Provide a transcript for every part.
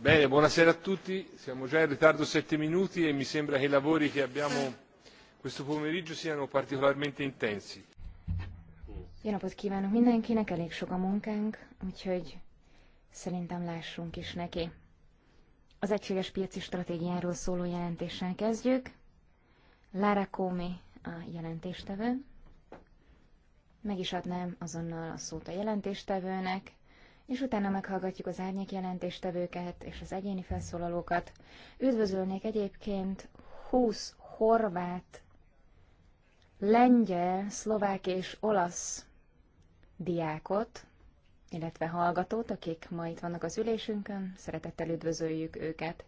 buonasera a tutti. Siamo già in ritardo sette minuti e mi sembra che i lavori che abbiamo questo pomeriggio siano particolarmente intensi. Jó napot kívánok mindenkinek, elég sok a munkánk, úgyhogy szerintem lássunk is neki. Az egységes piaci stratégiáról szóló jelentéssel kezdjük. Lara Komi a jelentéstevő. Meg is adnám azonnal a szót a jelentéstevőnek, és utána meghallgatjuk az árnyék jelentéstevőket és az egyéni felszólalókat. Üdvözölnék egyébként 20 horvát, lengyel, szlovák és olasz diákot, illetve hallgatót, akik ma itt vannak az ülésünkön. Szeretettel üdvözöljük őket.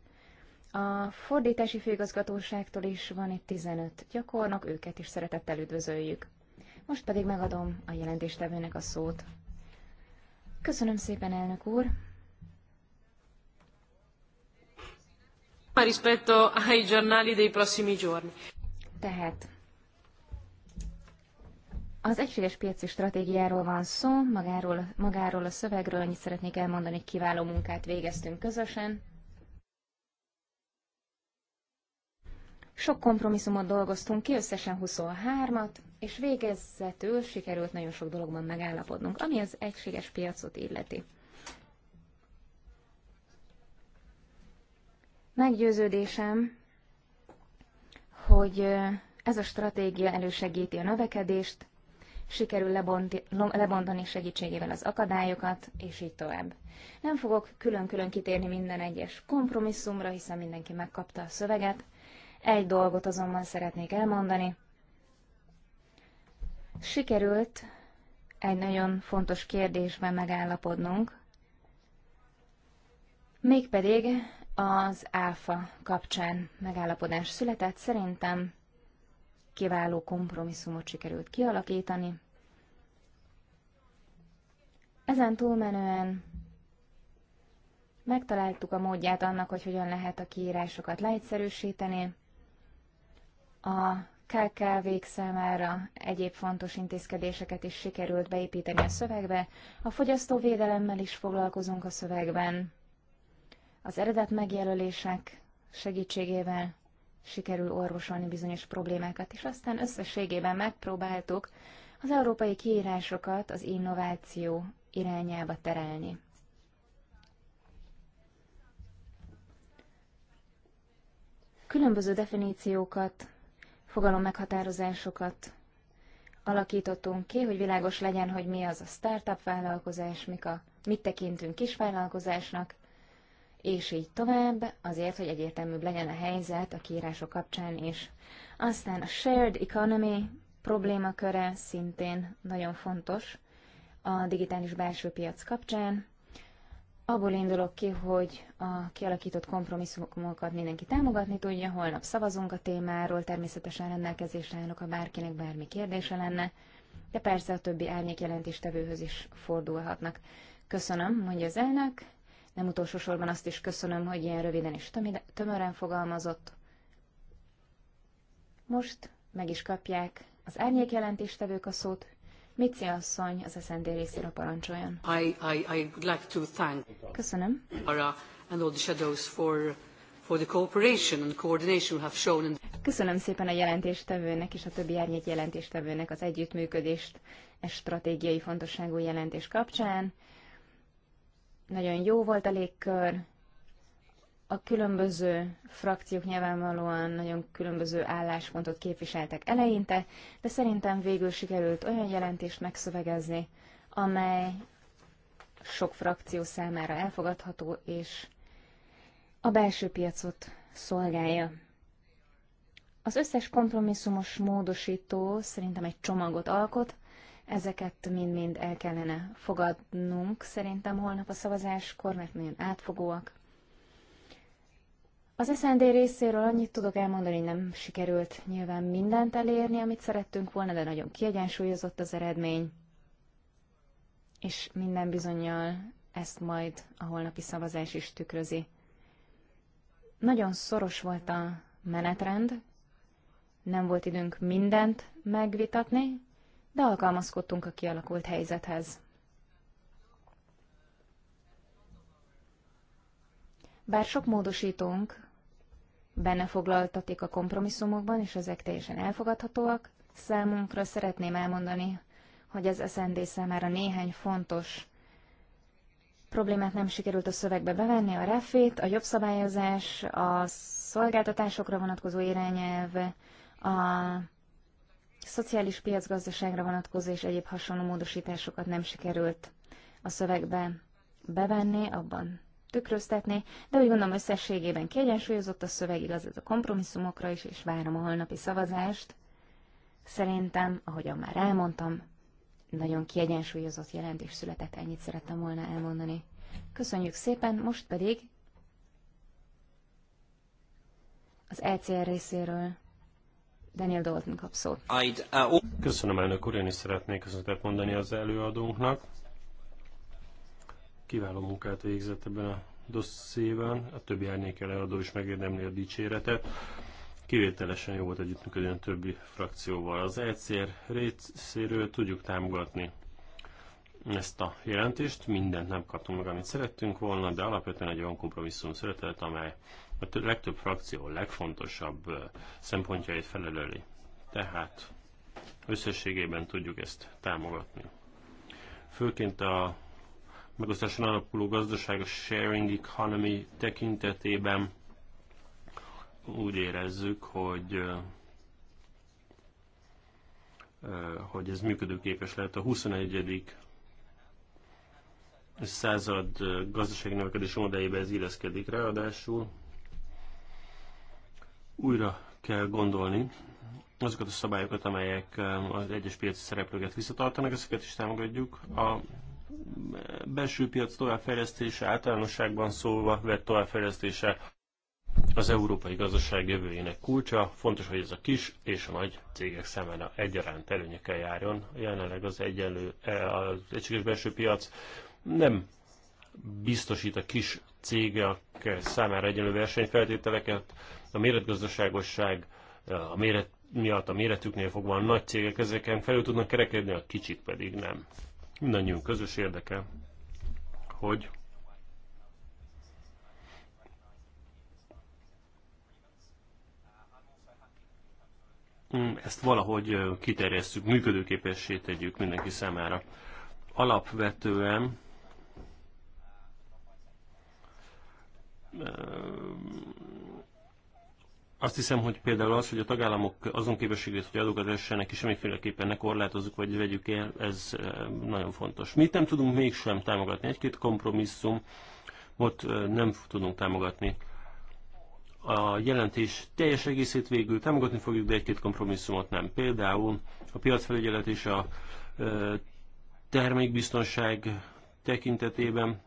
A fordítási főigazgatóságtól is van itt 15 gyakornok, őket is szeretettel üdvözöljük. Most pedig megadom a jelentéstevőnek a szót. Köszönöm szépen, elnök úr. rispetto ai giornali dei prossimi giorni. Tehát az egységes piaci stratégiáról van szó, magáról, magáról a szövegről annyit szeretnék elmondani, hogy kiváló munkát végeztünk közösen. Sok kompromisszumot dolgoztunk ki, összesen 23-at, és végezzetül sikerült nagyon sok dologban megállapodnunk, ami az egységes piacot illeti. Meggyőződésem, hogy ez a stratégia elősegíti a növekedést, sikerül lebonti, lebontani segítségével az akadályokat, és így tovább. Nem fogok külön-külön kitérni minden egyes kompromisszumra, hiszen mindenki megkapta a szöveget. Egy dolgot azonban szeretnék elmondani – Sikerült egy nagyon fontos kérdésben megállapodnunk, mégpedig az áfa kapcsán megállapodás született. Szerintem kiváló kompromisszumot sikerült kialakítani. Ezen túlmenően megtaláltuk a módját annak, hogy hogyan lehet a kiírásokat leegyszerűsíteni, a KKV-k számára egyéb fontos intézkedéseket is sikerült beépíteni a szövegbe, a fogyasztóvédelemmel is foglalkozunk a szövegben, az eredet megjelölések segítségével sikerül orvosolni bizonyos problémákat, és aztán összességében megpróbáltuk az európai kiírásokat az innováció irányába terelni. Különböző definíciókat fogalom meghatározásokat alakítottunk ki, hogy világos legyen, hogy mi az a startup vállalkozás, mik a, mit tekintünk kis vállalkozásnak, és így tovább, azért, hogy egyértelműbb legyen a helyzet a kiírások kapcsán is. Aztán a shared economy problémaköre szintén nagyon fontos a digitális belső piac kapcsán. Abból indulok ki, hogy a kialakított kompromisszumokat mindenki támogatni tudja, holnap szavazunk a témáról, természetesen rendelkezésre állok, ha bárkinek bármi kérdése lenne, de persze a többi árnyékjelentéstevőhöz is fordulhatnak. Köszönöm, mondja az elnök, nem utolsó sorban azt is köszönöm, hogy ilyen röviden és tömören fogalmazott. Most meg is kapják az árnyékjelentéstevők a szót, Mici asszony az SZND részére parancsoljon. I, I, I would like to thank Köszönöm. Ara and all the shadows for for the cooperation and coordination have shown in Köszönöm szépen a jelentéstevőnek és a többi árnyék jelentéstevőnek az együttműködést e stratégiai fontosságú jelentés kapcsán. Nagyon jó volt a légkör, a különböző frakciók nyilvánvalóan nagyon különböző álláspontot képviseltek eleinte, de szerintem végül sikerült olyan jelentést megszövegezni, amely sok frakció számára elfogadható, és a belső piacot szolgálja. Az összes kompromisszumos módosító szerintem egy csomagot alkot, ezeket mind-mind el kellene fogadnunk szerintem holnap a szavazáskor, mert nagyon átfogóak. Az SND részéről annyit tudok elmondani, nem sikerült nyilván mindent elérni, amit szerettünk volna, de nagyon kiegyensúlyozott az eredmény, és minden bizonyal ezt majd a holnapi szavazás is tükrözi. Nagyon szoros volt a menetrend, nem volt időnk mindent megvitatni, de alkalmazkodtunk a kialakult helyzethez. Bár sok módosítónk benne foglaltatik a kompromisszumokban, és ezek teljesen elfogadhatóak. Számunkra szeretném elmondani, hogy az SND számára néhány fontos problémát nem sikerült a szövegbe bevenni, a refét, a jobb szabályozás, a szolgáltatásokra vonatkozó irányelv, a szociális piacgazdaságra vonatkozó és egyéb hasonló módosításokat nem sikerült a szövegbe bevenni, abban tükröztetni, de úgy gondolom összességében kiegyensúlyozott a szöveg, igaz ez a kompromisszumokra is, és várom a holnapi szavazást. Szerintem, ahogyan már elmondtam, nagyon kiegyensúlyozott jelentés született, ennyit szerettem volna elmondani. Köszönjük szépen, most pedig az ECR részéről Daniel Dalton kap szót. Uh, Köszönöm elnök úr, én is szeretnék köszönetet mondani az előadónknak kiváló munkát végzett ebben a dosszében, a többi árnyékel eladó is megérdemli a dicséretet. Kivételesen jó volt együttműködni a többi frakcióval. Az ECR részéről tudjuk támogatni ezt a jelentést, mindent nem kaptunk meg, amit szerettünk volna, de alapvetően egy olyan kompromisszum született, amely a legtöbb frakció legfontosabb szempontjait felelőli. Tehát összességében tudjuk ezt támogatni. Főként a megosztáson alapuló gazdaság a sharing economy tekintetében úgy érezzük, hogy hogy ez működőképes lehet a 21. század gazdasági növekedési modelljébe ez illeszkedik. Ráadásul újra kell gondolni azokat a szabályokat, amelyek az egyes piaci szereplőket visszatartanak, ezeket is támogatjuk. A belső piac továbbfejlesztése általánosságban szólva vett továbbfejlesztése az európai gazdaság jövőjének kulcsa. Fontos, hogy ez a kis és a nagy cégek számára egyaránt előnyekkel járjon. Jelenleg az egyenlő, e, az egységes belső piac nem biztosít a kis cégek számára egyenlő versenyfeltételeket. A méretgazdaságosság a méret miatt a méretüknél fogva a nagy cégek ezeken felül tudnak kerekedni, a kicsik pedig nem mindannyiunk közös érdeke, hogy mm, ezt valahogy kiterjesszük, működőképessé tegyük mindenki számára. Alapvetően azt hiszem, hogy például az, hogy a tagállamok azon képességét, hogy adókat vessenek, és semmiféleképpen ne korlátozzuk, vagy vegyük el, ez eh, nagyon fontos. Mi nem tudunk mégsem támogatni? Egy-két kompromisszum, ott eh, nem tudunk támogatni. A jelentés teljes egészét végül támogatni fogjuk, de egy-két kompromisszumot nem. Például a piacfelügyelet és a eh, termékbiztonság tekintetében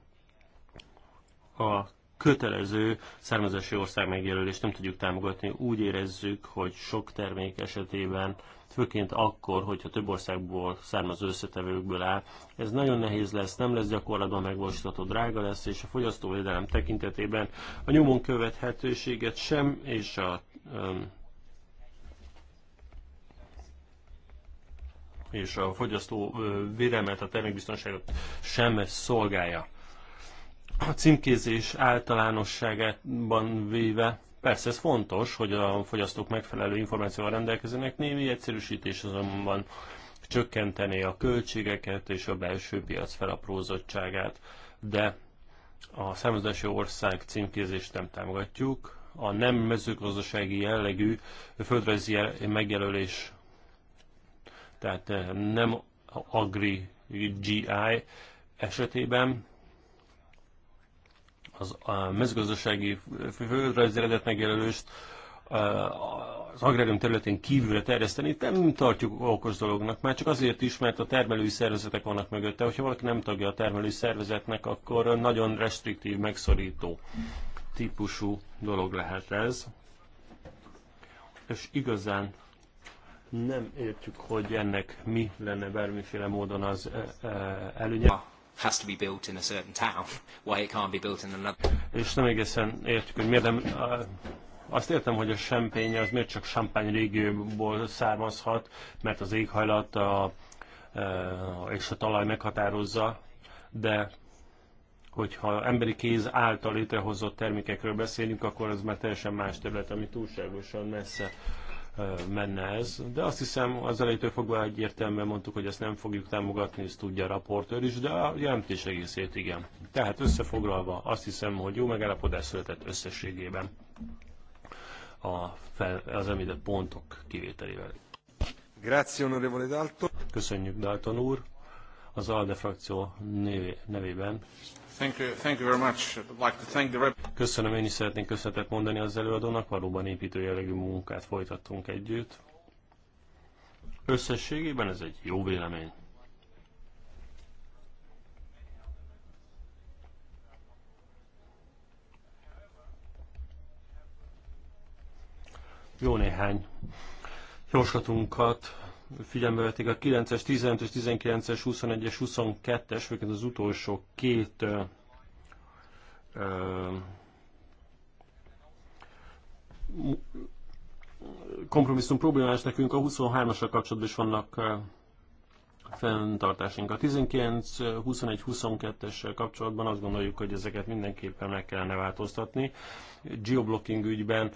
a kötelező származási ország megjelölést nem tudjuk támogatni. Úgy érezzük, hogy sok termék esetében, főként akkor, hogyha több országból származó összetevőkből áll, ez nagyon nehéz lesz, nem lesz gyakorlatban megvalósítható, drága lesz, és a fogyasztóvédelem tekintetében a nyomon követhetőséget sem, és a um, és a fogyasztó védelmet, a termékbiztonságot sem szolgálja. A címkézés általánosságában véve Persze ez fontos, hogy a fogyasztók megfelelő információval rendelkezzenek, némi egyszerűsítés azonban csökkentené a költségeket és a belső piac felaprózottságát, de a számozási ország címkézést nem támogatjuk. A nem mezőgazdasági jellegű földrajzi megjelölés, tehát nem agri GI esetében az a mezőgazdasági földrajzi eredet megjelölőst az agrárium területén kívülre terjeszteni, nem tartjuk okos dolognak, már csak azért is, mert a termelői szervezetek vannak mögötte. Hogyha valaki nem tagja a termelői szervezetnek, akkor nagyon restriktív, megszorító típusú dolog lehet ez. És igazán nem értjük, hogy ennek mi lenne bármiféle módon az e, e, előnye has to be built in a certain town, why it can't be built in another. És nem egészen értjük, hogy miért nem, azt értem, hogy a champagne az miért csak champagne régióból származhat, mert az éghajlat a, e, és a talaj meghatározza, de hogyha emberi kéz által létrehozott termékekről beszélünk, akkor ez már teljesen más terület, ami túlságosan messze menne ez, de azt hiszem az elejétől fogva egyértelműen mondtuk, hogy ezt nem fogjuk támogatni, ezt tudja a raportőr is, de a jelentés egészét igen. Tehát összefoglalva azt hiszem, hogy jó megállapodás született összességében a fel, az említett pontok kivételével. Grazie, onorevole Dalton. Köszönjük, Dalton úr. Az ALDE frakció nevében Köszönöm, én is szeretnék köszönetet mondani az előadónak, valóban építő jellegű munkát folytattunk együtt. Összességében ez egy jó vélemény. Jó néhány javaslatunkat figyelembe vették a 9-es, 15 es 19-es, 21-es, 22-es, főként az utolsó két ö, ö, kompromisszum problémás nekünk, a 23-asra kapcsolatban is vannak fenntartásunk. A 19, 21, 22-es kapcsolatban azt gondoljuk, hogy ezeket mindenképpen meg kellene változtatni. Geoblocking ügyben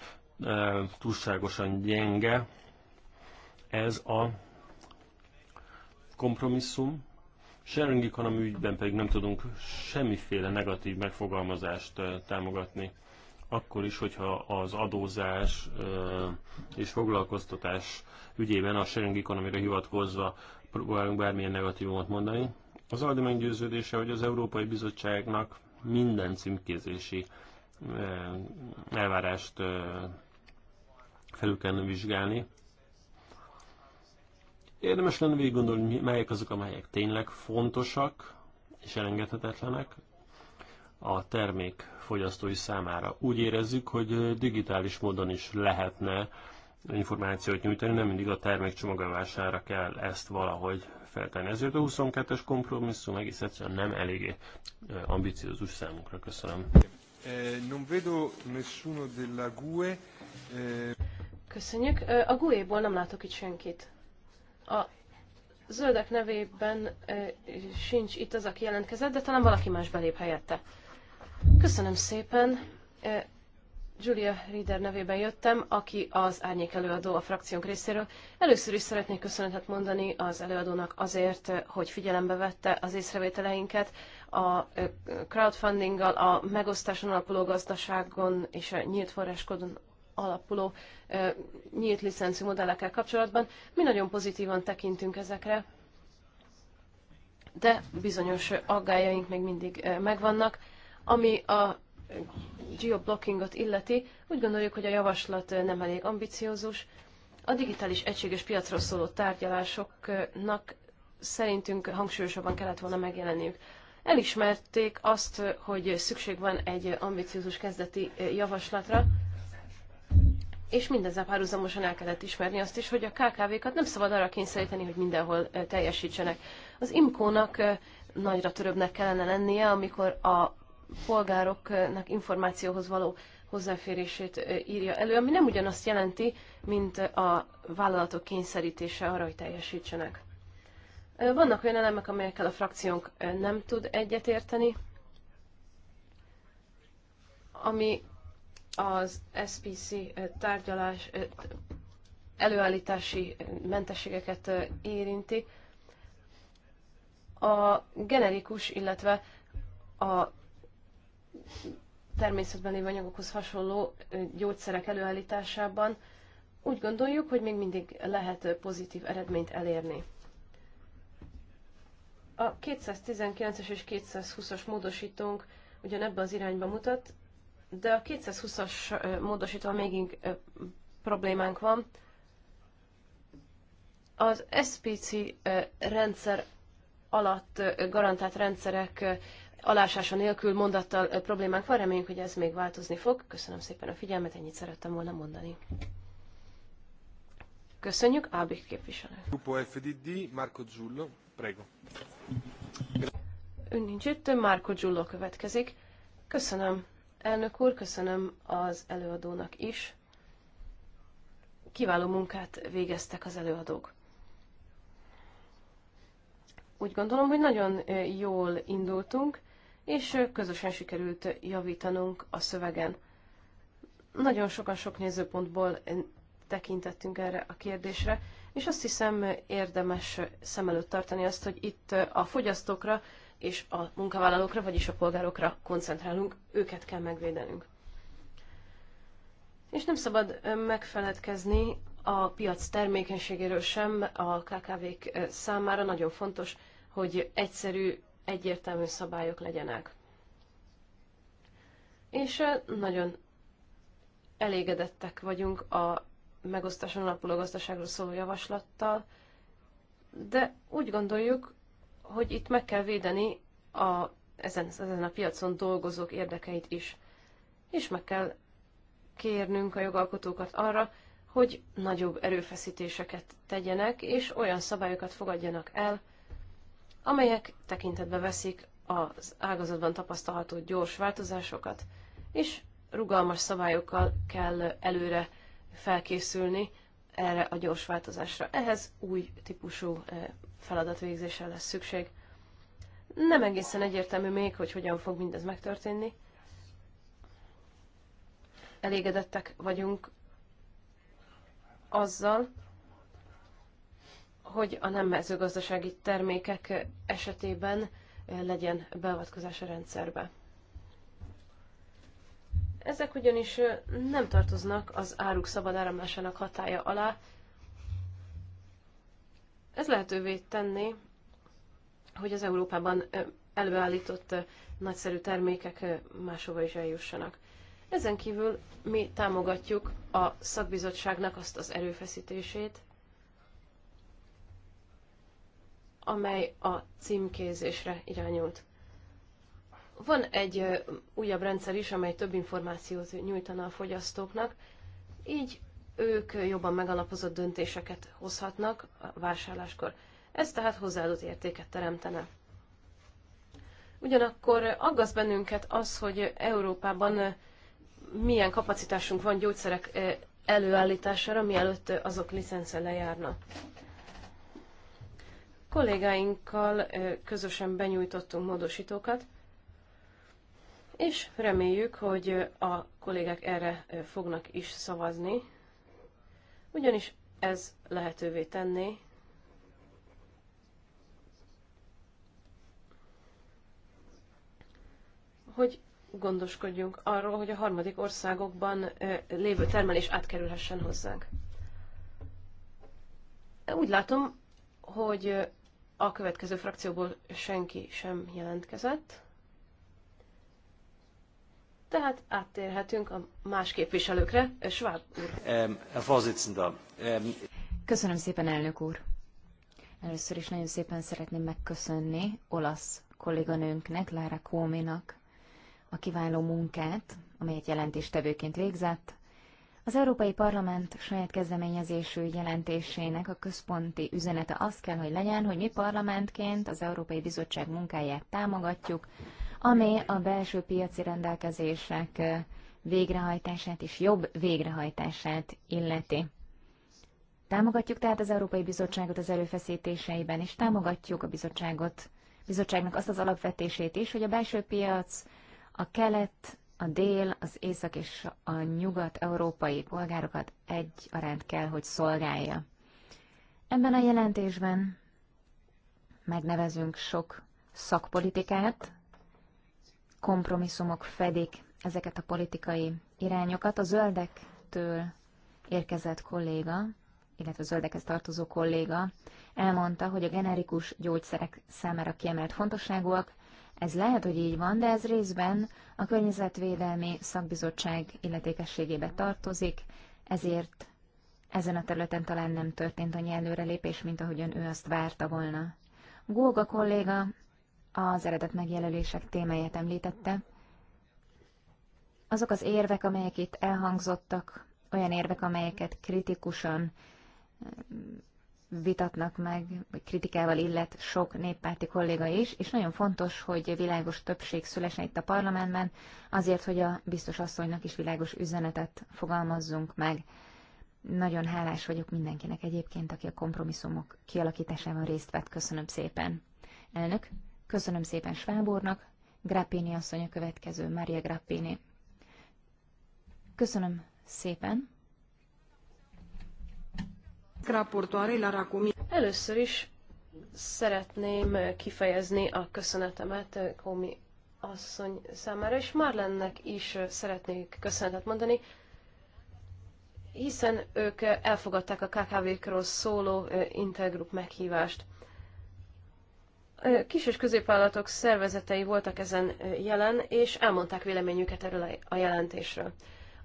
túlságosan gyenge ez a kompromisszum. Sharing economy ügyben pedig nem tudunk semmiféle negatív megfogalmazást támogatni. Akkor is, hogyha az adózás és foglalkoztatás ügyében a sharing economy hivatkozva próbálunk bármilyen negatívumot mondani. Az Aldi meggyőződése, hogy az Európai Bizottságnak minden címkézési elvárást felül kellene vizsgálni, Érdemes lenne végig gondolni, melyek azok, amelyek tényleg fontosak és elengedhetetlenek a termék fogyasztói számára. Úgy érezzük, hogy digitális módon is lehetne információt nyújtani, nem mindig a termék csomagolására kell ezt valahogy feltenni. Ezért a 22-es kompromisszum egész egyszerűen nem eléggé ambiciózus számunkra. Köszönöm. Eh, non vedo nessuno della GUE. Eh. Köszönjük. A GUE-ból nem látok itt senkit. A zöldek nevében sincs itt az, aki jelentkezett, de talán valaki más belép helyette. Köszönöm szépen. Julia Rieder nevében jöttem, aki az árnyék előadó a frakciónk részéről. Először is szeretnék köszönetet mondani az előadónak azért, hogy figyelembe vette az észrevételeinket a crowdfundinggal, a megosztáson alapuló gazdaságon és a nyílt forráskodon alapuló nyílt licencű modellekkel kapcsolatban. Mi nagyon pozitívan tekintünk ezekre, de bizonyos aggájaink még mindig megvannak. Ami a geoblockingot illeti, úgy gondoljuk, hogy a javaslat nem elég ambiciózus. A digitális egységes piacról szóló tárgyalásoknak szerintünk hangsúlyosabban kellett volna megjelenniük. Elismerték azt, hogy szükség van egy ambiciózus kezdeti javaslatra, és mindezzel párhuzamosan el kellett ismerni azt is, hogy a KKV-kat nem szabad arra kényszeríteni, hogy mindenhol teljesítsenek. Az IMKÓ-nak nagyra törőbbnek kellene lennie, amikor a polgároknak információhoz való hozzáférését írja elő, ami nem ugyanazt jelenti, mint a vállalatok kényszerítése arra, hogy teljesítsenek. Vannak olyan elemek, amelyekkel a frakciónk nem tud egyetérteni, ami az SPC tárgyalás előállítási mentességeket érinti. A generikus, illetve a természetben lévő anyagokhoz hasonló gyógyszerek előállításában úgy gondoljuk, hogy még mindig lehet pozitív eredményt elérni. A 219-es és 220-as módosítónk ugyanebben az irányba mutat, de a 220-as módosítva még problémánk van. Az SPC rendszer alatt garantált rendszerek alásása nélkül mondattal problémánk van, reméljük, hogy ez még változni fog. Köszönöm szépen a figyelmet, ennyit szerettem volna mondani. Köszönjük, Ábik képviselő. Grupo FDD, Marco Giullo, prego. Ön nincs itt, Marco Giullo következik. Köszönöm, Elnök úr, köszönöm az előadónak is. Kiváló munkát végeztek az előadók. Úgy gondolom, hogy nagyon jól indultunk, és közösen sikerült javítanunk a szövegen. Nagyon sokan sok nézőpontból tekintettünk erre a kérdésre, és azt hiszem érdemes szem előtt tartani azt, hogy itt a fogyasztókra, és a munkavállalókra, vagyis a polgárokra koncentrálunk, őket kell megvédenünk. És nem szabad megfeledkezni a piac termékenységéről sem, a KKV-k számára nagyon fontos, hogy egyszerű, egyértelmű szabályok legyenek. És nagyon elégedettek vagyunk a megosztáson alapuló gazdaságról szóló javaslattal, de úgy gondoljuk, hogy itt meg kell védeni a, ezen, ezen a piacon dolgozók érdekeit is. És meg kell kérnünk a jogalkotókat arra, hogy nagyobb erőfeszítéseket tegyenek, és olyan szabályokat fogadjanak el, amelyek tekintetbe veszik az ágazatban tapasztalható gyors változásokat, és rugalmas szabályokkal kell előre felkészülni erre a gyors változásra. Ehhez új típusú eh, feladatvégzésre lesz szükség. Nem egészen egyértelmű még, hogy hogyan fog mindez megtörténni. Elégedettek vagyunk azzal, hogy a nem mezőgazdasági termékek esetében legyen beavatkozás a rendszerbe. Ezek ugyanis nem tartoznak az áruk szabad áramlásának hatája alá, ez lehetővé tenni, hogy az Európában előállított nagyszerű termékek máshova is eljussanak. Ezen kívül mi támogatjuk a szakbizottságnak azt az erőfeszítését, amely a címkézésre irányult. Van egy újabb rendszer is, amely több információt nyújtana a fogyasztóknak, így ők jobban megalapozott döntéseket hozhatnak a vásárláskor. Ez tehát hozzáadott értéket teremtene. Ugyanakkor aggaszt bennünket az, hogy Európában milyen kapacitásunk van gyógyszerek előállítására, mielőtt azok licence lejárna. Kollégáinkkal közösen benyújtottunk módosítókat, és reméljük, hogy a kollégák erre fognak is szavazni, ugyanis ez lehetővé tenné, hogy gondoskodjunk arról, hogy a harmadik országokban lévő termelés átkerülhessen hozzánk. Úgy látom, hogy a következő frakcióból senki sem jelentkezett. Tehát áttérhetünk a más képviselőkre. Schwab úr. Köszönöm szépen, elnök úr. Először is nagyon szépen szeretném megköszönni olasz kolléganőnknek, Lára Kóminak a kiváló munkát, amelyet jelentéstevőként végzett. Az Európai Parlament saját kezdeményezésű jelentésének a központi üzenete az kell, hogy legyen, hogy mi parlamentként az Európai Bizottság munkáját támogatjuk, ami a belső piaci rendelkezések végrehajtását és jobb végrehajtását illeti. Támogatjuk tehát az Európai Bizottságot az erőfeszítéseiben, és támogatjuk a bizottságot, bizottságnak azt az alapvetését is, hogy a belső piac a kelet, a dél, az észak és a nyugat európai polgárokat egy aránt kell, hogy szolgálja. Ebben a jelentésben megnevezünk sok szakpolitikát, kompromisszumok fedik ezeket a politikai irányokat. A zöldektől érkezett kolléga, illetve a zöldekhez tartozó kolléga elmondta, hogy a generikus gyógyszerek számára kiemelt fontosságúak. Ez lehet, hogy így van, de ez részben a Környezetvédelmi Szakbizottság illetékességébe tartozik, ezért ezen a területen talán nem történt annyi előrelépés, mint ahogyan ő azt várta volna. Góga kolléga az eredet megjelölések témáját említette. Azok az érvek, amelyek itt elhangzottak, olyan érvek, amelyeket kritikusan eh, vitatnak meg, vagy kritikával illet sok néppárti kolléga is, és nagyon fontos, hogy világos többség szülesen itt a parlamentben, azért, hogy a biztos asszonynak is világos üzenetet fogalmazzunk meg. Nagyon hálás vagyok mindenkinek egyébként, aki a kompromisszumok kialakításában részt vett. Köszönöm szépen. Elnök, Köszönöm szépen Svábornak, Grappini asszony a következő, Maria Grappini. Köszönöm szépen. Először is szeretném kifejezni a köszönetemet Komi asszony számára, és Marlennek is szeretnék köszönetet mondani, hiszen ők elfogadták a KKV-król szóló intergroup meghívást kis és középvállalatok szervezetei voltak ezen jelen, és elmondták véleményüket erről a jelentésről.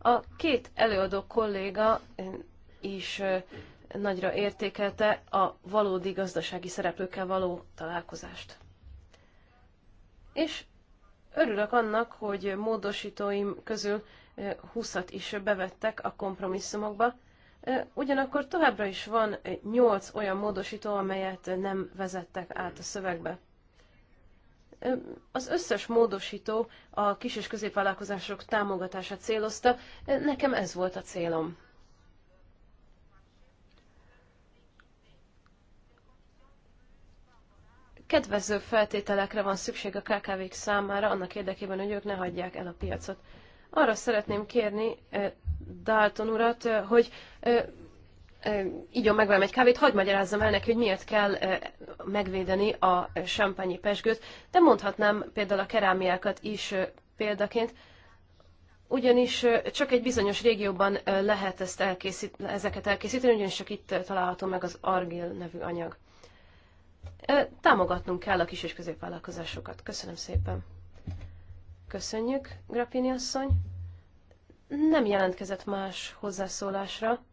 A két előadó kolléga is nagyra értékelte a valódi gazdasági szereplőkkel való találkozást. És örülök annak, hogy módosítóim közül 20-at is bevettek a kompromisszumokba, Ugyanakkor továbbra is van nyolc olyan módosító, amelyet nem vezettek át a szövegbe. Az összes módosító a kis- és középvállalkozások támogatását célozta, nekem ez volt a célom. Kedvező feltételekre van szükség a KKV-k számára, annak érdekében, hogy ők ne hagyják el a piacot. Arra szeretném kérni Dalton urat, hogy így meg velem egy kávét, hagyd magyarázzam el neki, hogy miért kell megvédeni a sampanyi pesgőt, de mondhatnám például a kerámiákat is példaként, ugyanis csak egy bizonyos régióban lehet ezt elkészít, ezeket elkészíteni, ugyanis csak itt található meg az argil nevű anyag. Támogatnunk kell a kis és középvállalkozásokat. Köszönöm szépen. Köszönjük, Grapini asszony nem jelentkezett más hozzászólásra,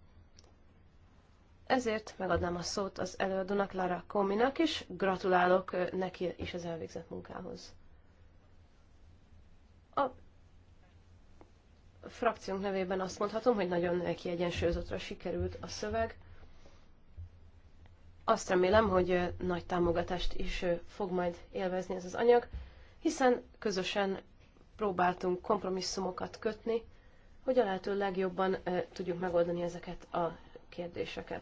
ezért megadnám a szót az előadónak, Lara Kominak, és gratulálok neki is az elvégzett munkához. A frakciónk nevében azt mondhatom, hogy nagyon kiegyensúlyozottra sikerült a szöveg. Azt remélem, hogy nagy támogatást is fog majd élvezni ez az anyag, hiszen közösen próbáltunk kompromisszumokat kötni, hogy a lehető legjobban tudjuk megoldani ezeket a kérdéseket.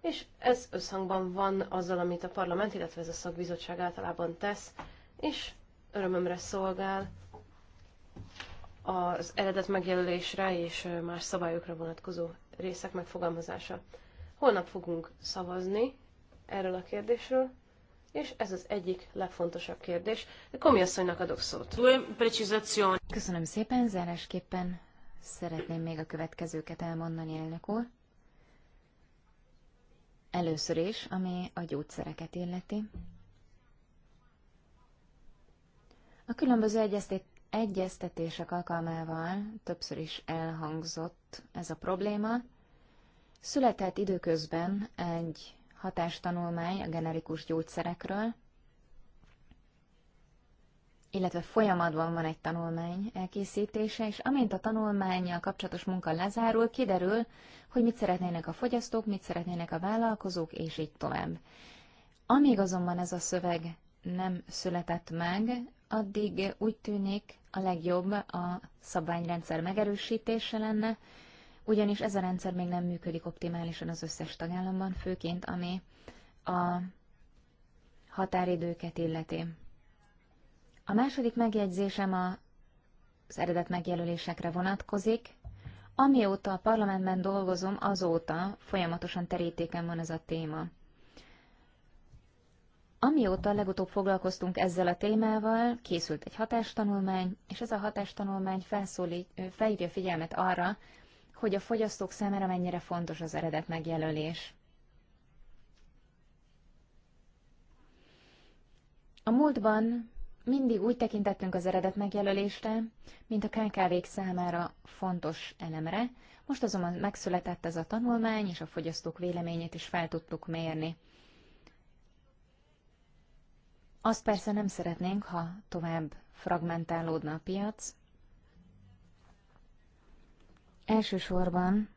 És ez összhangban van azzal, amit a parlament, illetve ez a szakbizottság általában tesz, és örömömre szolgál az eredet megjelölésre és más szabályokra vonatkozó részek megfogalmazása. Holnap fogunk szavazni erről a kérdésről, és ez az egyik legfontosabb kérdés. Komi asszonynak adok szót. Köszönöm szépen, zárásképpen szeretném még a következőket elmondani, elnök úr. Először is, ami a gyógyszereket illeti. A különböző egyeztetések alkalmával többször is elhangzott ez a probléma. Született időközben egy hatástanulmány a generikus gyógyszerekről, illetve folyamatban van egy tanulmány elkészítése, és amint a tanulmányjal kapcsolatos munka lezárul, kiderül, hogy mit szeretnének a fogyasztók, mit szeretnének a vállalkozók, és így tovább. Amíg azonban ez a szöveg nem született meg, addig úgy tűnik a legjobb a szabványrendszer megerősítése lenne, ugyanis ez a rendszer még nem működik optimálisan az összes tagállamban, főként ami a határidőket illeti. A második megjegyzésem a, az eredet megjelölésekre vonatkozik. Amióta a parlamentben dolgozom, azóta folyamatosan terítéken van ez a téma. Amióta legutóbb foglalkoztunk ezzel a témával, készült egy hatástanulmány, és ez a hatástanulmány felszólít, felhívja figyelmet arra, hogy a fogyasztók számára mennyire fontos az eredet megjelölés. A múltban mindig úgy tekintettünk az eredet megjelölésre, mint a KKV-k számára fontos elemre, most azonban megszületett ez a tanulmány, és a fogyasztók véleményét is fel tudtuk mérni. Azt persze nem szeretnénk, ha tovább fragmentálódna a piac. Elsősorban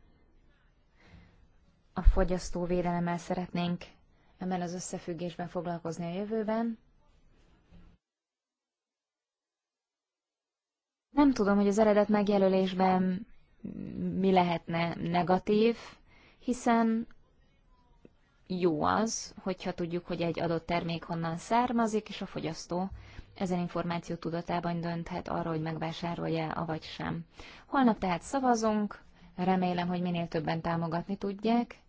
a fogyasztóvédelemmel szeretnénk ebben az összefüggésben foglalkozni a jövőben, Nem tudom, hogy az eredet megjelölésben mi lehetne negatív, hiszen jó az, hogyha tudjuk, hogy egy adott termék honnan származik, és a fogyasztó ezen információ tudatában dönthet arról, hogy megvásárolja, avagy sem. Holnap tehát szavazunk, remélem, hogy minél többen támogatni tudják.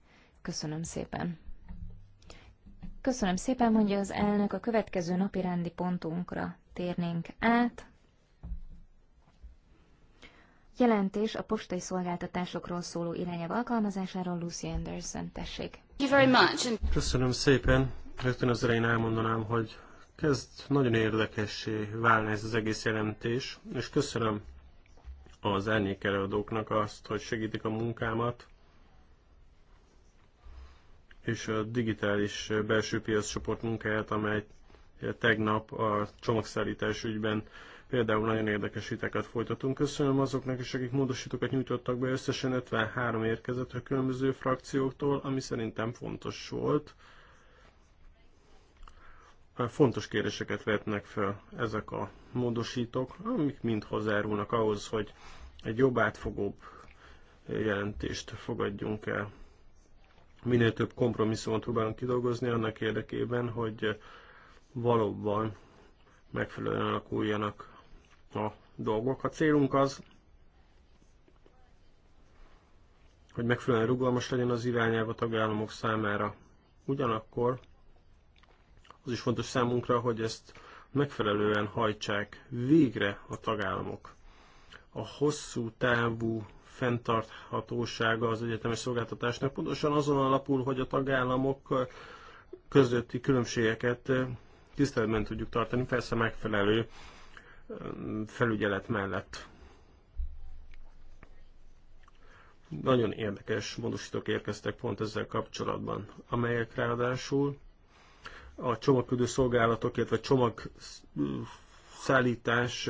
Köszönöm szépen! Köszönöm szépen, mondja az elnök, a következő napi rendi pontunkra térnénk át. Jelentés a postai szolgáltatásokról szóló irányelv alkalmazásáról Lucy Anderson, tessék. Köszönöm szépen. Rögtön az elején elmondanám, hogy kezd nagyon érdekessé válni ez az egész jelentés, és köszönöm az elnékelőadóknak azt, hogy segítik a munkámat, és a digitális belső piac csoport munkáját, amely tegnap a csomagszállítás ügyben Például nagyon érdekes vitákat folytatunk. Köszönöm azoknak is, akik módosítókat nyújtottak be. Összesen 53 érkezett a különböző frakcióktól, ami szerintem fontos volt. Fontos kérdéseket vetnek fel ezek a módosítók, amik mind hozzárulnak ahhoz, hogy egy jobb átfogóbb jelentést fogadjunk el. Minél több kompromisszumot próbálunk kidolgozni annak érdekében, hogy valóban megfelelően alakuljanak a dolgok. A célunk az, hogy megfelelően rugalmas legyen az irányelv a tagállamok számára. Ugyanakkor az is fontos számunkra, hogy ezt megfelelően hajtsák végre a tagállamok. A hosszú távú fenntarthatósága az egyetemes szolgáltatásnak pontosan azon alapul, hogy a tagállamok közötti különbségeket tiszteletben tudjuk tartani, persze megfelelő felügyelet mellett. Nagyon érdekes módosítók érkeztek pont ezzel kapcsolatban, amelyek ráadásul a csomagküldő szolgálatok, illetve csomagszállítás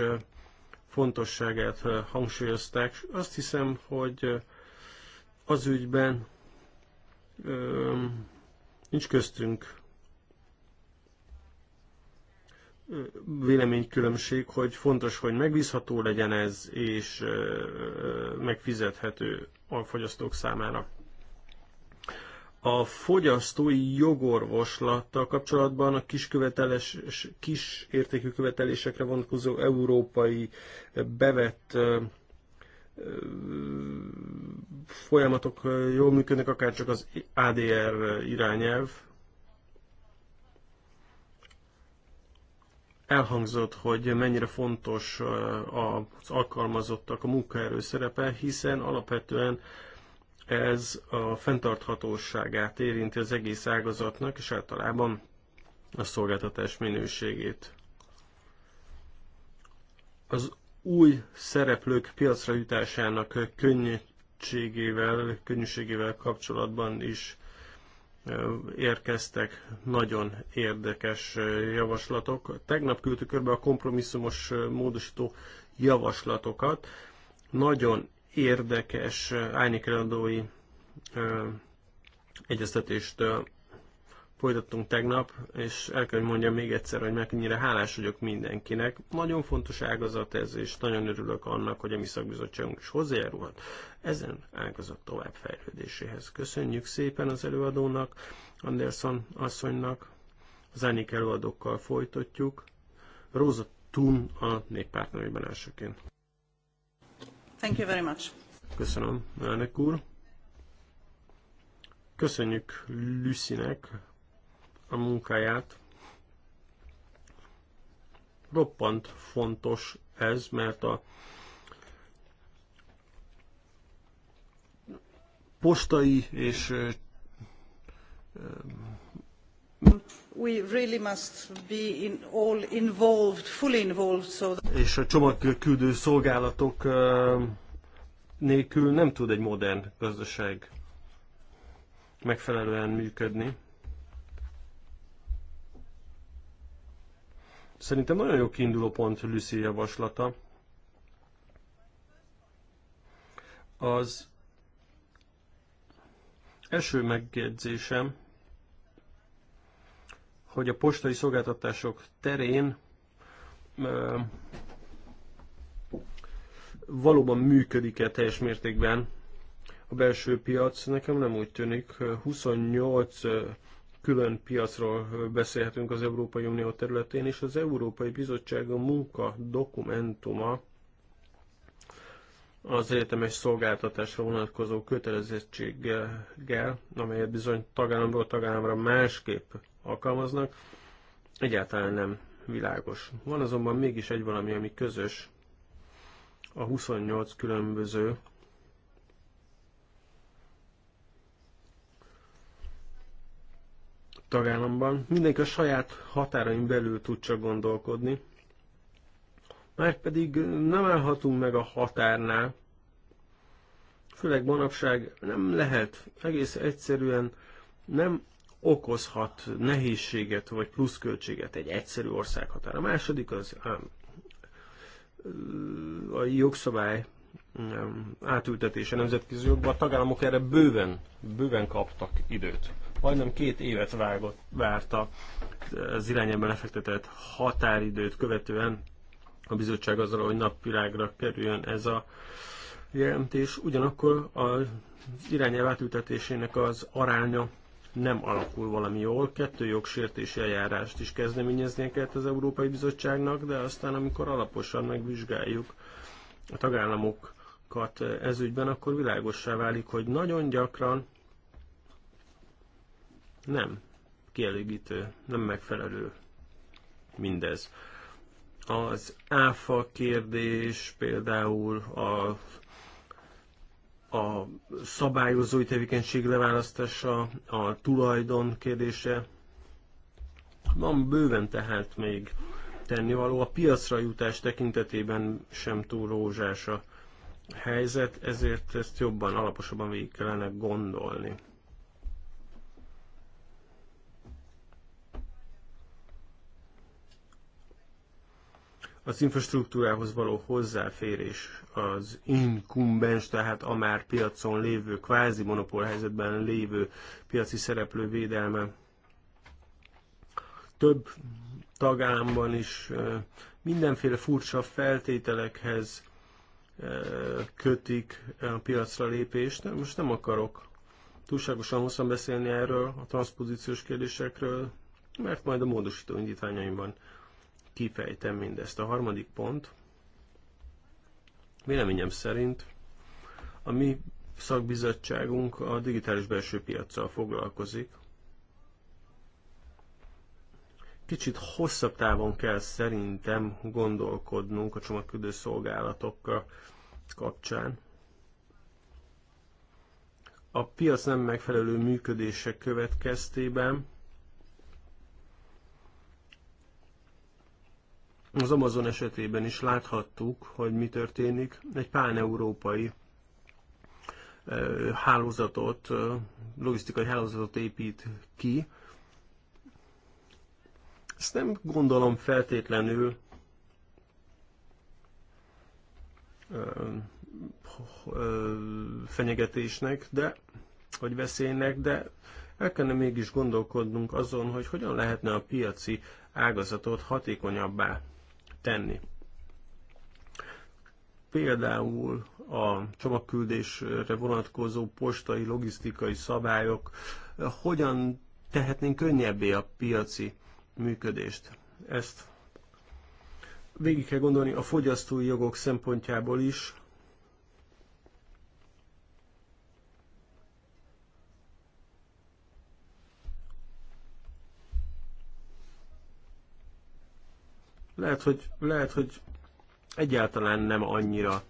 fontosságát hangsúlyozták. Azt hiszem, hogy az ügyben nincs köztünk véleménykülönbség, hogy fontos, hogy megbízható legyen ez, és megfizethető a fogyasztók számára. A fogyasztói jogorvoslattal kapcsolatban a kis, kis értékű követelésekre vonatkozó európai bevett folyamatok jól működnek, akár csak az ADR irányelv, Elhangzott, hogy mennyire fontos eh, az alkalmazottak, a munkaerő szerepe, hiszen alapvetően ez a fenntarthatóságát érinti az egész ágazatnak, és általában a szolgáltatás minőségét. Az új szereplők piacra jutásának könnyű könnyűségével kapcsolatban is érkeztek nagyon érdekes javaslatok. Tegnap küldtük körbe a kompromisszumos módosító javaslatokat. Nagyon érdekes állni egyeztetést folytattunk tegnap, és el kell, hogy mondjam még egyszer, hogy mennyire hálás vagyok mindenkinek. Nagyon fontos ágazat ez, és nagyon örülök annak, hogy a mi szakbizottságunk is hozzájárulhat ezen ágazat továbbfejlődéséhez. Köszönjük szépen az előadónak, Anderson asszonynak, az Ányik előadókkal folytatjuk. Róza Tun a néppártnői nevében elsőként. Thank you very much. Köszönöm, elnök úr. Köszönjük Lüssinek, a munkáját. Roppant fontos ez, mert a postai és We really must be in all involved, fully involved, so that... és a csomagküldő szolgálatok nélkül nem tud egy modern gazdaság megfelelően működni. Szerintem nagyon jó kiinduló pont Lucy javaslata. Az első megjegyzésem, hogy a postai szolgáltatások terén ö, valóban működik-e teljes mértékben a belső piac. Nekem nem úgy tűnik, 28 külön piacról beszélhetünk az Európai Unió területén, és az Európai Bizottság a munka dokumentuma az egyetemes szolgáltatásra vonatkozó kötelezettséggel, amelyet bizony tagállamról tagállamra másképp alkalmaznak, egyáltalán nem világos. Van azonban mégis egy valami, ami közös a 28 különböző tagállamban. Mindenki a saját határain belül tud csak gondolkodni. Már pedig nem állhatunk meg a határnál. Főleg manapság nem lehet, egész egyszerűen nem okozhat nehézséget vagy pluszköltséget egy egyszerű országhatár. A második az a, a jogszabály átültetése nemzetközi jogba. A tagállamok erre bőven, bőven kaptak időt. Majdnem két évet vágott, várta az irányában lefektetett határidőt követően a bizottság azzal, hogy napvilágra kerüljön ez a jelentés. Ugyanakkor az irányelv átültetésének az aránya nem alakul valami jól. Kettő jogsértési eljárást is kezdeményeznie kellett az Európai Bizottságnak, de aztán amikor alaposan megvizsgáljuk a tagállamokat ezügyben, akkor világossá válik, hogy nagyon gyakran nem kielégítő, nem megfelelő mindez. Az áfa kérdés például a a szabályozói tevékenység leválasztása, a tulajdon kérdése. Van bőven tehát még tennivaló. A piacra jutás tekintetében sem túl rózsás a helyzet, ezért ezt jobban, alaposabban végig kellene gondolni. az infrastruktúrához való hozzáférés az inkumbens, tehát a már piacon lévő, kvázi monopól helyzetben lévő piaci szereplő védelme. Több tagállamban is mindenféle furcsa feltételekhez kötik a piacra lépést. De most nem akarok túlságosan hosszan beszélni erről, a transzpozíciós kérdésekről, mert majd a módosító indítványaimban kifejtem mindezt. A harmadik pont, véleményem szerint a mi szakbizottságunk a digitális belső piaccal foglalkozik. Kicsit hosszabb távon kell szerintem gondolkodnunk a csomagküldő szolgálatokkal kapcsán. A piac nem megfelelő működése következtében Az Amazon esetében is láthattuk, hogy mi történik. Egy páneurópai hálózatot, logisztikai hálózatot épít ki. Ezt nem gondolom feltétlenül fenyegetésnek, de vagy veszélynek, de el kellene mégis gondolkodnunk azon, hogy hogyan lehetne a piaci ágazatot hatékonyabbá tenni. Például a csomagküldésre vonatkozó postai, logisztikai szabályok eh, hogyan tehetnénk könnyebbé a piaci működést. Ezt végig kell gondolni a fogyasztói jogok szempontjából is, Lehet, hogy, lehet, hogy egyáltalán nem annyira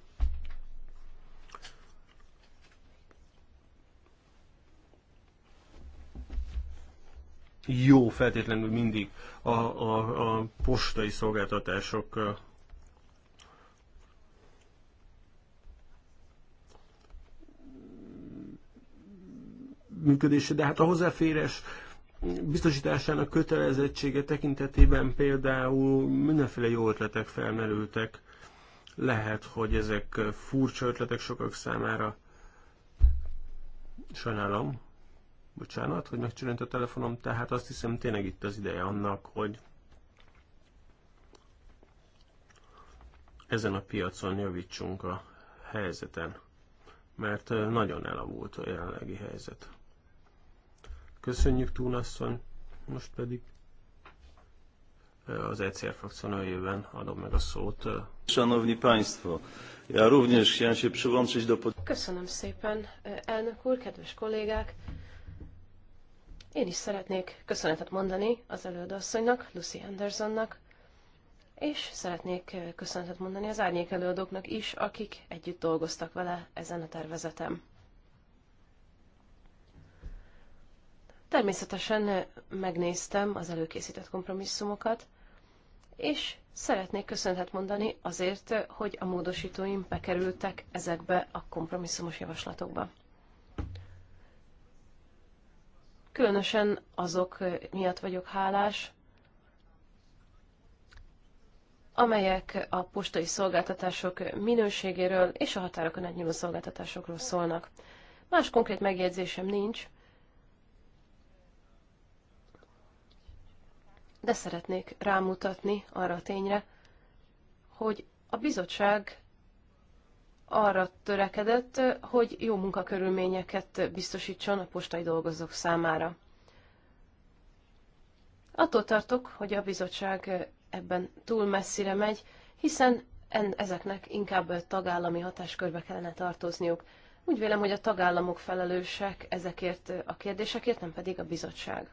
jó feltétlenül mindig a, a, a postai szolgáltatások működése, de hát a hozzáférés biztosításának kötelezettsége tekintetében például mindenféle jó ötletek felmerültek. Lehet, hogy ezek furcsa ötletek sokak számára. Sajnálom, bocsánat, hogy megcsörönt a telefonom, tehát azt hiszem tényleg itt az ideje annak, hogy ezen a piacon javítsunk a helyzeten, mert nagyon elavult a jelenlegi helyzet. Köszönjük, Túnasszony. Most pedig eh, az ECR frakció adom meg a szót. Eh. Szanowni Państwo, ja również chciałem się przyłączyć do... Köszönöm szépen, eh, elnök úr, kedves kollégák. Én is szeretnék köszönetet mondani az előadóasszonynak, Lucy Andersonnak, és szeretnék köszönetet mondani az árnyék előadóknak is, akik együtt dolgoztak vele ezen a tervezetem. Természetesen megnéztem az előkészített kompromisszumokat, és szeretnék köszönhet mondani azért, hogy a módosítóim bekerültek ezekbe a kompromisszumos javaslatokba. Különösen azok miatt vagyok hálás, amelyek a postai szolgáltatások minőségéről és a határokon átnyúló szolgáltatásokról szólnak. Más konkrét megjegyzésem nincs, de szeretnék rámutatni arra a tényre, hogy a bizottság arra törekedett, hogy jó munkakörülményeket biztosítson a postai dolgozók számára. Attól tartok, hogy a bizottság ebben túl messzire megy, hiszen en, ezeknek inkább a tagállami hatáskörbe kellene tartozniuk. Úgy vélem, hogy a tagállamok felelősek ezekért a kérdésekért, nem pedig a bizottság.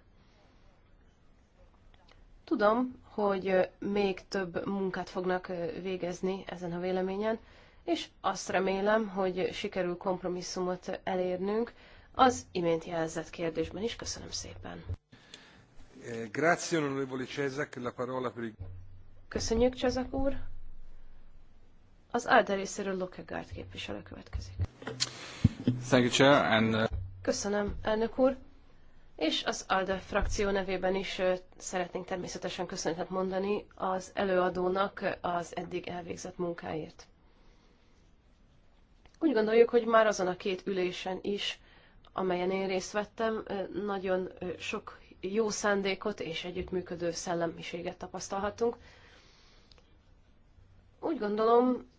Tudom, hogy még több munkát fognak végezni ezen a véleményen, és azt remélem, hogy sikerül kompromisszumot elérnünk az imént jelzett kérdésben is. Köszönöm szépen. Eh, parola Köszönjük, Cezak úr. Az Alda részéről Lokegaard képviselő következik. Thank you, Chair, and... Uh, Köszönöm, elnök úr és az ALDE frakció nevében is szeretnénk természetesen köszönetet mondani az előadónak az eddig elvégzett munkáért. Úgy gondoljuk, hogy már azon a két ülésen is, amelyen én részt vettem, nagyon sok jó szándékot és együttműködő szellemiséget tapasztalhatunk. Úgy gondolom,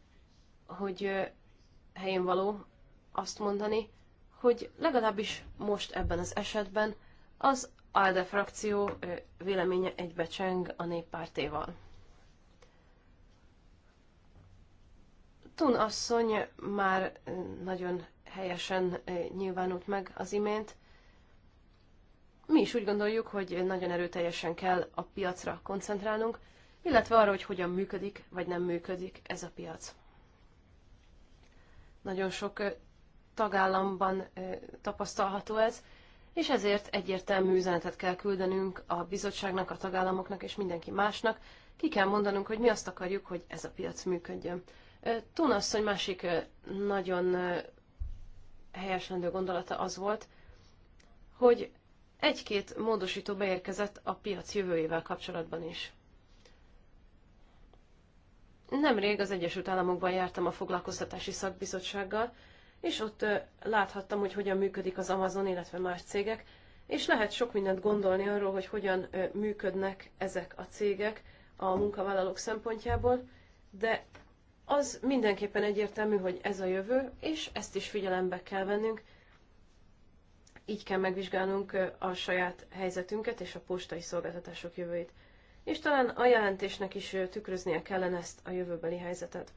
hogy helyén való azt mondani, hogy legalábbis most ebben az esetben az ALDE frakció véleménye egybecseng a néppártéval. Tun asszony már nagyon helyesen nyilvánult meg az imént. Mi is úgy gondoljuk, hogy nagyon erőteljesen kell a piacra koncentrálnunk, illetve arra, hogy hogyan működik vagy nem működik ez a piac. Nagyon sok tagállamban tapasztalható ez, és ezért egyértelmű üzenetet kell küldenünk a bizottságnak, a tagállamoknak és mindenki másnak. Ki kell mondanunk, hogy mi azt akarjuk, hogy ez a piac működjön. Tuna asszony másik nagyon helyeslendő gondolata az volt, hogy egy-két módosító beérkezett a piac jövőjével kapcsolatban is. Nemrég az Egyesült Államokban jártam a foglalkoztatási szakbizottsággal, és ott láthattam, hogy hogyan működik az Amazon, illetve más cégek, és lehet sok mindent gondolni arról, hogy hogyan működnek ezek a cégek a munkavállalók szempontjából, de az mindenképpen egyértelmű, hogy ez a jövő, és ezt is figyelembe kell vennünk. Így kell megvizsgálnunk a saját helyzetünket és a postai szolgáltatások jövőjét. És talán a jelentésnek is tükröznie kellene ezt a jövőbeli helyzetet.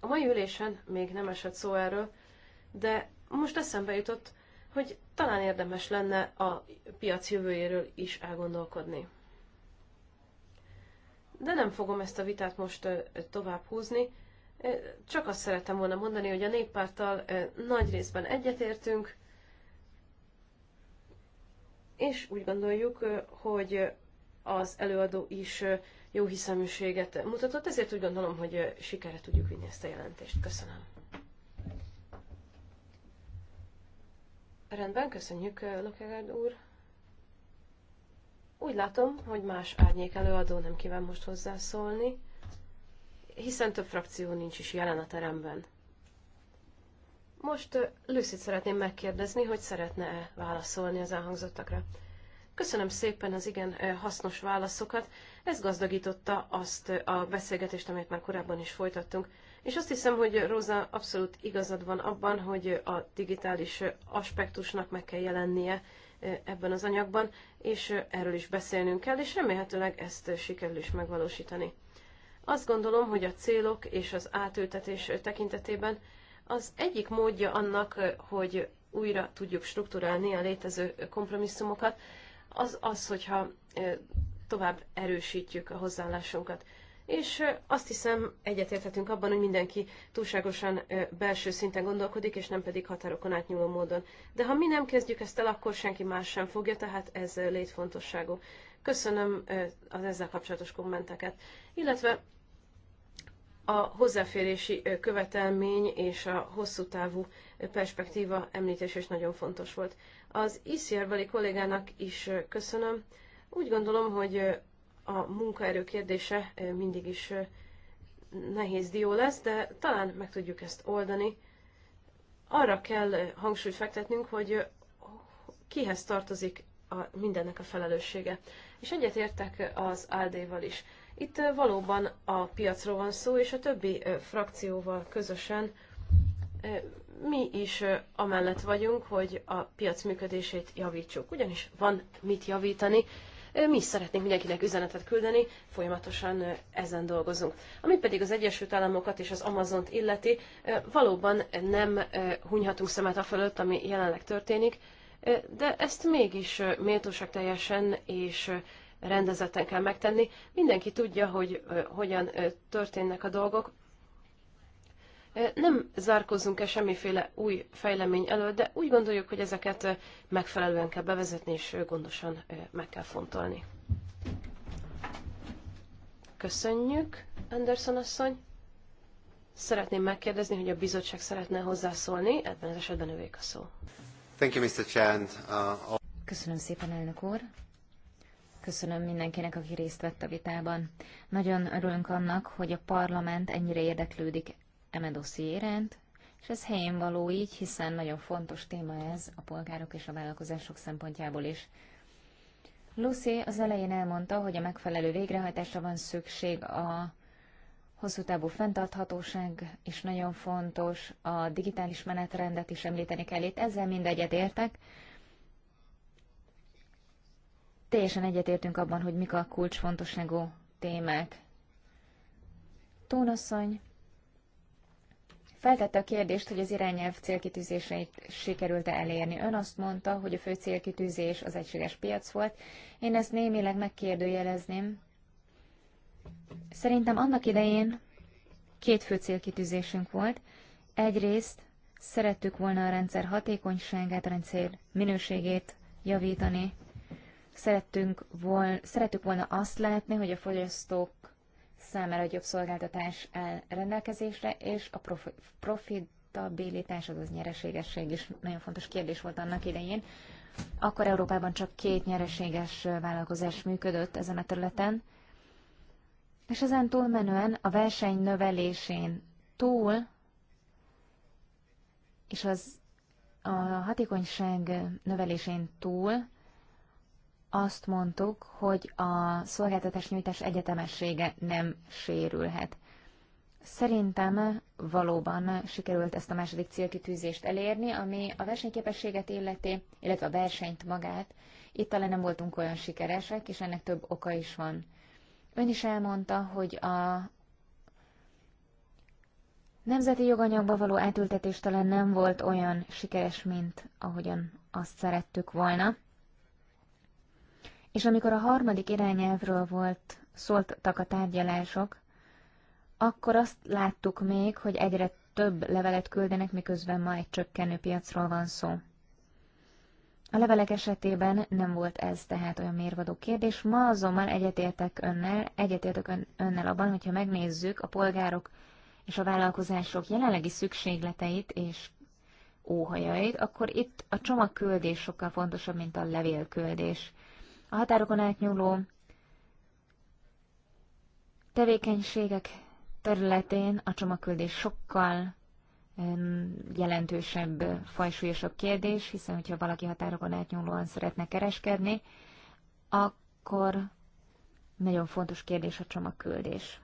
A mai ülésen még nem esett szó erről, de most eszembe jutott, hogy talán érdemes lenne a piac jövőjéről is elgondolkodni. De nem fogom ezt a vitát most tovább húzni, csak azt szerettem volna mondani, hogy a néppárttal nagy részben egyetértünk, és úgy gondoljuk, hogy az előadó is jó hiszeműséget mutatott, ezért úgy gondolom, hogy sikerre tudjuk vinni ezt a jelentést. Köszönöm. Rendben, köszönjük, Lokegard úr. Úgy látom, hogy más árnyék előadó nem kíván most hozzászólni, hiszen több frakció nincs is jelen a teremben. Most Lőszit szeretném megkérdezni, hogy szeretne-e válaszolni az elhangzottakra. Köszönöm szépen az igen hasznos válaszokat. Ez gazdagította azt a beszélgetést, amelyet már korábban is folytattunk. És azt hiszem, hogy Róza abszolút igazad van abban, hogy a digitális aspektusnak meg kell jelennie eh, ebben az anyagban, és eh, erről is beszélnünk kell, és remélhetőleg ezt sikerül is megvalósítani. Azt gondolom, hogy a célok és az átültetés tekintetében az egyik módja annak, eh, hogy újra tudjuk strukturálni a létező kompromisszumokat, az az, hogyha tovább erősítjük a hozzáállásunkat. És azt hiszem, egyetérthetünk abban, hogy mindenki túlságosan belső szinten gondolkodik, és nem pedig határokon átnyúló módon. De ha mi nem kezdjük ezt el, akkor senki más sem fogja, tehát ez létfontosságú. Köszönöm az ezzel kapcsolatos kommenteket. Illetve a hozzáférési követelmény és a hosszú távú perspektíva említés is nagyon fontos volt. Az ICR-beli kollégának is köszönöm úgy gondolom, hogy a munkaerő kérdése mindig is nehéz dió lesz, de talán meg tudjuk ezt oldani. Arra kell hangsúlyt fektetnünk, hogy kihez tartozik a, mindennek a felelőssége. És egyetértek az ad val is. Itt valóban a piacról van szó, és a többi frakcióval közösen mi is amellett vagyunk, hogy a piac működését javítsuk. Ugyanis van mit javítani, mi is szeretnénk mindenkinek üzenetet küldeni, folyamatosan ezen dolgozunk. Ami pedig az Egyesült Államokat és az Amazont illeti, valóban nem hunyhatunk szemet a fölött, ami jelenleg történik, de ezt mégis méltóságteljesen és rendezetten kell megtenni. Mindenki tudja, hogy hogyan történnek a dolgok, nem zárkozzunk-e semmiféle új fejlemény előtt, de úgy gondoljuk, hogy ezeket megfelelően kell bevezetni, és gondosan meg kell fontolni. Köszönjük, Anderson asszony. Szeretném megkérdezni, hogy a bizottság szeretne hozzászólni, ebben az esetben övék a szó. Thank you, Mr. Chan. Uh, Köszönöm szépen, elnök úr. Köszönöm mindenkinek, aki részt vett a vitában. Nagyon örülünk annak, hogy a parlament ennyire érdeklődik eme dosszié iránt, és ez helyén való így, hiszen nagyon fontos téma ez a polgárok és a vállalkozások szempontjából is. Lucy az elején elmondta, hogy a megfelelő végrehajtásra van szükség a hosszú távú fenntarthatóság, és nagyon fontos a digitális menetrendet is említeni kell itt. Ezzel mind egyetértek. Teljesen egyetértünk abban, hogy mik a kulcsfontosságú témák. Tónasszony Feltette a kérdést, hogy az irányelv célkitűzéseit sikerült-e elérni. Ön azt mondta, hogy a fő célkitűzés az egységes piac volt. Én ezt némileg megkérdőjelezném. Szerintem annak idején két fő célkitűzésünk volt. Egyrészt szerettük volna a rendszer hatékonyságát, a rendszer minőségét javítani. Szerettünk vol- szerettük volna azt látni, hogy a fogyasztók számára jobb szolgáltatás áll rendelkezésre, és a profi, profitabilitás, azaz nyereségesség is nagyon fontos kérdés volt annak idején. Akkor Európában csak két nyereséges vállalkozás működött ezen a területen, és ezen túlmenően a verseny növelésén túl, és az a hatékonyság növelésén túl azt mondtuk, hogy a szolgáltatás nyújtás egyetemessége nem sérülhet. Szerintem valóban sikerült ezt a második célkitűzést elérni, ami a versenyképességet illeti, illetve a versenyt magát. Itt talán nem voltunk olyan sikeresek, és ennek több oka is van. Ön is elmondta, hogy a nemzeti joganyagba való átültetés talán nem volt olyan sikeres, mint ahogyan azt szerettük volna és amikor a harmadik irányelvről volt, szóltak a tárgyalások, akkor azt láttuk még, hogy egyre több levelet küldenek, miközben ma egy csökkenő piacról van szó. A levelek esetében nem volt ez tehát olyan mérvadó kérdés. Ma azonban egyetértek önnel, egyetértek ön, önnel abban, hogyha megnézzük a polgárok és a vállalkozások jelenlegi szükségleteit és óhajait, akkor itt a csomagküldés sokkal fontosabb, mint a levélküldés. A határokon átnyúló tevékenységek területén a csomagküldés sokkal jelentősebb, fajsúlyosabb kérdés, hiszen hogyha valaki határokon átnyúlóan szeretne kereskedni, akkor nagyon fontos kérdés a csomagküldés.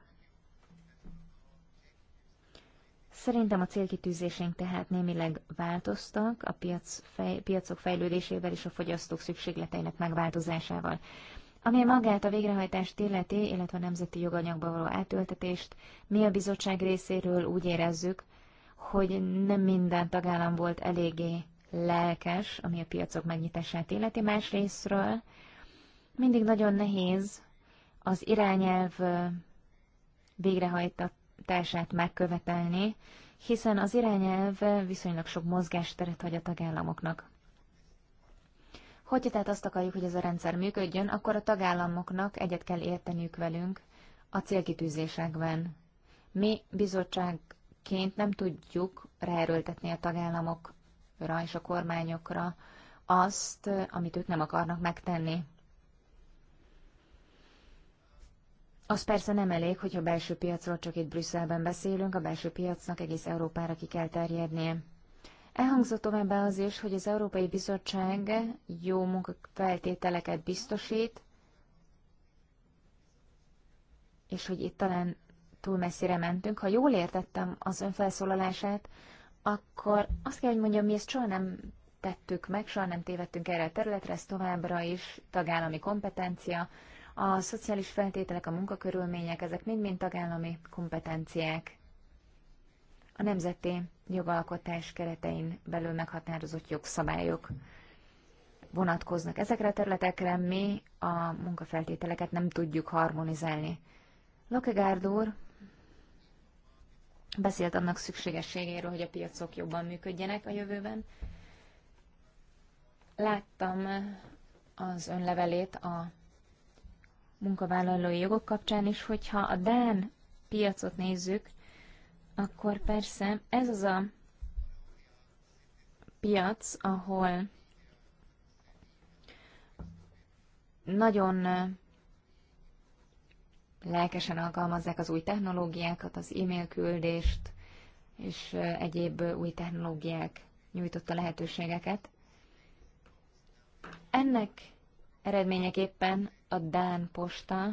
Szerintem a célkitűzésénk tehát némileg változtak a piac fej, piacok fejlődésével és a fogyasztók szükségleteinek megváltozásával. Ami magát a végrehajtást illeti, illetve a nemzeti joganyagba való átültetést, mi a bizottság részéről úgy érezzük, hogy nem minden tagállam volt eléggé lelkes, ami a piacok megnyitását illeti részről. Mindig nagyon nehéz az irányelv végrehajtat társát megkövetelni, hiszen az irányelv viszonylag sok mozgásteret hagy a tagállamoknak. Hogyha tehát azt akarjuk, hogy ez a rendszer működjön, akkor a tagállamoknak egyet kell érteniük velünk a célkitűzésekben. Mi bizottságként nem tudjuk ráerőltetni a tagállamokra és a kormányokra azt, amit ők nem akarnak megtenni. Az persze nem elég, hogyha belső piacról csak itt Brüsszelben beszélünk, a belső piacnak egész Európára ki kell terjednie. Elhangzott továbbá az is, hogy az Európai Bizottság jó munkafeltételeket biztosít, és hogy itt talán túl messzire mentünk. Ha jól értettem az ön felszólalását, akkor azt kell, hogy mondjam, mi ezt soha nem tettük meg, soha nem tévedtünk erre a területre, ez továbbra is tagállami kompetencia, a szociális feltételek, a munkakörülmények, ezek mind-mind tagállami kompetenciák. A nemzeti jogalkotás keretein belül meghatározott jogszabályok vonatkoznak ezekre a területekre, mi a munkafeltételeket nem tudjuk harmonizálni. Lokegárd úr beszélt annak szükségességéről, hogy a piacok jobban működjenek a jövőben. Láttam az önlevelét a munkavállalói jogok kapcsán is, hogyha a Dán piacot nézzük, akkor persze ez az a piac, ahol nagyon lelkesen alkalmazzák az új technológiákat, az e-mail küldést és egyéb új technológiák nyújtotta lehetőségeket. Ennek eredményeképpen a Dán posta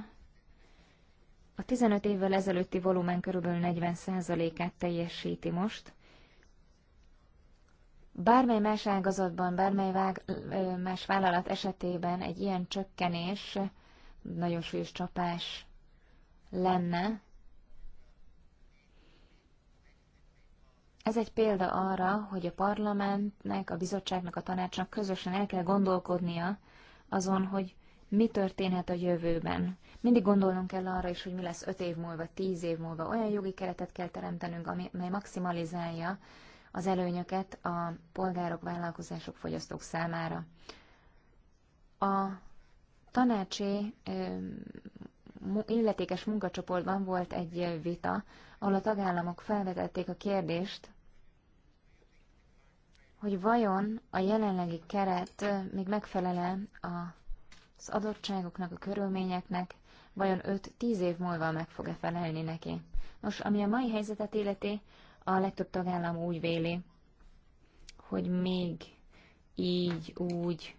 a 15 évvel ezelőtti volumen körülbelül 40%-át teljesíti most. Bármely más ágazatban, bármely vág, más vállalat esetében egy ilyen csökkenés nagyon súlyos csapás lenne. Ez egy példa arra, hogy a parlamentnek, a bizottságnak, a tanácsnak közösen el kell gondolkodnia azon, hogy mi történhet a jövőben. Mindig gondolnunk kell arra is, hogy mi lesz öt év múlva, tíz év múlva. Olyan jogi keretet kell teremtenünk, amely maximalizálja az előnyöket a polgárok, vállalkozások, fogyasztók számára. A tanácsi illetékes munkacsoportban volt egy vita, ahol a tagállamok felvetették a kérdést, hogy vajon a jelenlegi keret még megfelele a az adottságoknak, a körülményeknek, vajon 5-10 év múlva meg fog-e felelni neki. Nos, ami a mai helyzetet illeti, a legtöbb tagállam úgy véli, hogy még így úgy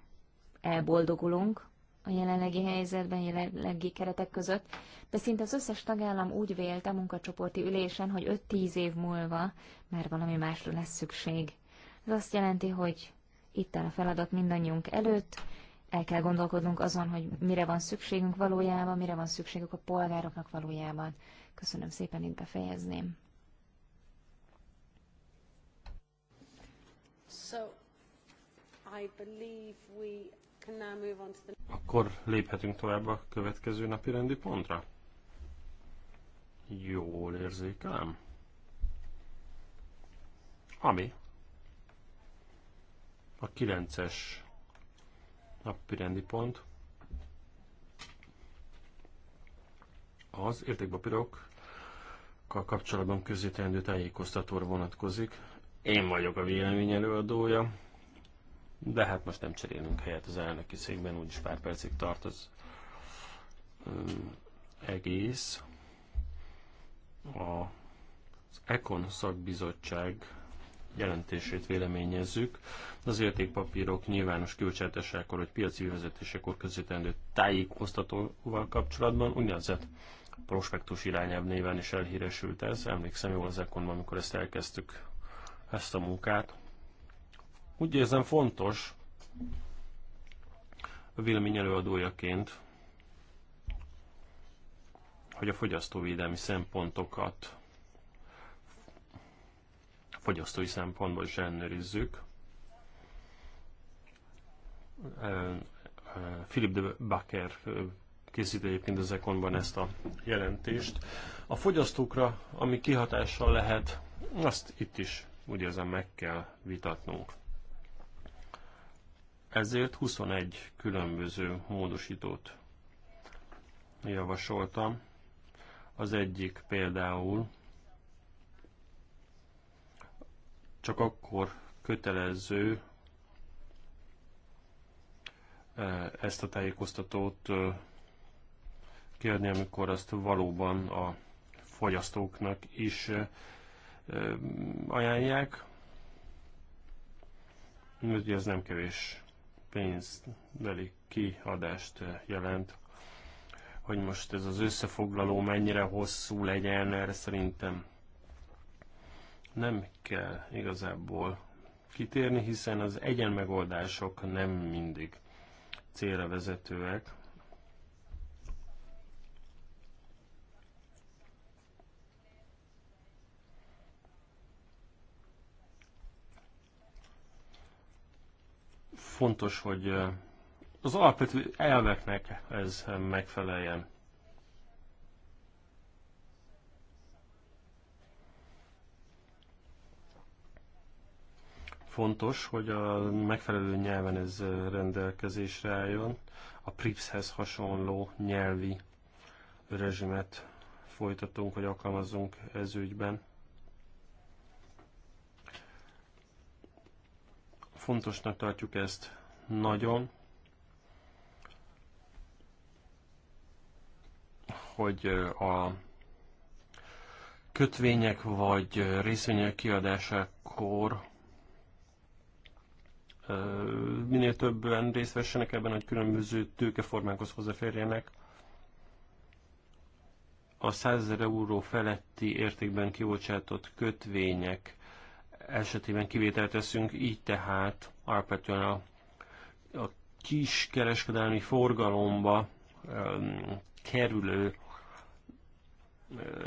elboldogulunk a jelenlegi helyzetben, jelenlegi keretek között, de szinte az összes tagállam úgy vélte a munkacsoporti ülésen, hogy 5-10 év múlva már valami másra lesz szükség. Ez azt jelenti, hogy itt áll a feladat mindannyiunk előtt, el kell gondolkodnunk azon, hogy mire van szükségünk valójában, mire van szükségük a polgároknak valójában. Köszönöm szépen, itt befejezném. So, I believe we can now move on to the... Akkor léphetünk tovább a következő napi rendi pontra? Jól érzékelem. Ami a 9-es rendi pont az értékpapírokkal kapcsolatban közéteendő tájékoztatóra vonatkozik. Én vagyok a vélemény előadója, de hát most nem cserélünk helyet az elnöki székben, úgyis pár percig tart az um, egész. A, az Econ szakbizottság jelentését véleményezzük. Az értékpapírok nyilvános kibocsátásákor hogy piaci vezetésekor közvetendő tájékoztatóval kapcsolatban úgynevezett prospektus irányelv néven is elhíresült ez. Emlékszem jól az ekonban, amikor ezt elkezdtük, ezt a munkát. Úgy érzem fontos a vélemény előadójaként, hogy a fogyasztóvédelmi szempontokat fogyasztói szempontból is ellenőrizzük. Philip de Bakker készít egyébként az Econban ezt a jelentést. A fogyasztókra, ami kihatással lehet, azt itt is úgy érzem meg kell vitatnunk. Ezért 21 különböző módosítót javasoltam. Az egyik például csak akkor kötelező eh, ezt a tájékoztatót eh, kérni, amikor azt valóban a fogyasztóknak is eh, ajánlják. Ugye ez nem kevés pénzbeli kiadást jelent. Hogy most ez az összefoglaló mennyire hosszú legyen, erre szerintem nem kell igazából kitérni, hiszen az egyen megoldások nem mindig célra vezetőek. Fontos, hogy az alapvető elveknek ez megfeleljen. Fontos, hogy a megfelelő nyelven ez rendelkezésre álljon, a PRIPS-hez hasonló nyelvi rezsimet folytatunk, hogy alkalmazzunk ez ügyben. Fontosnak tartjuk ezt nagyon, hogy a kötvények vagy részvények kiadásakor minél többen részt vessenek ebben, hogy különböző tőkeformákhoz hozzáférjenek. A 100 ezer euró feletti értékben kibocsátott kötvények esetében kivételt teszünk, így tehát alapvetően a, a kis kereskedelmi forgalomba um, kerülő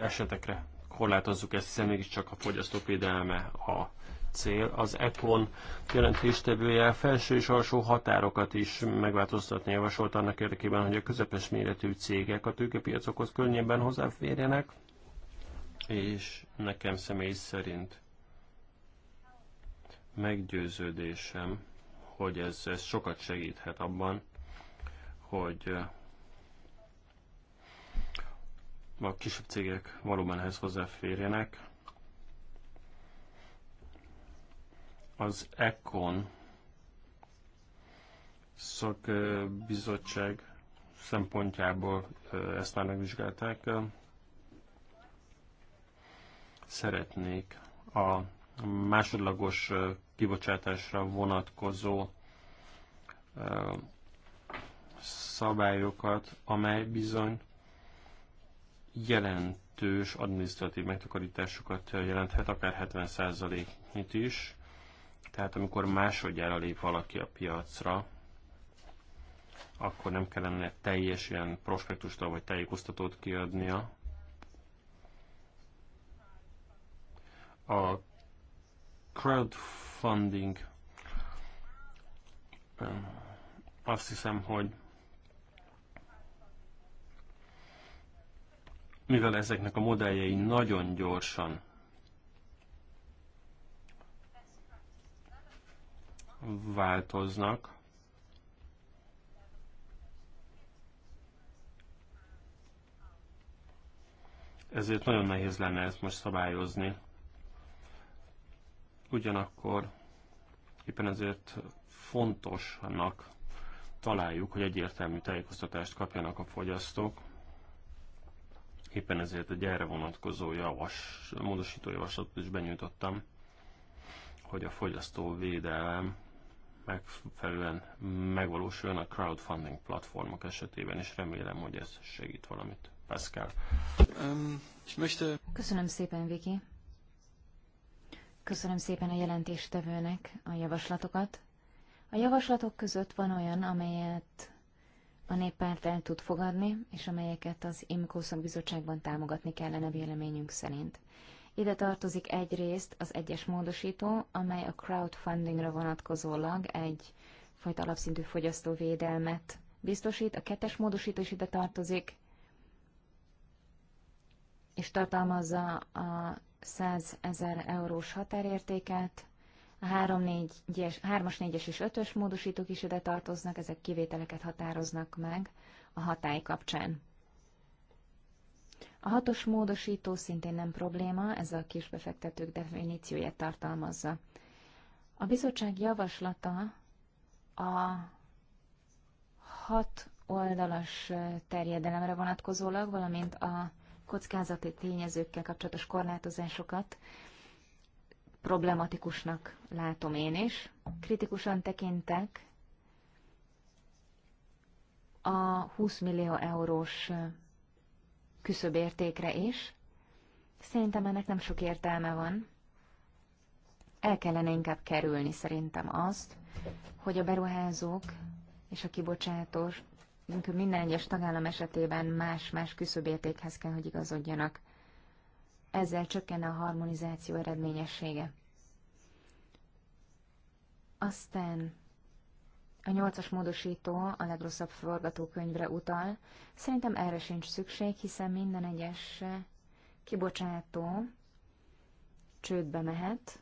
esetekre korlátozzuk ezt, hiszen mégiscsak a fogyasztók a cél. Az ECON jelentéstevője felső és alsó határokat is megváltoztatni javasolt annak érdekében, hogy a közepes méretű cégek a tőkepiacokhoz könnyebben hozzáférjenek, és nekem személy szerint meggyőződésem, hogy ez, ez sokat segíthet abban, hogy a kisebb cégek valóban ehhez hozzáférjenek, Az ECON szakbizottság szempontjából ezt már megvizsgálták. Szeretnék a másodlagos kibocsátásra vonatkozó szabályokat, amely bizony jelentős adminisztratív megtakarításokat jelenthet, akár 70%-nyit is. Tehát amikor másodjára lép valaki a piacra, akkor nem kellene teljes ilyen prospektustól vagy tájékoztatót kiadnia. A crowdfunding azt hiszem, hogy mivel ezeknek a modelljei nagyon gyorsan változnak. Ezért nagyon nehéz lenne ezt most szabályozni. Ugyanakkor éppen ezért fontosnak találjuk, hogy egyértelmű tájékoztatást kapjanak a fogyasztók. Éppen ezért egy erre vonatkozó javas, módosító javaslatot is benyújtottam, hogy a fogyasztó védelem megfelelően megvalósuljon a crowdfunding platformok esetében, és remélem, hogy ez segít valamit. Pascal. Um, uh, Köszönöm szépen, Viki. Köszönöm szépen a jelentéstevőnek a javaslatokat. A javaslatok között van olyan, amelyet a néppárt el tud fogadni, és amelyeket az IMCO szakbizottságban támogatni kellene véleményünk szerint. Ide tartozik egyrészt az egyes módosító, amely a crowdfundingra vonatkozólag egy fajta alapszintű fogyasztóvédelmet biztosít, a kettes módosító is ide tartozik, és tartalmazza a 100 ezer eurós határértéket, a 3-as, 4-es és 5-ös módosítók is ide tartoznak, ezek kivételeket határoznak meg a hatály kapcsán. A hatos módosító szintén nem probléma, ez a kisbefektetők definícióját tartalmazza. A bizottság javaslata a hat oldalas terjedelemre vonatkozólag, valamint a kockázati tényezőkkel kapcsolatos korlátozásokat problematikusnak látom én is. Kritikusan tekintek a 20 millió eurós küszöbértékre is. Szerintem ennek nem sok értelme van. El kellene inkább kerülni szerintem azt, hogy a beruházók és a kibocsátók minden egyes tagállam esetében más-más küszöbértékhez kell, hogy igazodjanak. Ezzel csökkenne a harmonizáció eredményessége. Aztán a nyolcas módosító a legrosszabb forgatókönyvre utal. Szerintem erre sincs szükség, hiszen minden egyes kibocsátó csődbe mehet,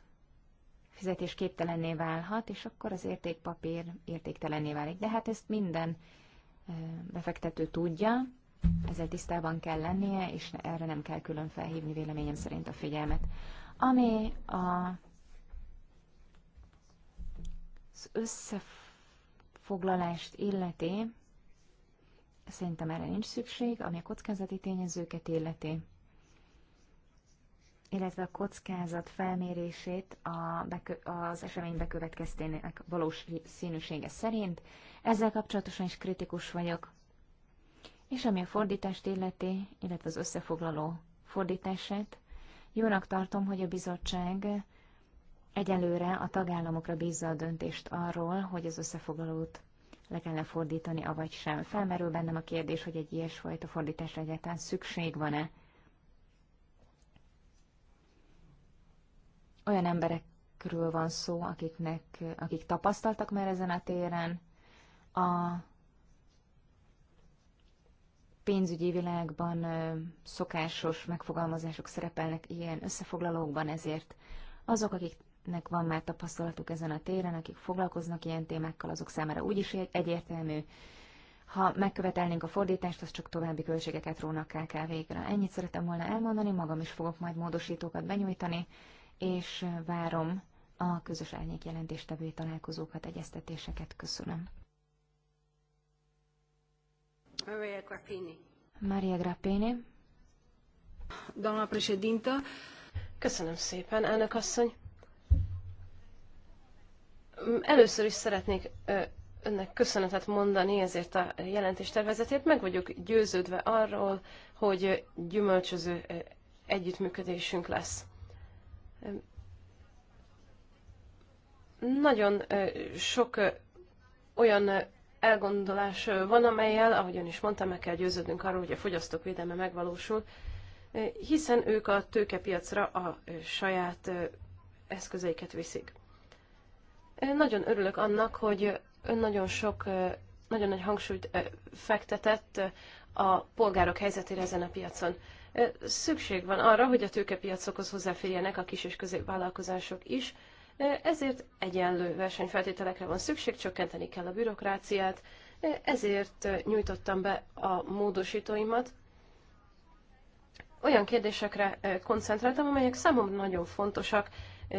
fizetés képtelenné válhat, és akkor az értékpapír értéktelenné válik. De hát ezt minden befektető tudja, ezzel tisztában kell lennie, és erre nem kell külön felhívni véleményem szerint a figyelmet. Ami a, az összefoglalás foglalást illeti, szerintem erre nincs szükség, ami a kockázati tényezőket illeti, illetve a kockázat felmérését a bekö- az esemény bekövetkeztének valós színűsége szerint. Ezzel kapcsolatosan is kritikus vagyok. És ami a fordítást illeti, illetve az összefoglaló fordítását, jónak tartom, hogy a bizottság Egyelőre a tagállamokra bízza a döntést arról, hogy az összefoglalót le kellene fordítani, avagy sem. Felmerül bennem a kérdés, hogy egy ilyesfajta fordítás egyáltalán szükség van-e. Olyan emberekről van szó, akiknek, akik tapasztaltak már ezen a téren. A pénzügyi világban szokásos megfogalmazások szerepelnek ilyen összefoglalókban, ezért azok, akik akiknek van már tapasztalatuk ezen a téren, akik foglalkoznak ilyen témákkal, azok számára úgyis egyértelmű. Ha megkövetelnénk a fordítást, az csak további költségeket rónak kell végre. Ennyit szeretem volna elmondani, magam is fogok majd módosítókat benyújtani, és várom a közös árnyék jelentéstevői találkozókat, egyeztetéseket. Köszönöm. Maria Grappini. Maria Grappini. Dona președintă. Köszönöm szépen, elnök asszony. Először is szeretnék önnek köszönetet mondani ezért a jelentéstervezetért. Meg vagyok győződve arról, hogy gyümölcsöző együttműködésünk lesz. Nagyon sok olyan elgondolás van, amelyel, ahogy ön is mondta, meg kell győződnünk arról, hogy a fogyasztók védelme megvalósul, hiszen ők a tőkepiacra a saját eszközeiket viszik. Nagyon örülök annak, hogy ön nagyon sok, nagyon nagy hangsúlyt fektetett a polgárok helyzetére ezen a piacon. Szükség van arra, hogy a tőkepiacokhoz hozzáférjenek a kis és középvállalkozások is, ezért egyenlő versenyfeltételekre van szükség, csökkenteni kell a bürokráciát, ezért nyújtottam be a módosítóimat. Olyan kérdésekre koncentráltam, amelyek számomra nagyon fontosak,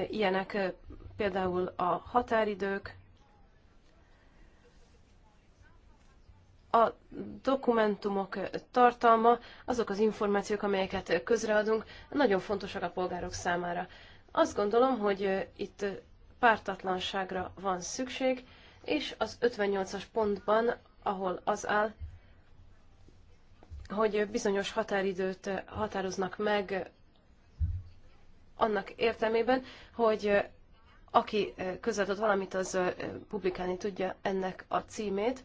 ilyenek például a határidők, a dokumentumok tartalma, azok az információk, amelyeket közreadunk, nagyon fontosak a polgárok számára. Azt gondolom, hogy itt pártatlanságra van szükség, és az 58-as pontban, ahol az áll, hogy bizonyos határidőt határoznak meg annak értelmében, hogy aki közvetett valamit, az publikálni tudja ennek a címét.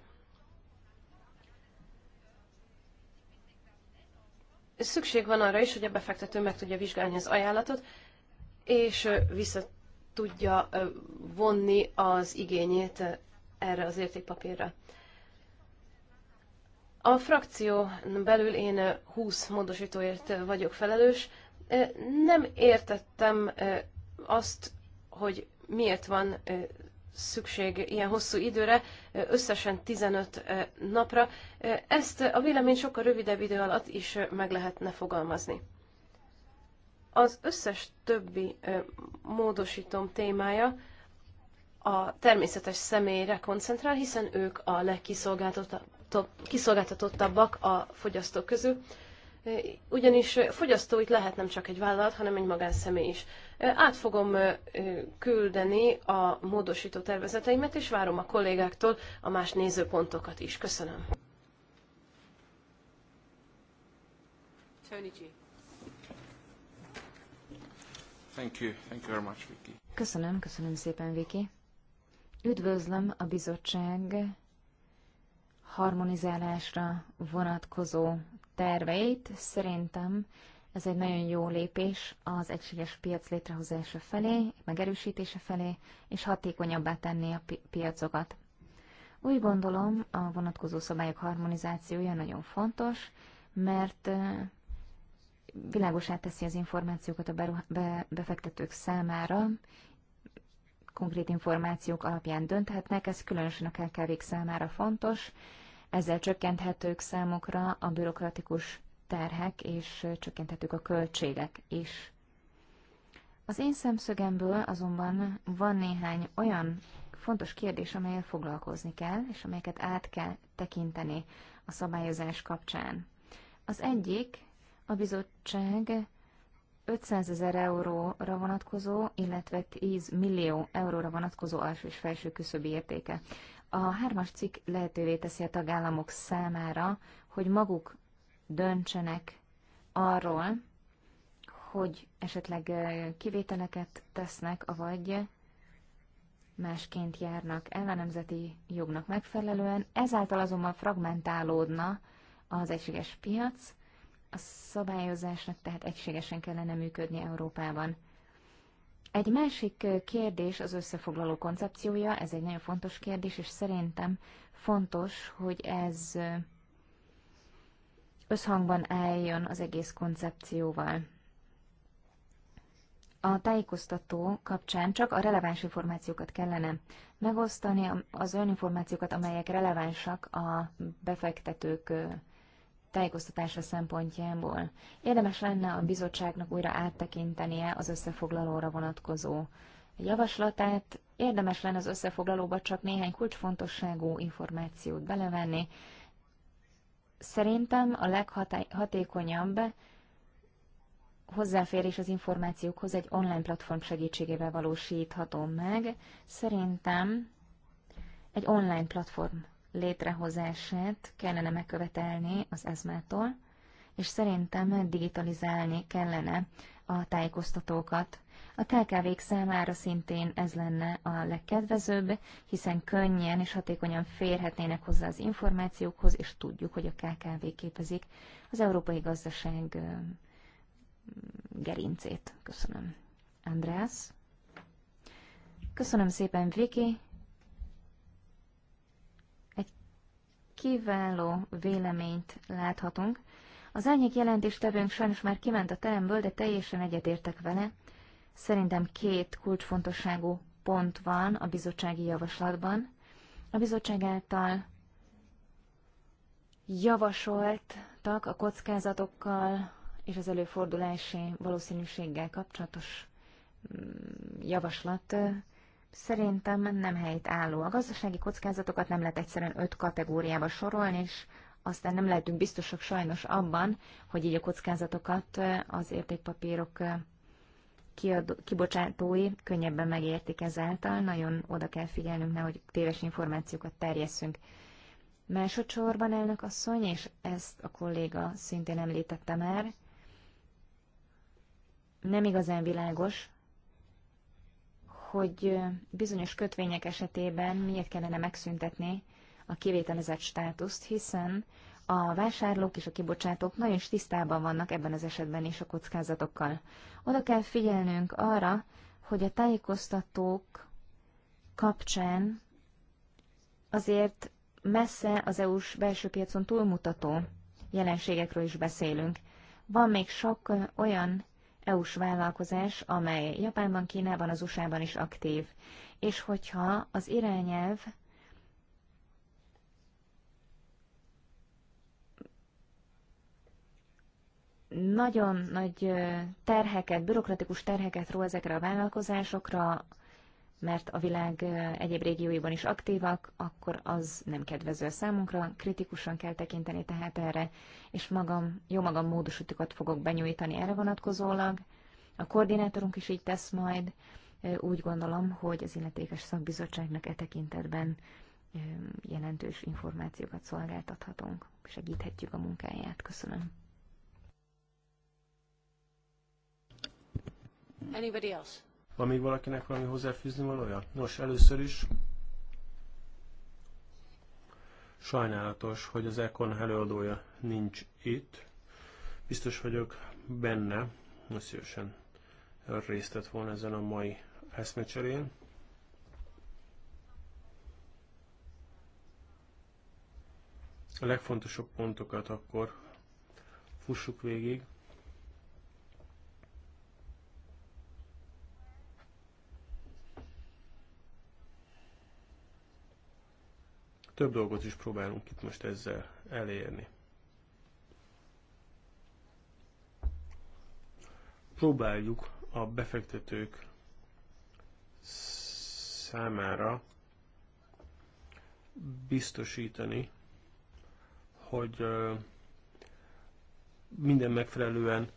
Szükség van arra is, hogy a befektető meg tudja vizsgálni az ajánlatot, és vissza tudja vonni az igényét erre az értékpapírra. A frakció belül én 20 módosítóért vagyok felelős, nem értettem azt, hogy miért van szükség ilyen hosszú időre, összesen 15 napra. Ezt a vélemény sokkal rövidebb idő alatt is meg lehetne fogalmazni. Az összes többi módosítom témája a természetes személyre koncentrál, hiszen ők a legkiszolgáltatottabbak a fogyasztók közül ugyanis fogyasztó itt lehet nem csak egy vállalat, hanem egy magánszemély is. Át fogom küldeni a módosító tervezeteimet, és várom a kollégáktól a más nézőpontokat is. Köszönöm. Tony G. Thank you. Thank you very much, Vicky. Köszönöm, köszönöm szépen, Viki. Üdvözlöm a bizottság harmonizálásra vonatkozó terveit. Szerintem ez egy nagyon jó lépés az egységes piac létrehozása felé, megerősítése felé, és hatékonyabbá tenni a pi piacokat. Úgy gondolom, a vonatkozó szabályok harmonizációja nagyon fontos, mert világosá teszi az információkat a befektetők számára, konkrét információk alapján dönthetnek, ez különösen a kkv számára fontos, ezzel csökkenthetők számokra a bürokratikus terhek, és csökkenthetők a költségek is. Az én szemszögemből azonban van néhány olyan fontos kérdés, amelyel foglalkozni kell, és amelyeket át kell tekinteni a szabályozás kapcsán. Az egyik a bizottság 500 ezer euróra vonatkozó, illetve 10 millió euróra vonatkozó alsó és felső küszöbi értéke. A hármas cikk lehetővé teszi a tagállamok számára, hogy maguk döntsenek arról, hogy esetleg kivételeket tesznek, avagy másként járnak el a nemzeti jognak megfelelően, ezáltal azonban fragmentálódna az egységes piac, a szabályozásnak tehát egységesen kellene működni Európában. Egy másik kérdés az összefoglaló koncepciója, ez egy nagyon fontos kérdés, és szerintem fontos, hogy ez összhangban álljon az egész koncepcióval. A tájékoztató kapcsán csak a releváns információkat kellene megosztani, az olyan információkat, amelyek relevánsak a befektetők tájékoztatása szempontjából. Érdemes lenne a bizottságnak újra áttekintenie az összefoglalóra vonatkozó javaslatát, érdemes lenne az összefoglalóba csak néhány kulcsfontosságú információt belevenni. Szerintem a leghatékonyabb hozzáférés az információkhoz egy online platform segítségével valósítható meg. Szerintem egy online platform létrehozását kellene megkövetelni az ezmától, és szerintem digitalizálni kellene a tájékoztatókat. A KKV-k számára szintén ez lenne a legkedvezőbb, hiszen könnyen és hatékonyan férhetnének hozzá az információkhoz, és tudjuk, hogy a KKV képezik az európai gazdaság gerincét. Köszönöm. András? Köszönöm szépen, Viki. kiváló véleményt láthatunk. Az árnyék jelentéstevőnk sajnos már kiment a teremből, de teljesen egyetértek vele. Szerintem két kulcsfontosságú pont van a bizottsági javaslatban. A bizottság által javasoltak a kockázatokkal és az előfordulási valószínűséggel kapcsolatos mm, javaslat szerintem nem helyt álló. A gazdasági kockázatokat nem lehet egyszerűen öt kategóriába sorolni, és aztán nem lehetünk biztosak sajnos abban, hogy így a kockázatokat az értékpapírok kiadó, kibocsátói könnyebben megértik ezáltal, nagyon oda kell figyelnünk, nehogy téves információkat terjesszünk. Másodszorban elnök asszony, és ezt a kolléga szintén említette már, nem igazán világos, hogy bizonyos kötvények esetében miért kellene megszüntetni a kivételezett státuszt, hiszen a vásárlók és a kibocsátók nagyon is tisztában vannak ebben az esetben is a kockázatokkal. Oda kell figyelnünk arra, hogy a tájékoztatók kapcsán azért messze az EU-s belső piacon túlmutató jelenségekről is beszélünk. Van még sok olyan EU-s vállalkozás, amely Japánban, Kínában, az USA-ban is aktív. És hogyha az irányelv nagyon nagy terheket, bürokratikus terheket ró ezekre a vállalkozásokra, mert a világ egyéb régióiban is aktívak, akkor az nem kedvező a számunkra, kritikusan kell tekinteni tehát erre, és magam, jó magam módosítókat fogok benyújtani erre vonatkozólag. A koordinátorunk is így tesz majd. Úgy gondolom, hogy az illetékes szakbizottságnak e tekintetben jelentős információkat szolgáltathatunk, segíthetjük a munkáját. Köszönöm. Anybody else? Van még valakinek valami hozzáfűzni valója? Nos, először is sajnálatos, hogy az Econ előadója nincs itt. Biztos vagyok benne, nagyon szívesen részt vett volna ezen a mai eszmecserén. A legfontosabb pontokat akkor fussuk végig. Több dolgot is próbálunk itt most ezzel elérni. Próbáljuk a befektetők számára biztosítani, hogy minden megfelelően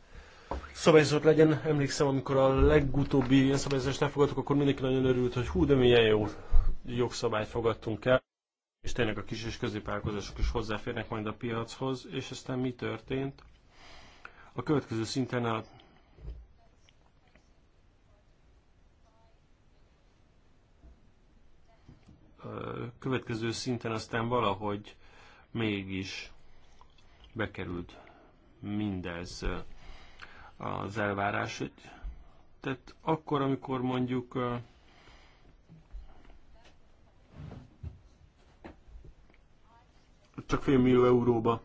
szabályozott legyen. Emlékszem, amikor a legutóbbi ilyen szabályozást elfogadtuk, akkor mindenki nagyon örült, hogy hú, de milyen jó jogszabályt fogadtunk el és tényleg a kis és középvállalkozások is hozzáférnek majd a piachoz, és aztán mi történt? A következő szinten a következő szinten aztán valahogy mégis bekerült mindez az elvárás. Tehát akkor, amikor mondjuk csak fél millió euróba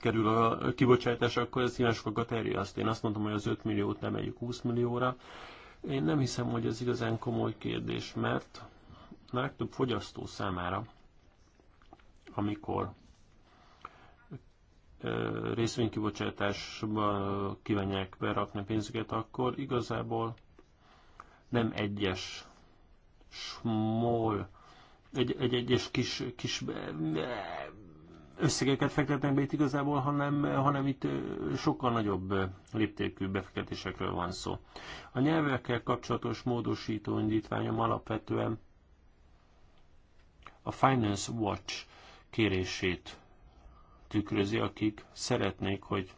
kerül a kibocsátás, akkor ez ilyen sokkal terjeszt. Én azt mondtam, hogy az 5 milliót nem emeljük 20 millióra. Én nem hiszem, hogy ez igazán komoly kérdés, mert a legtöbb fogyasztó számára, amikor részvénykibocsátásba kívánják berakni pénzüket, akkor igazából nem egyes small egy, egy egyes kis, kis eh, összegeket fektetnek be itt igazából, hanem, hanem itt eh, sokkal nagyobb eh, léptékű befektetésekről van szó. A nyelvekkel kapcsolatos módosító indítványom alapvetően a Finance Watch kérését tükrözi, akik szeretnék, hogy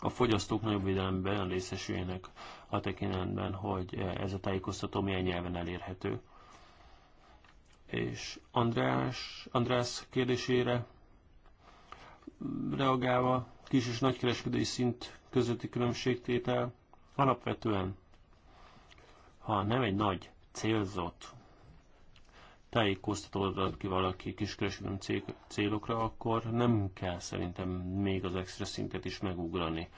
a fogyasztók nagyobb védelemben részesüljenek a tekintetben, hogy ez a tájékoztató milyen nyelven elérhető és András, András kérdésére reagálva, kis és nagykereskedői szint közötti különbségtétel alapvetően, ha nem egy nagy célzott tájékoztatódat ki valaki kiskereskedelmi célokra, akkor nem kell szerintem még az extra szintet is megugrani.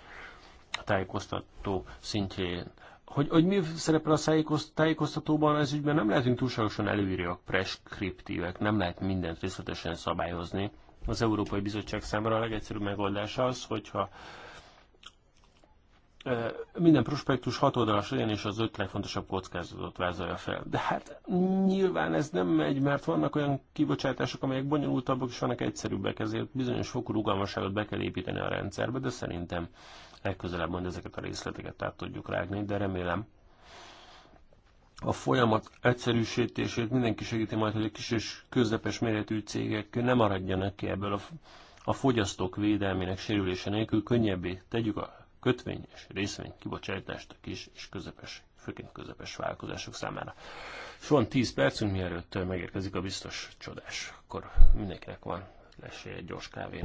A tájékoztató szintjén hogy, hogy mi szerepel a tájékoztatóban, ez ügyben nem lehetünk túlságosan előírjak, preskriptívek, nem lehet mindent részletesen szabályozni. Az Európai Bizottság számára a legegyszerűbb megoldás az, hogyha minden prospektus hat oldalas legyen, és az öt legfontosabb kockázatot vázolja fel. De hát nyilván ez nem megy, mert vannak olyan kibocsátások, amelyek bonyolultabbak, és vannak egyszerűbbek, ezért bizonyos fokú rugalmasságot be kell építeni a rendszerbe, de szerintem legközelebb majd ezeket a részleteket át tudjuk rágni, de remélem a folyamat egyszerűsítését mindenki segíti majd, hogy a kis és közepes méretű cégek nem maradjanak ki ebből a, a fogyasztók védelmének sérülése nélkül, könnyebbé tegyük a kötvény és részvény kibocsátást a kis és közepes, főként közepes vállalkozások számára. És van 10 percünk, mielőtt megérkezik a biztos csodás, akkor mindenkinek van esélye egy gyors kávén.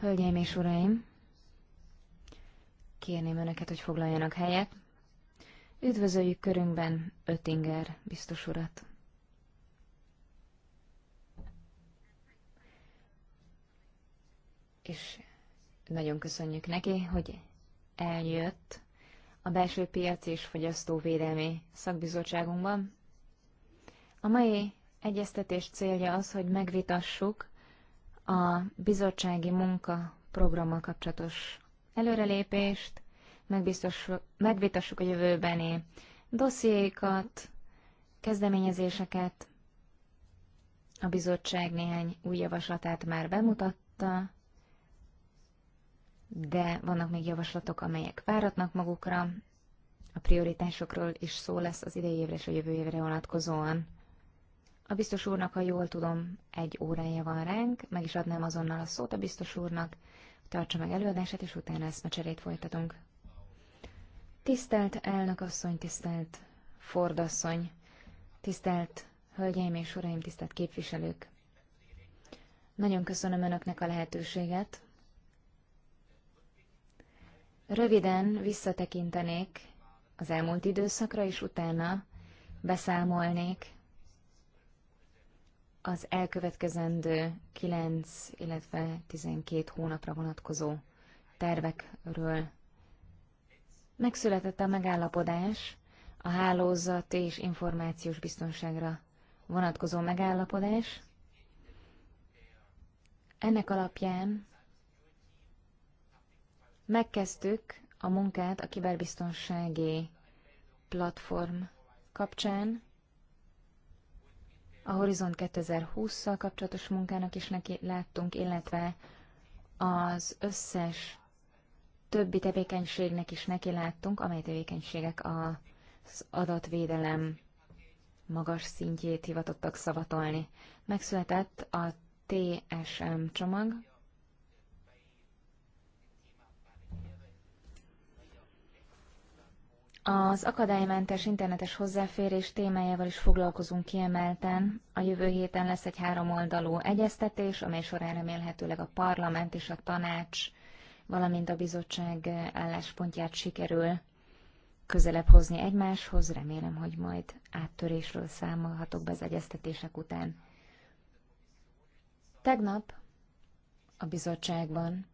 Hölgyeim és uraim, kérném önöket, hogy foglaljanak helyet. Üdvözöljük körünkben Öttinger biztos urat. És nagyon köszönjük neki, hogy eljött a belső piac és fogyasztóvédelmi szakbizottságunkban. A mai egyeztetés célja az, hogy megvitassuk a bizottsági munka programmal kapcsolatos előrelépést, megvitassuk a jövőbeni dossziékat, kezdeményezéseket. A bizottság néhány új javaslatát már bemutatta, de vannak még javaslatok, amelyek váratnak magukra. A prioritásokról is szó lesz az idei évre és a jövő évre vonatkozóan. A biztos úrnak, ha jól tudom, egy órája van ránk, meg is adnám azonnal a szót a biztos úrnak, tartsa meg előadását, és utána cserét folytatunk. Tisztelt asszony, tisztelt fordasszony, tisztelt hölgyeim és uraim, tisztelt képviselők! Nagyon köszönöm önöknek a lehetőséget. Röviden visszatekintenék az elmúlt időszakra, és utána beszámolnék az elkövetkezendő 9, illetve 12 hónapra vonatkozó tervekről. Megszületett a megállapodás, a hálózat és információs biztonságra vonatkozó megállapodás. Ennek alapján megkezdtük a munkát a kiberbiztonsági platform kapcsán, a Horizont 2020-szal kapcsolatos munkának is neki láttunk, illetve az összes többi tevékenységnek is neki láttunk, amely tevékenységek az adatvédelem magas szintjét hivatottak szavatolni. Megszületett a TSM csomag, Az akadálymentes internetes hozzáférés témájával is foglalkozunk kiemelten. A jövő héten lesz egy háromoldalú egyeztetés, amely során remélhetőleg a parlament és a tanács, valamint a bizottság álláspontját sikerül közelebb hozni egymáshoz. Remélem, hogy majd áttörésről számolhatok be az egyeztetések után. Tegnap a bizottságban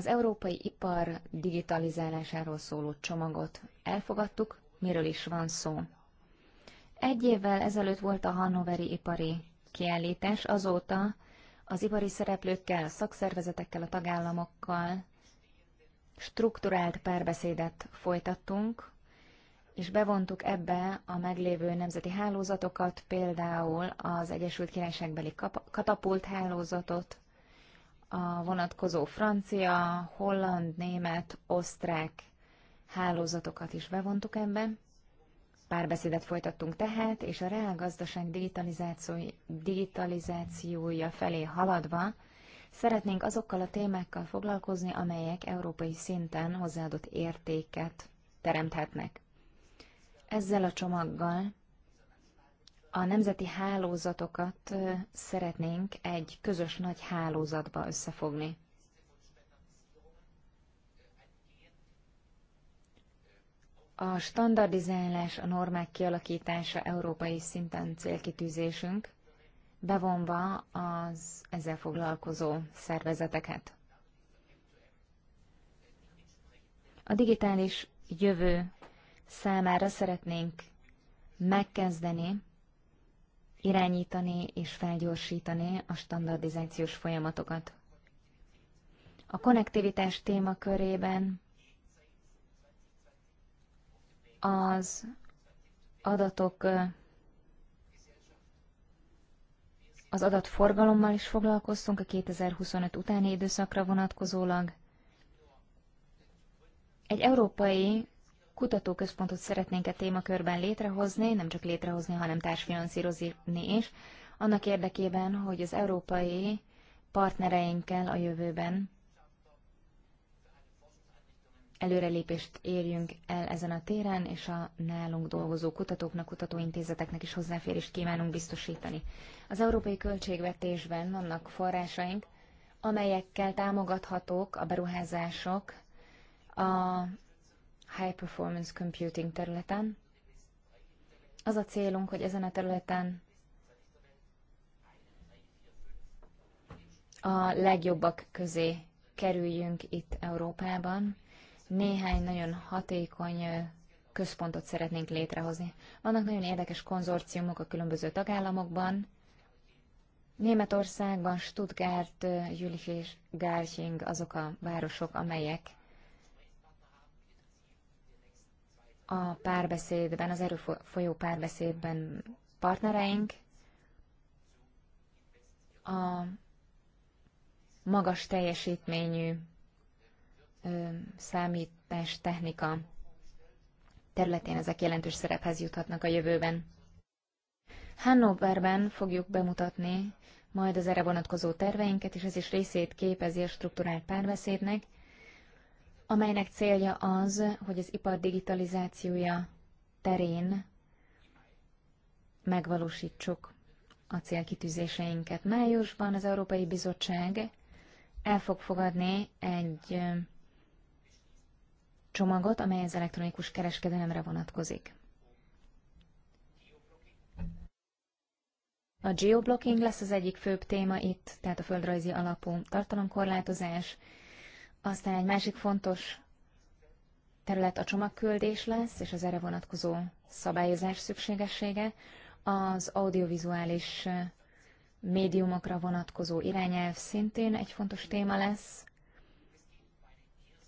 az európai ipar digitalizálásáról szóló csomagot elfogadtuk, miről is van szó. Egy évvel ezelőtt volt a Hannoveri ipari kiállítás, azóta az ipari szereplőkkel, a szakszervezetekkel, a tagállamokkal strukturált párbeszédet folytattunk, és bevontuk ebbe a meglévő nemzeti hálózatokat, például az Egyesült Királyságbeli katapult hálózatot, a vonatkozó francia, holland, német, osztrák hálózatokat is bevontuk ebbe. Párbeszédet folytattunk tehát, és a reál gazdaság digitalizációja felé haladva szeretnénk azokkal a témákkal foglalkozni, amelyek európai szinten hozzáadott értéket teremthetnek. Ezzel a csomaggal a nemzeti hálózatokat szeretnénk egy közös nagy hálózatba összefogni. A standardizálás, a normák kialakítása európai szinten célkitűzésünk, bevonva az ezzel foglalkozó szervezeteket. A digitális jövő számára szeretnénk megkezdeni irányítani és felgyorsítani a standardizációs folyamatokat. A konnektivitás témakörében az adatok az adatforgalommal is foglalkoztunk a 2025 utáni időszakra vonatkozólag. Egy európai kutatóközpontot szeretnénk a e témakörben létrehozni, nem csak létrehozni, hanem társfinanszírozni is, annak érdekében, hogy az európai partnereinkkel a jövőben előrelépést érjünk el ezen a téren, és a nálunk dolgozó kutatóknak, kutatóintézeteknek is hozzáférést kívánunk biztosítani. Az európai költségvetésben vannak forrásaink, amelyekkel támogathatók a beruházások a high performance computing területen. Az a célunk, hogy ezen a területen a legjobbak közé kerüljünk itt Európában. Néhány nagyon hatékony központot szeretnénk létrehozni. Vannak nagyon érdekes konzorciumok a különböző tagállamokban. Németországban Stuttgart, Jülich és Garching azok a városok, amelyek a párbeszédben, az erőfolyó párbeszédben partnereink, a magas teljesítményű ö, számítás technika területén ezek jelentős szerephez juthatnak a jövőben. Hannoverben fogjuk bemutatni majd az erre vonatkozó terveinket, és ez is részét képezi a struktúrált párbeszédnek, amelynek célja az, hogy az ipar digitalizációja terén megvalósítsuk a célkitűzéseinket. Májusban az Európai Bizottság el fog fogadni egy csomagot, amely az elektronikus kereskedelemre vonatkozik. A geoblocking lesz az egyik főbb téma itt, tehát a földrajzi alapú tartalomkorlátozás, aztán egy másik fontos terület a csomagküldés lesz, és az erre vonatkozó szabályozás szükségessége, az audiovizuális médiumokra vonatkozó irányelv szintén egy fontos téma lesz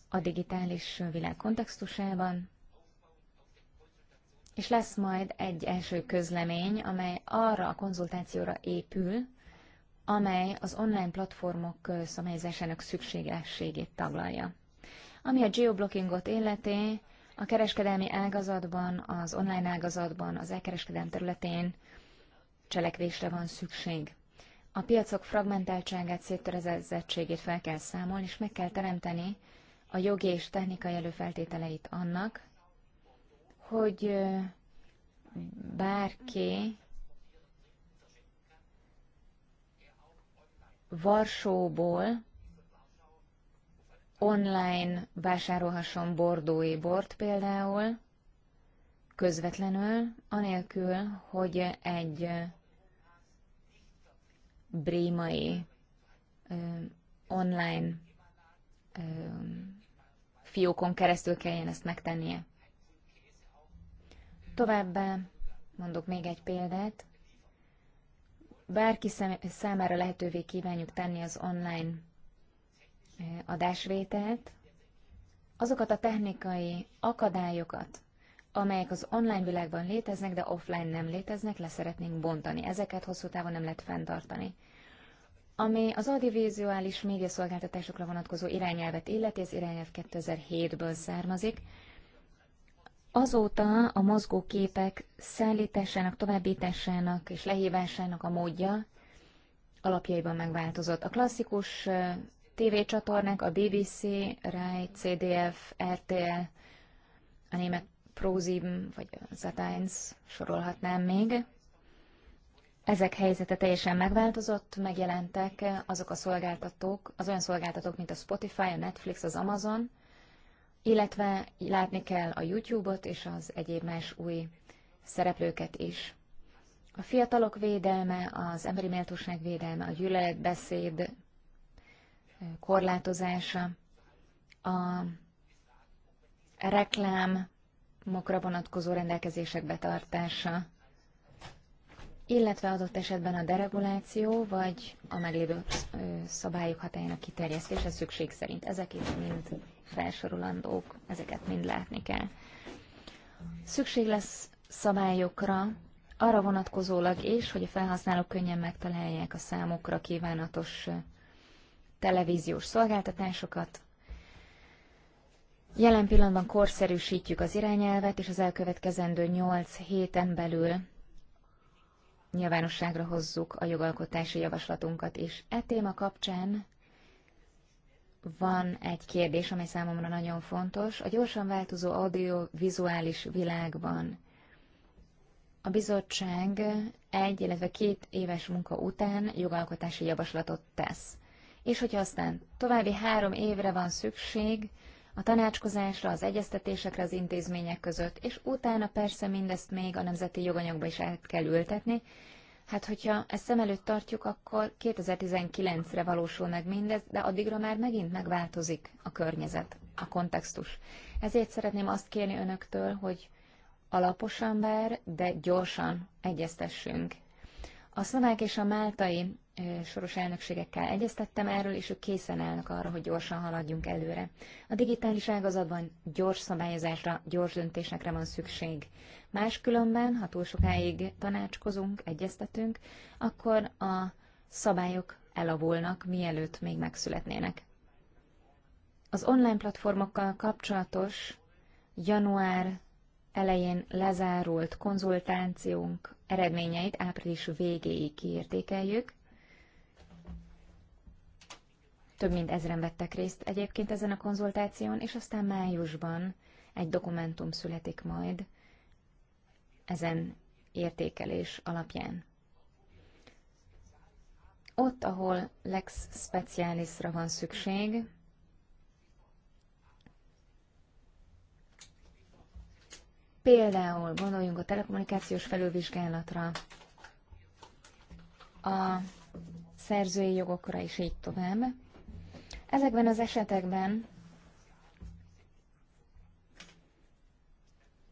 a digitális világ kontextusában, és lesz majd egy első közlemény, amely arra a konzultációra épül, amely az online platformok szabályozásának szükségességét taglalja. Ami a geoblockingot illeti, a kereskedelmi ágazatban, az online ágazatban, az elkereskedelm területén cselekvésre van szükség. A piacok fragmentáltságát, széttörezettségét fel kell számolni, és meg kell teremteni a jogi és technikai előfeltételeit annak, hogy bárki Varsóból online vásárolhasson bordói bort például, közvetlenül, anélkül, hogy egy brémai online fiókon keresztül kelljen ezt megtennie. Továbbá mondok még egy példát bárki számára lehetővé kívánjuk tenni az online adásvételt, azokat a technikai akadályokat, amelyek az online világban léteznek, de offline nem léteznek, leszeretnénk bontani. Ezeket hosszú távon nem lehet fenntartani. Ami az audiovizuális médiaszolgáltatásokra vonatkozó irányelvet illeti, az irányelv 2007-ből származik. Azóta a mozgóképek szállításának, továbbításának és lehívásának a módja alapjaiban megváltozott. A klasszikus tévécsatornák, a BBC, RAI, CDF, RTL, a német Prozim vagy Zatainz sorolhatnám még. Ezek helyzete teljesen megváltozott, megjelentek azok a szolgáltatók, az olyan szolgáltatók, mint a Spotify, a Netflix, az Amazon – illetve látni kell a YouTube-ot és az egyéb más új szereplőket is. A fiatalok védelme, az emberi méltóság védelme, a gyűlöletbeszéd korlátozása, a reklámokra vonatkozó rendelkezések betartása, illetve adott esetben a dereguláció, vagy a meglévő szabályok hatájának kiterjesztése szükség szerint. Ezek itt mind felsorolandók, ezeket mind látni kell. Szükség lesz szabályokra, arra vonatkozólag és, hogy a felhasználók könnyen megtalálják a számukra kívánatos televíziós szolgáltatásokat. Jelen pillanatban korszerűsítjük az irányelvet, és az elkövetkezendő 8 héten belül nyilvánosságra hozzuk a jogalkotási javaslatunkat is. E téma kapcsán van egy kérdés, amely számomra nagyon fontos. A gyorsan változó audiovizuális világban a bizottság egy, illetve két éves munka után jogalkotási javaslatot tesz. És hogyha aztán további három évre van szükség a tanácskozásra, az egyeztetésekre az intézmények között, és utána persze mindezt még a nemzeti joganyagba is el kell ültetni, Hát, hogyha ezt szem előtt tartjuk, akkor 2019-re valósul meg mindez, de addigra már megint megváltozik a környezet, a kontextus. Ezért szeretném azt kérni önöktől, hogy alaposan bár, de gyorsan egyeztessünk. A szlovák és a máltai soros elnökségekkel egyeztettem erről, és ők készen állnak arra, hogy gyorsan haladjunk előre. A digitális ágazatban gyors szabályozásra, gyors döntésekre van szükség. Máskülönben, ha túl sokáig tanácskozunk, egyeztetünk, akkor a szabályok elavulnak, mielőtt még megszületnének. Az online platformokkal kapcsolatos január elején lezárult konzultációnk eredményeit április végéig kiértékeljük, több mint ezren vettek részt egyébként ezen a konzultáción, és aztán májusban egy dokumentum születik majd ezen értékelés alapján. Ott, ahol lex specialisra van szükség, például gondoljunk a telekommunikációs felülvizsgálatra, a szerzői jogokra, is így tovább. Ezekben az esetekben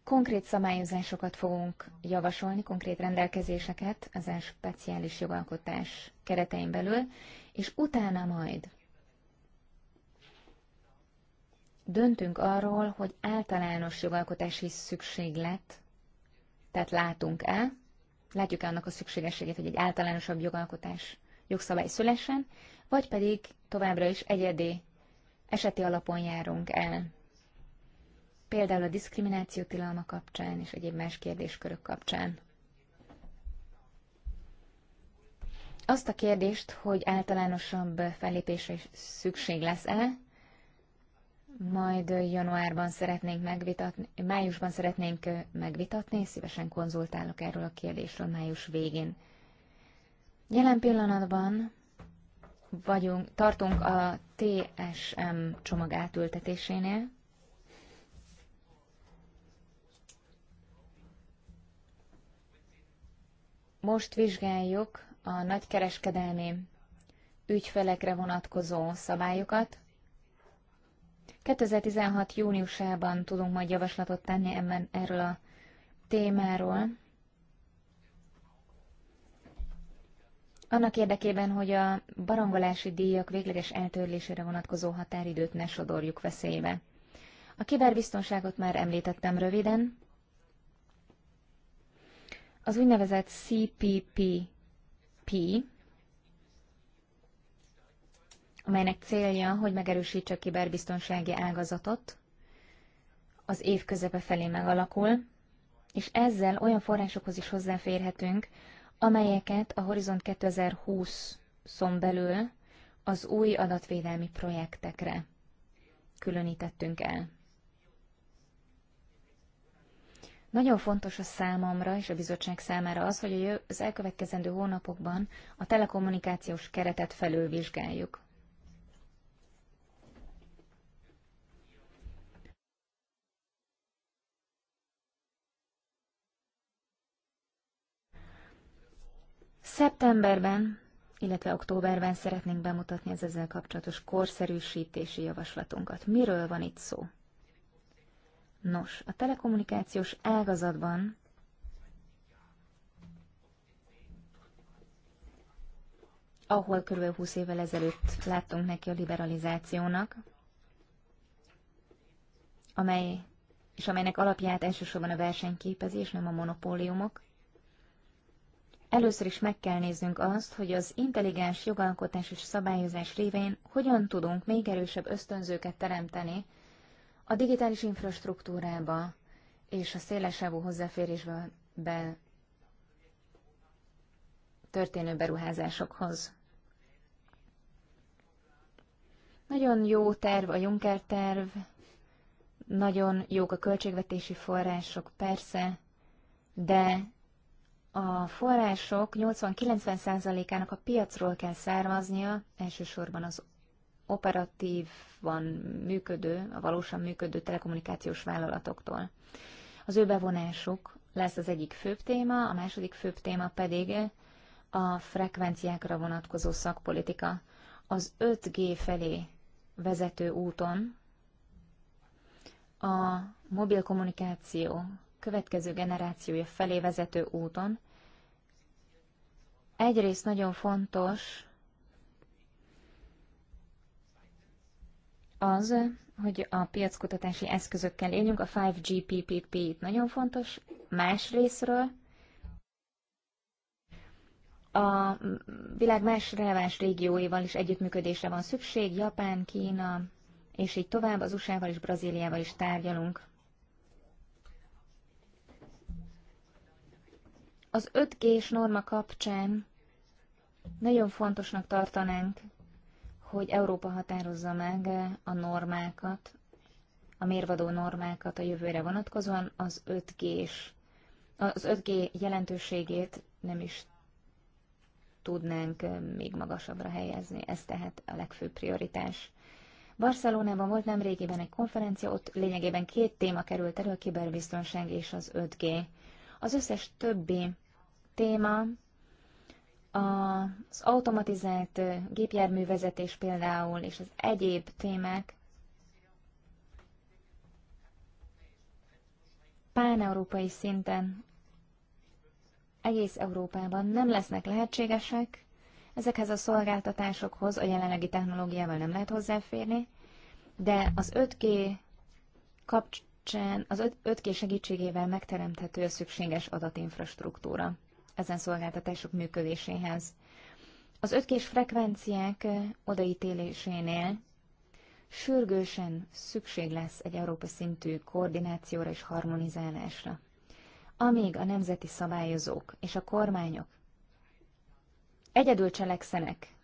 konkrét szabályozásokat fogunk javasolni, konkrét rendelkezéseket ezen speciális jogalkotás keretein belül, és utána majd döntünk arról, hogy általános jogalkotási szükséglet, tehát látunk-e, látjuk-e annak a szükségességét, hogy egy általánosabb jogalkotás jogszabály szülessen, vagy pedig továbbra is egyedi, eseti alapon járunk el. Például a diszkrimináció tilalma kapcsán és egyéb más kérdéskörök kapcsán. Azt a kérdést, hogy általánosabb fellépésre is szükség lesz-e, majd januárban szeretnénk megvitatni, májusban szeretnénk megvitatni, szívesen konzultálok erről a kérdésről május végén. Jelen pillanatban vagyunk, tartunk a TSM csomag átültetésénél. Most vizsgáljuk a nagykereskedelmi ügyfelekre vonatkozó szabályokat. 2016. júniusában tudunk majd javaslatot tenni ebben, erről a témáról. annak érdekében, hogy a barangolási díjak végleges eltörlésére vonatkozó határidőt ne sodorjuk veszélybe. A kiberbiztonságot már említettem röviden. Az úgynevezett CPPP, amelynek célja, hogy megerősítse a kiberbiztonsági ágazatot, az év közepe felé megalakul, és ezzel olyan forrásokhoz is hozzáférhetünk, amelyeket a Horizont 2020-on belül az új adatvédelmi projektekre különítettünk el. Nagyon fontos a számomra és a bizottság számára az, hogy az elkövetkezendő hónapokban a telekommunikációs keretet felülvizsgáljuk. Szeptemberben, illetve októberben szeretnénk bemutatni az ezzel kapcsolatos korszerűsítési javaslatunkat. Miről van itt szó? Nos, a telekommunikációs ágazatban ahol kb. 20 évvel ezelőtt láttunk neki a liberalizációnak, amely, és amelynek alapját elsősorban a verseny képezi, és nem a monopóliumok. Először is meg kell néznünk azt, hogy az intelligens jogalkotás és szabályozás révén hogyan tudunk még erősebb ösztönzőket teremteni a digitális infrastruktúrába és a szélesávú hozzáférésbe történő beruházásokhoz. Nagyon jó terv a Juncker terv, nagyon jók a költségvetési források, persze, de a források 80-90%-ának a piacról kell származnia, elsősorban az operatívan működő, a valósan működő telekommunikációs vállalatoktól. Az ő bevonásuk lesz az egyik főbb téma, a második főbb téma pedig a frekvenciákra vonatkozó szakpolitika. Az 5G felé vezető úton a mobil kommunikáció következő generációja felé vezető úton. Egyrészt nagyon fontos az, hogy a piackutatási eszközökkel éljünk, a 5GPPP itt nagyon fontos, más részről a világ más releváns régióival is együttműködésre van szükség, Japán, Kína, és így tovább, az USA-val és Brazíliával is tárgyalunk. Az 5G-s norma kapcsán nagyon fontosnak tartanánk, hogy Európa határozza meg a normákat, a mérvadó normákat a jövőre vonatkozóan, az 5 g az 5G jelentőségét nem is tudnánk még magasabbra helyezni. Ez tehát a legfőbb prioritás. Barcelonában volt nemrégiben egy konferencia, ott lényegében két téma került elő, a kiberbiztonság és az 5G. Az összes többi téma, az automatizált gépjárművezetés például, és az egyéb témák páneurópai szinten, egész Európában nem lesznek lehetségesek, ezekhez a szolgáltatásokhoz a jelenlegi technológiával nem lehet hozzáférni, de az 5G kapcs- kapcsán az 5G segítségével megteremthető a szükséges adatinfrastruktúra ezen szolgáltatások működéséhez. Az 5 g frekvenciák odaítélésénél sürgősen szükség lesz egy európai szintű koordinációra és harmonizálásra. Amíg a nemzeti szabályozók és a kormányok egyedül cselekszenek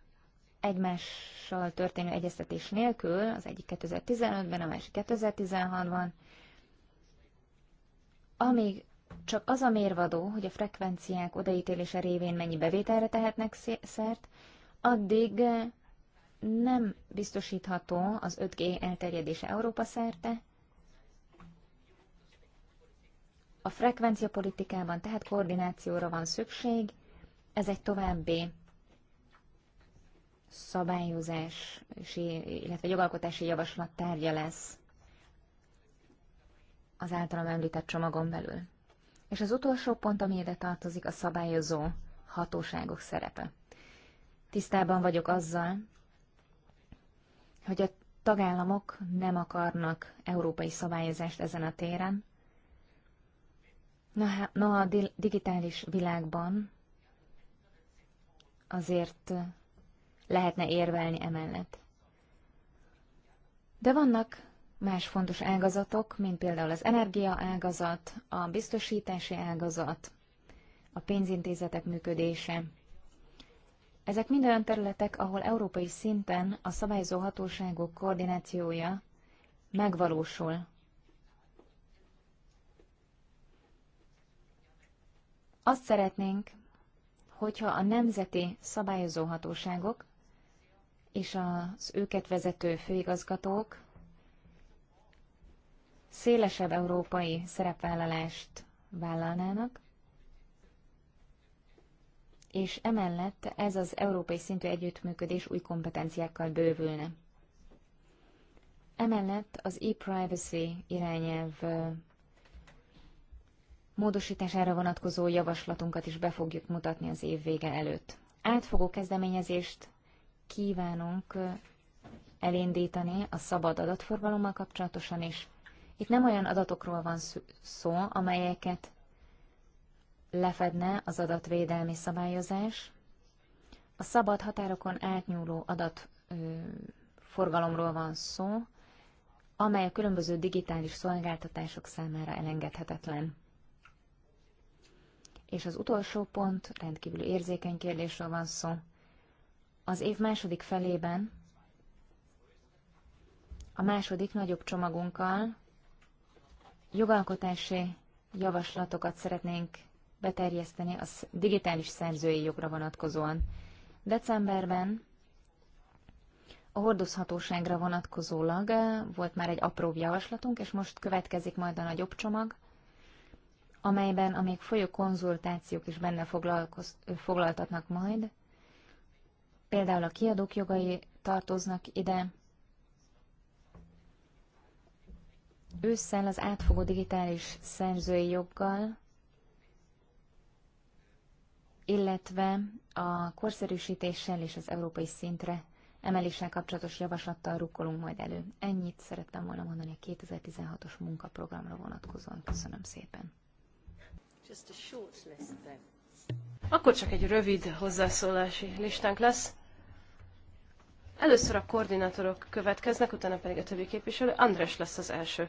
egymással történő egyeztetés nélkül, az egyik 2015-ben, a másik 2016-ban, amíg csak az a mérvadó, hogy a frekvenciák odaítélése révén mennyi bevételre tehetnek szert, addig eh, nem biztosítható az 5G elterjedése Európa szerte. A frekvencia politikában tehát koordinációra van szükség, ez egy további szabályozási, illetve jogalkotási javaslat tárgya lesz az általam említett csomagon belül. És az utolsó pont, ami ide tartozik, a szabályozó hatóságok szerepe. Tisztában vagyok azzal, hogy a tagállamok nem akarnak európai szabályozást ezen a téren. Na, na a digitális világban azért lehetne érvelni emellett. De vannak más fontos ágazatok, mint például az energia ágazat, a biztosítási ágazat, a pénzintézetek működése. Ezek mind olyan területek, ahol európai szinten a szabályozó hatóságok koordinációja megvalósul. Azt szeretnénk, hogyha a nemzeti szabályozó hatóságok és az őket vezető főigazgatók szélesebb európai szerepvállalást vállalnának, és emellett ez az európai szintű együttműködés új kompetenciákkal bővülne. Emellett az e-privacy irányelv módosítására vonatkozó javaslatunkat is be fogjuk mutatni az év vége előtt. Átfogó kezdeményezést kívánunk elindítani a szabad adatforgalommal kapcsolatosan, és itt nem olyan adatokról van szó, amelyeket lefedne az adatvédelmi szabályozás. A szabad határokon átnyúló adatforgalomról van szó, amely a különböző digitális szolgáltatások számára elengedhetetlen. És az utolsó pont, rendkívül érzékeny kérdésről van szó. Az év második felében a második nagyobb csomagunkkal jogalkotási javaslatokat szeretnénk beterjeszteni a digitális szerzői jogra vonatkozóan. Decemberben a hordozhatóságra vonatkozólag eh, volt már egy apróbb javaslatunk, és most következik majd a nagyobb csomag, amelyben a még folyó konzultációk is benne foglaltatnak majd. Például a kiadók jogai tartoznak ide, Ősszel az átfogó digitális szerzői joggal, illetve a korszerűsítéssel és az európai szintre emeléssel kapcsolatos javaslattal rukkolunk majd elő. Ennyit szerettem volna mondani a 2016-os munkaprogramra vonatkozóan. Köszönöm szépen. Akkor csak egy rövid hozzászólási listánk lesz. Először a koordinátorok következnek, utána pedig a többi képviselő. András lesz az első.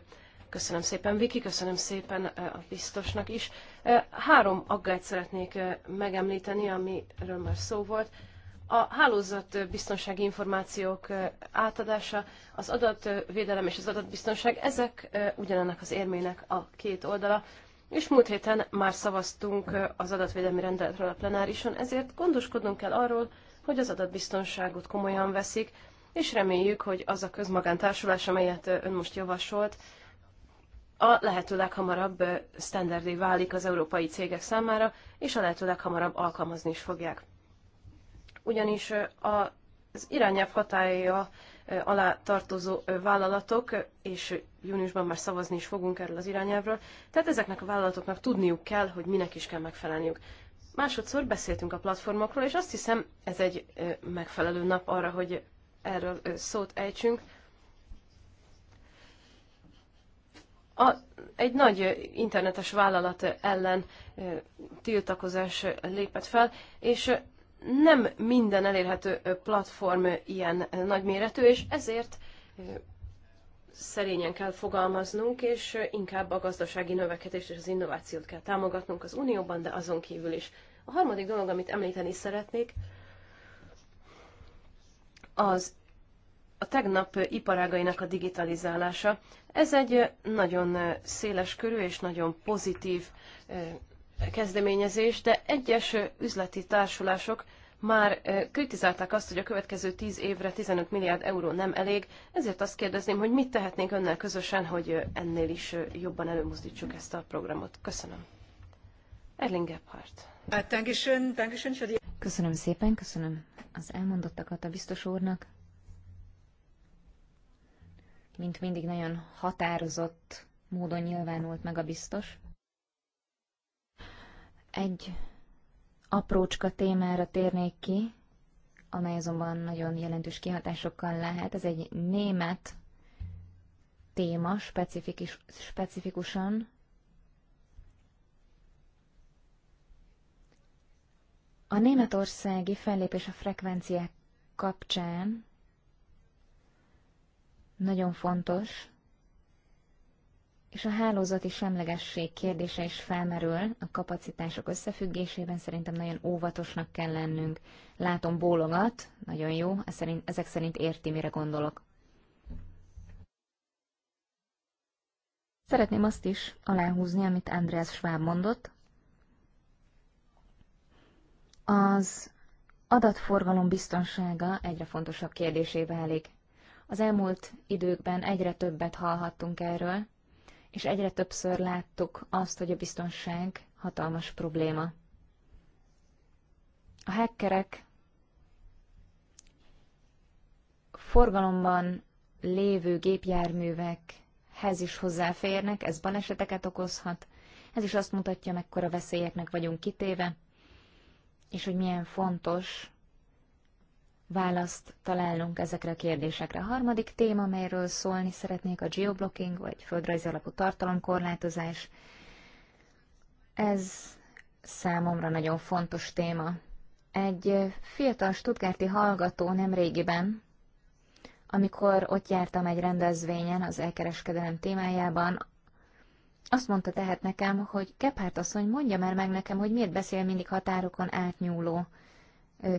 Köszönöm szépen, Viki, köszönöm szépen a biztosnak is. Három aggályt szeretnék megemlíteni, amiről már szó volt. A hálózat biztonsági információk átadása, az adatvédelem és az adatbiztonság, ezek ugyanennek az érmének a két oldala. És múlt héten már szavaztunk az adatvédelmi rendeletről a plenárison, ezért gondoskodnunk kell arról, hogy az adatbiztonságot komolyan veszik, és reméljük, hogy az a közmagántársulás, amelyet ön most javasolt, a lehető leghamarabb standardé válik az európai cégek számára, és a lehető leghamarabb alkalmazni is fogják. Ugyanis az irányelv hatája alá tartozó vállalatok, és júniusban már szavazni is fogunk erről az irányelvről, tehát ezeknek a vállalatoknak tudniuk kell, hogy minek is kell megfelelniük. Másodszor beszéltünk a platformokról, és azt hiszem, ez egy megfelelő nap arra, hogy erről szót ejtsünk. A, egy nagy internetes vállalat ellen tiltakozás lépett fel, és nem minden elérhető platform ilyen nagyméretű, és ezért szerényen kell fogalmaznunk, és inkább a gazdasági növekedést és az innovációt kell támogatnunk az Unióban, de azon kívül is. A harmadik dolog, amit említeni szeretnék, az a tegnap iparágainak a digitalizálása. Ez egy nagyon széles körű és nagyon pozitív kezdeményezés, de egyes üzleti társulások már kritizálták azt, hogy a következő 10 évre 15 milliárd euró nem elég, ezért azt kérdezném, hogy mit tehetnénk önnel közösen, hogy ennél is jobban előmozdítsuk ezt a programot. Köszönöm. Erling Gebhardt. Hát, köszönöm szépen, köszönöm az elmondottakat a biztos úrnak. Mint mindig nagyon határozott módon nyilvánult meg a biztos. Egy aprócska témára térnék ki, amely azonban nagyon jelentős kihatásokkal lehet. Ez egy német téma specifikus, specifikusan. A németországi fellépés a frekvenciák kapcsán nagyon fontos, és a hálózati semlegesség kérdése is felmerül, a kapacitások összefüggésében szerintem nagyon óvatosnak kell lennünk. Látom bólogat, nagyon jó, ezek szerint érti, mire gondolok. Szeretném azt is aláhúzni, amit Andreas Schwab mondott. Az adatforgalom biztonsága egyre fontosabb kérdésébe válik. Az elmúlt időkben egyre többet hallhattunk erről, és egyre többször láttuk azt, hogy a biztonság hatalmas probléma. A hackerek forgalomban lévő gépjárművekhez is hozzáférnek, ez baleseteket okozhat, ez is azt mutatja, mekkora veszélyeknek vagyunk kitéve, és hogy milyen fontos választ találnunk ezekre a kérdésekre. A harmadik téma, amelyről szólni szeretnék, a geoblocking, vagy földrajzi alapú tartalomkorlátozás. Ez számomra nagyon fontos téma. Egy fiatal stuttgarti hallgató nem régiben, amikor ott jártam egy rendezvényen az elkereskedelem témájában, azt mondta tehát nekem, hogy Kephárt asszony, mondja már meg nekem, hogy miért beszél mindig határokon átnyúló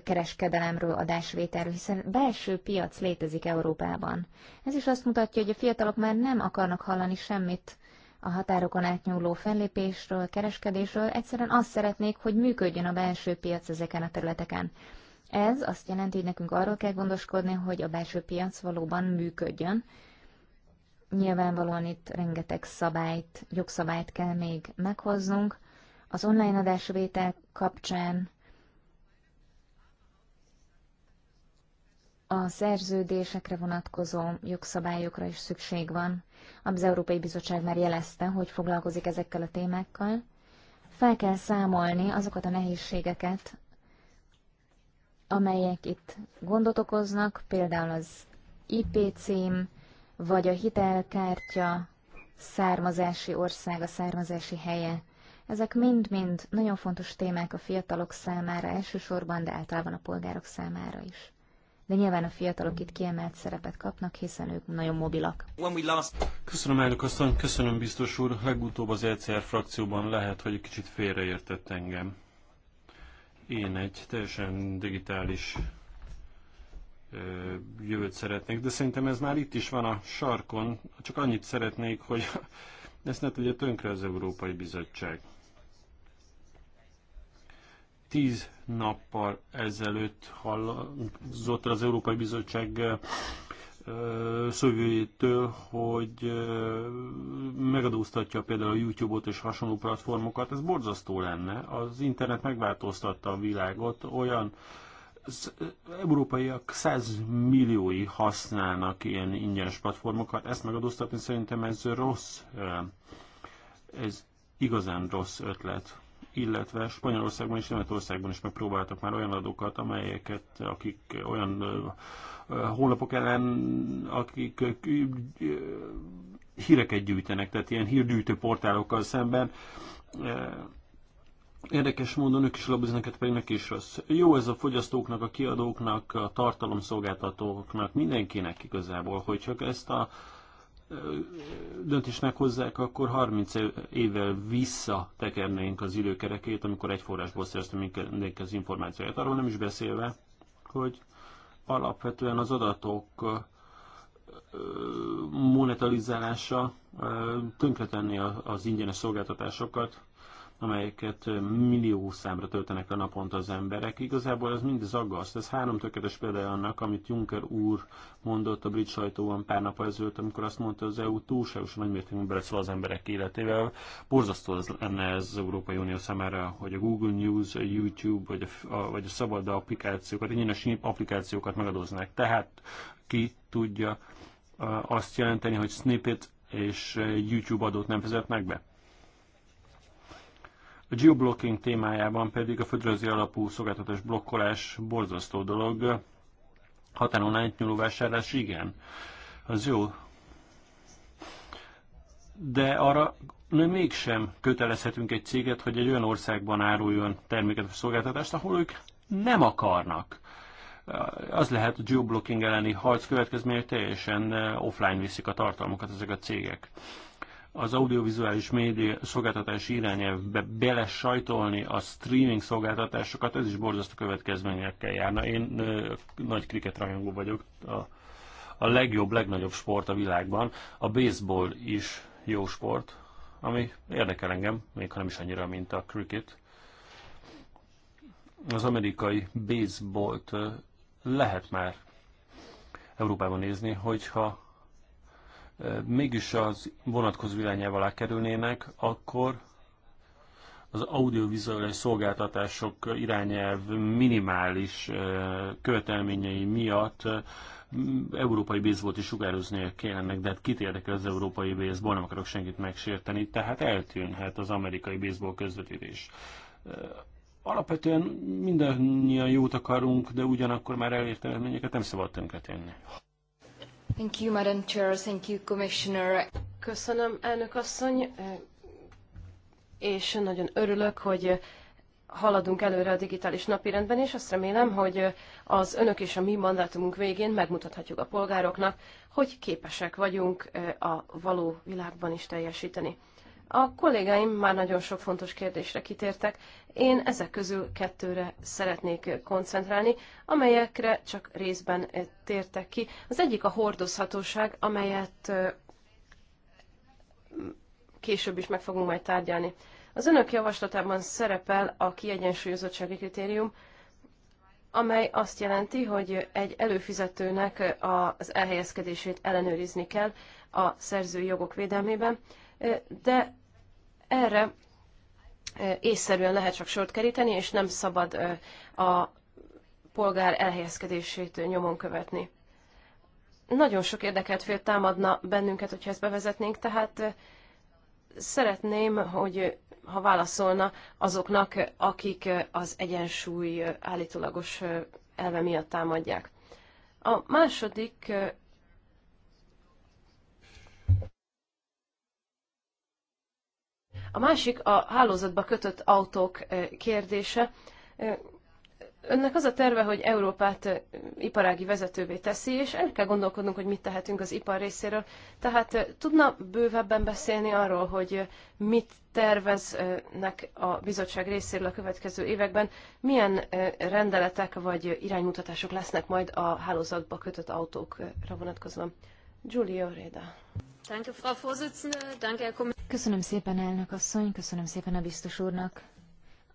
kereskedelemről adásvételről, hiszen belső piac létezik Európában. Ez is azt mutatja, hogy a fiatalok már nem akarnak hallani semmit a határokon átnyúló fellépésről, kereskedésről, egyszerűen azt szeretnék, hogy működjön a belső piac ezeken a területeken. Ez azt jelenti, hogy nekünk arról kell gondoskodni, hogy a belső piac valóban működjön. Nyilvánvalóan itt rengeteg szabályt, jogszabályt kell még meghoznunk. Az online adásvétel kapcsán a szerződésekre vonatkozó jogszabályokra is szükség van. Az Európai Bizottság már jelezte, hogy foglalkozik ezekkel a témákkal. Fel kell számolni azokat a nehézségeket, amelyek itt gondot okoznak, például az IP cím, vagy a hitelkártya származási ország, a származási helye. Ezek mind-mind nagyon fontos témák a fiatalok számára elsősorban, de általában a polgárok számára is de nyilván a fiatalok itt kiemelt szerepet kapnak, hiszen ők nagyon mobilak. Köszönöm, elnök asszony, köszönöm, biztos úr. Legutóbb az ECR frakcióban lehet, hogy egy kicsit félreértett engem. Én egy teljesen digitális jövőt szeretnék, de szerintem ez már itt is van a sarkon, csak annyit szeretnék, hogy ezt ne tudja tönkre az Európai Bizottság. Tíz nappal ezelőtt hallott az Európai Bizottság szövőjétől, hogy megadóztatja például a YouTube-ot és hasonló platformokat, ez borzasztó lenne. Az internet megváltoztatta a világot, olyan az európaiak százmilliói használnak ilyen ingyenes platformokat, ezt megadóztatni szerintem ez rossz, ez igazán rossz ötlet illetve Spanyolországban és Németországban is megpróbáltak már olyan adókat, amelyeket akik olyan honlapok ellen, akik híreket gyűjtenek, tehát ilyen hírgyűjtő portálokkal szemben. Érdekes módon ők is lobiznak, hát pedig neki is rossz. Jó ez a fogyasztóknak, a kiadóknak, a tartalomszolgáltatóknak, mindenkinek igazából, hogyha ezt a döntést meghozzák, akkor 30 évvel visszatekernénk az időkerekét, amikor egy forrásból szereztem mindenki az információját. Arról nem is beszélve, hogy alapvetően az adatok monetalizálása tönkretenni az ingyenes szolgáltatásokat, amelyeket millió számra töltenek a naponta az emberek. Igazából ez mind aggaszt. Ez három tökéletes példa annak, amit Juncker úr mondott a brit sajtóban pár nap ezelőtt, amikor azt mondta, az EU túlságosan nagymértékben beleszól az emberek életével. Borzasztó ez lenne ez az Európai Unió számára, hogy a Google News, a YouTube vagy a, a, vagy a szabad applikációkat, ingyenes applikációkat megadóznák. Tehát ki tudja azt jelenteni, hogy snippet és YouTube adót nem fizetnek be? A geoblocking témájában pedig a földrajzi alapú szolgáltatás blokkolás borzasztó dolog, határon átnyúló vásárlás igen, az jó. De arra nem mégsem kötelezhetünk egy céget, hogy egy olyan országban áruljon terméket vagy szolgáltatást, ahol ők nem akarnak. Az lehet a geoblocking elleni harc következménye, hogy teljesen offline viszik a tartalmukat ezek a cégek az audiovizuális média szolgáltatási irányelvbe sajtolni a streaming szolgáltatásokat, ez is borzasztó következményekkel járna. Én ö, nagy rajongó vagyok, a, a legjobb, legnagyobb sport a világban. A baseball is jó sport, ami érdekel engem, még ha nem is annyira, mint a cricket. Az amerikai baseballt lehet már Európában nézni, hogyha mégis az vonatkozó irányába alá kerülnének, akkor az audiovizuális szolgáltatások irányelv minimális követelményei miatt európai baseball is sugároznia kellene, de hát kit érdekel az európai baseball, nem akarok senkit megsérteni, tehát eltűnhet az amerikai baseball közvetítés. Alapvetően mindannyian jót akarunk, de ugyanakkor már elért eredményeket nem szabad tönkretenni. Thank you, Madam Chair. Thank you, Commissioner. Köszönöm, elnök asszony, és nagyon örülök, hogy haladunk előre a digitális napirendben, és azt remélem, hogy az önök és a mi mandátumunk végén megmutathatjuk a polgároknak, hogy képesek vagyunk a való világban is teljesíteni. A kollégáim már nagyon sok fontos kérdésre kitértek, én ezek közül kettőre szeretnék koncentrálni, amelyekre csak részben tértek ki. Az egyik a hordozhatóság, amelyet később is meg fogunk majd tárgyalni. Az önök javaslatában szerepel a kiegyensúlyozottsági kritérium, amely azt jelenti, hogy egy előfizetőnek az elhelyezkedését ellenőrizni kell a szerzői jogok védelmében, de erre észszerűen lehet csak sort keríteni, és nem szabad a polgár elhelyezkedését nyomon követni. Nagyon sok érdekelt fél támadna bennünket, hogyha ezt bevezetnénk, tehát szeretném, hogy ha válaszolna azoknak, akik az egyensúly állítólagos elve miatt támadják. A második A másik a hálózatba kötött autók e, kérdése. E, önnek az a terve, hogy Európát e, iparági vezetővé teszi, és el kell gondolkodnunk, hogy mit tehetünk az ipar részéről. Tehát tudna bővebben beszélni arról, hogy mit terveznek a bizottság részéről a következő években, milyen rendeletek vagy iránymutatások lesznek majd a hálózatba kötött autókra vonatkozóan. Giulio Reda. Köszönöm szépen, elnök asszony, köszönöm szépen a biztos úrnak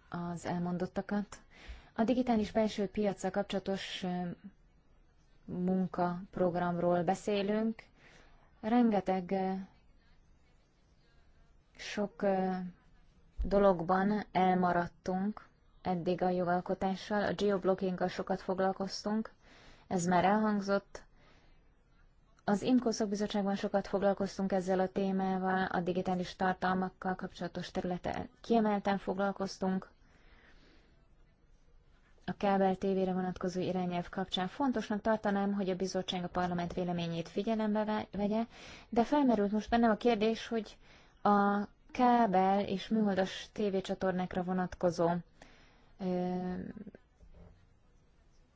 az elmondottakat. A digitális belső piacra kapcsolatos munkaprogramról beszélünk. Rengeteg sok dologban elmaradtunk eddig a jogalkotással, a geoblockinggal sokat foglalkoztunk, ez már elhangzott, az IMCO szakbizottságban sokat foglalkoztunk ezzel a témával, a digitális tartalmakkal kapcsolatos területen kiemelten foglalkoztunk. A kábel tévére vonatkozó irányelv kapcsán fontosnak tartanám, hogy a bizottság a parlament véleményét figyelembe vegye, de felmerült most bennem a kérdés, hogy a kábel és műholdas tévécsatornákra vonatkozó ö,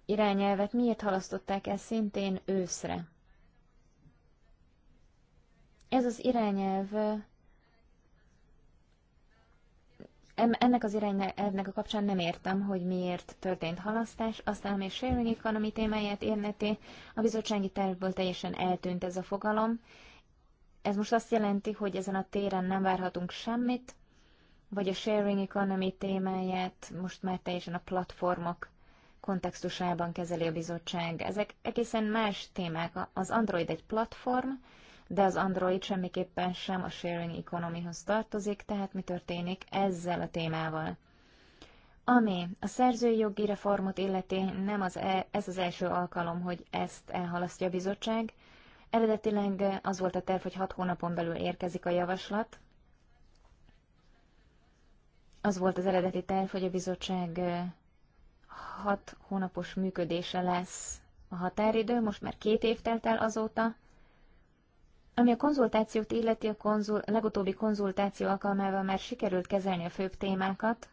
irányelvet miért halasztották el szintén őszre? Ez az irányelv, ennek az irányelvnek a kapcsán nem értem, hogy miért történt halasztás, aztán még a sharing economy témáját érneti, a bizottsági tervből teljesen eltűnt ez a fogalom. Ez most azt jelenti, hogy ezen a téren nem várhatunk semmit, vagy a sharing economy témáját most már teljesen a platformok kontextusában kezeli a bizottság. Ezek egészen más témák. Az Android egy platform, de az Android semmiképpen sem a sharing economyhoz tartozik, tehát mi történik ezzel a témával? Ami a szerzői jogi reformot illeti, nem az e, ez az első alkalom, hogy ezt elhalasztja a bizottság. Eredetileg az volt a terv, hogy hat hónapon belül érkezik a javaslat. Az volt az eredeti terv, hogy a bizottság hat hónapos működése lesz a határidő, most már két év telt el azóta, ami a konzultációt illeti, a konzul, a legutóbbi konzultáció alkalmával már sikerült kezelni a főbb témákat,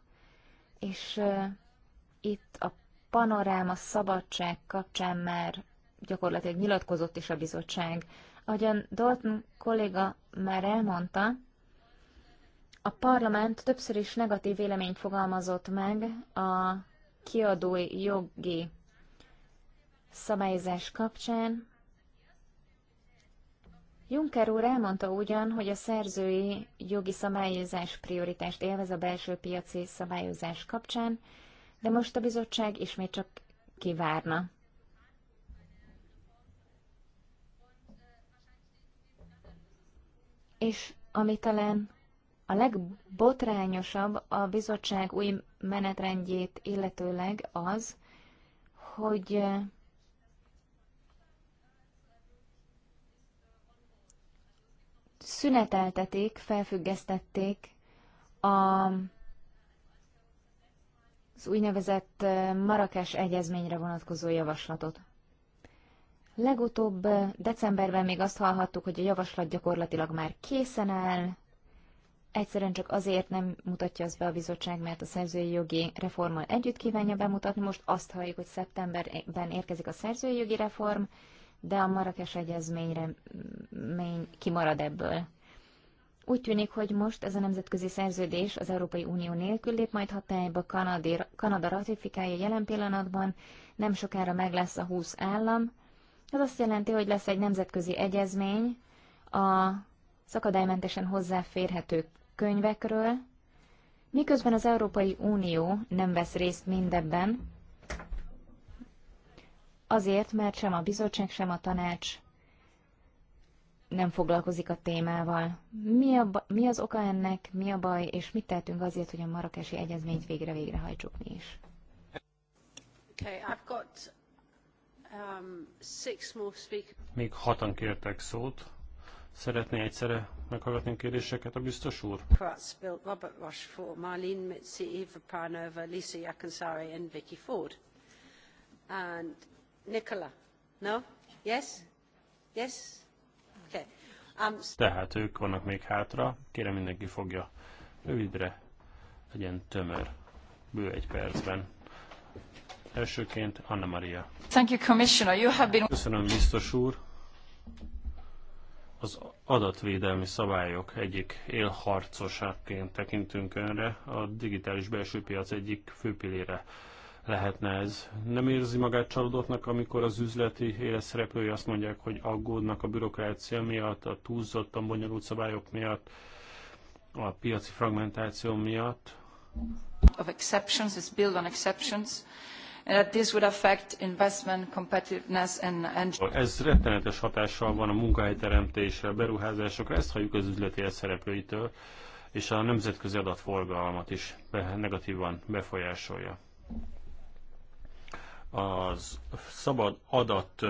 és uh, itt a panoráma szabadság kapcsán már gyakorlatilag nyilatkozott is a bizottság. Ahogyan Dalton kolléga már elmondta, a parlament többször is negatív véleményt fogalmazott meg a kiadói jogi szabályzás kapcsán, Juncker úr elmondta ugyan, hogy a szerzői jogi szabályozás prioritást élvez a belső piaci szabályozás kapcsán, de most a bizottság ismét csak kivárna. És ami talán a legbotrányosabb a bizottság új menetrendjét illetőleg az, hogy szünetelteték, felfüggesztették a, az úgynevezett Marakes egyezményre vonatkozó javaslatot. Legutóbb decemberben még azt hallhattuk, hogy a javaslat gyakorlatilag már készen áll, egyszerűen csak azért nem mutatja azt be a bizottság, mert a szerzői jogi reformmal együtt kívánja bemutatni. Most azt halljuk, hogy szeptemberben érkezik a szerzői jogi reform, de a Marrakes egyezményre mény, kimarad ebből. Úgy tűnik, hogy most ez a nemzetközi szerződés az Európai Unió nélkül lép majd hatályba, Kanada, Kanada ratifikálja jelen pillanatban, nem sokára meg lesz a 20 állam. Ez azt jelenti, hogy lesz egy nemzetközi egyezmény a szakadálymentesen hozzáférhető könyvekről, miközben az Európai Unió nem vesz részt mindebben, azért, mert sem a bizottság, sem a tanács nem foglalkozik a témával. Mi, a, mi az oka ennek, mi a baj, és mit tehetünk azért, hogy a marakesi egyezményt végre végrehajtsuk mi is? Okay, I've got, um, six more speak- Még hatan kértek szót. Szeretné egyszerre meghallgatni a kérdéseket a biztos úr? Robert Rochefort, Marlene Mitzi, Eva Panova, Lisa Jakansari and Vicky Ford. And Um, Tehát ők vannak még hátra. Kérem mindenki fogja rövidre, legyen tömör, bő egy percben. Elsőként Anna Maria. Thank you, Commissioner. You have been... Köszönöm, biztos úr. Az adatvédelmi szabályok egyik élharcosaként tekintünk önre, a digitális belső piac egyik főpillére lehetne ez. Nem érzi magát csalódottnak, amikor az üzleti élet szereplői azt mondják, hogy aggódnak a bürokrácia miatt, a túlzottan bonyolult szabályok miatt, a piaci fragmentáció miatt. Of exceptions, it's built on exceptions. And uh, that this would affect investment, competitiveness and, and... Ez rettenetes hatással van a munkahelyteremtésre, a beruházásokra, ezt halljuk az üzleti élet szereplőitől, és a nemzetközi adatforgalmat is negatívan befolyásolja az szabad adat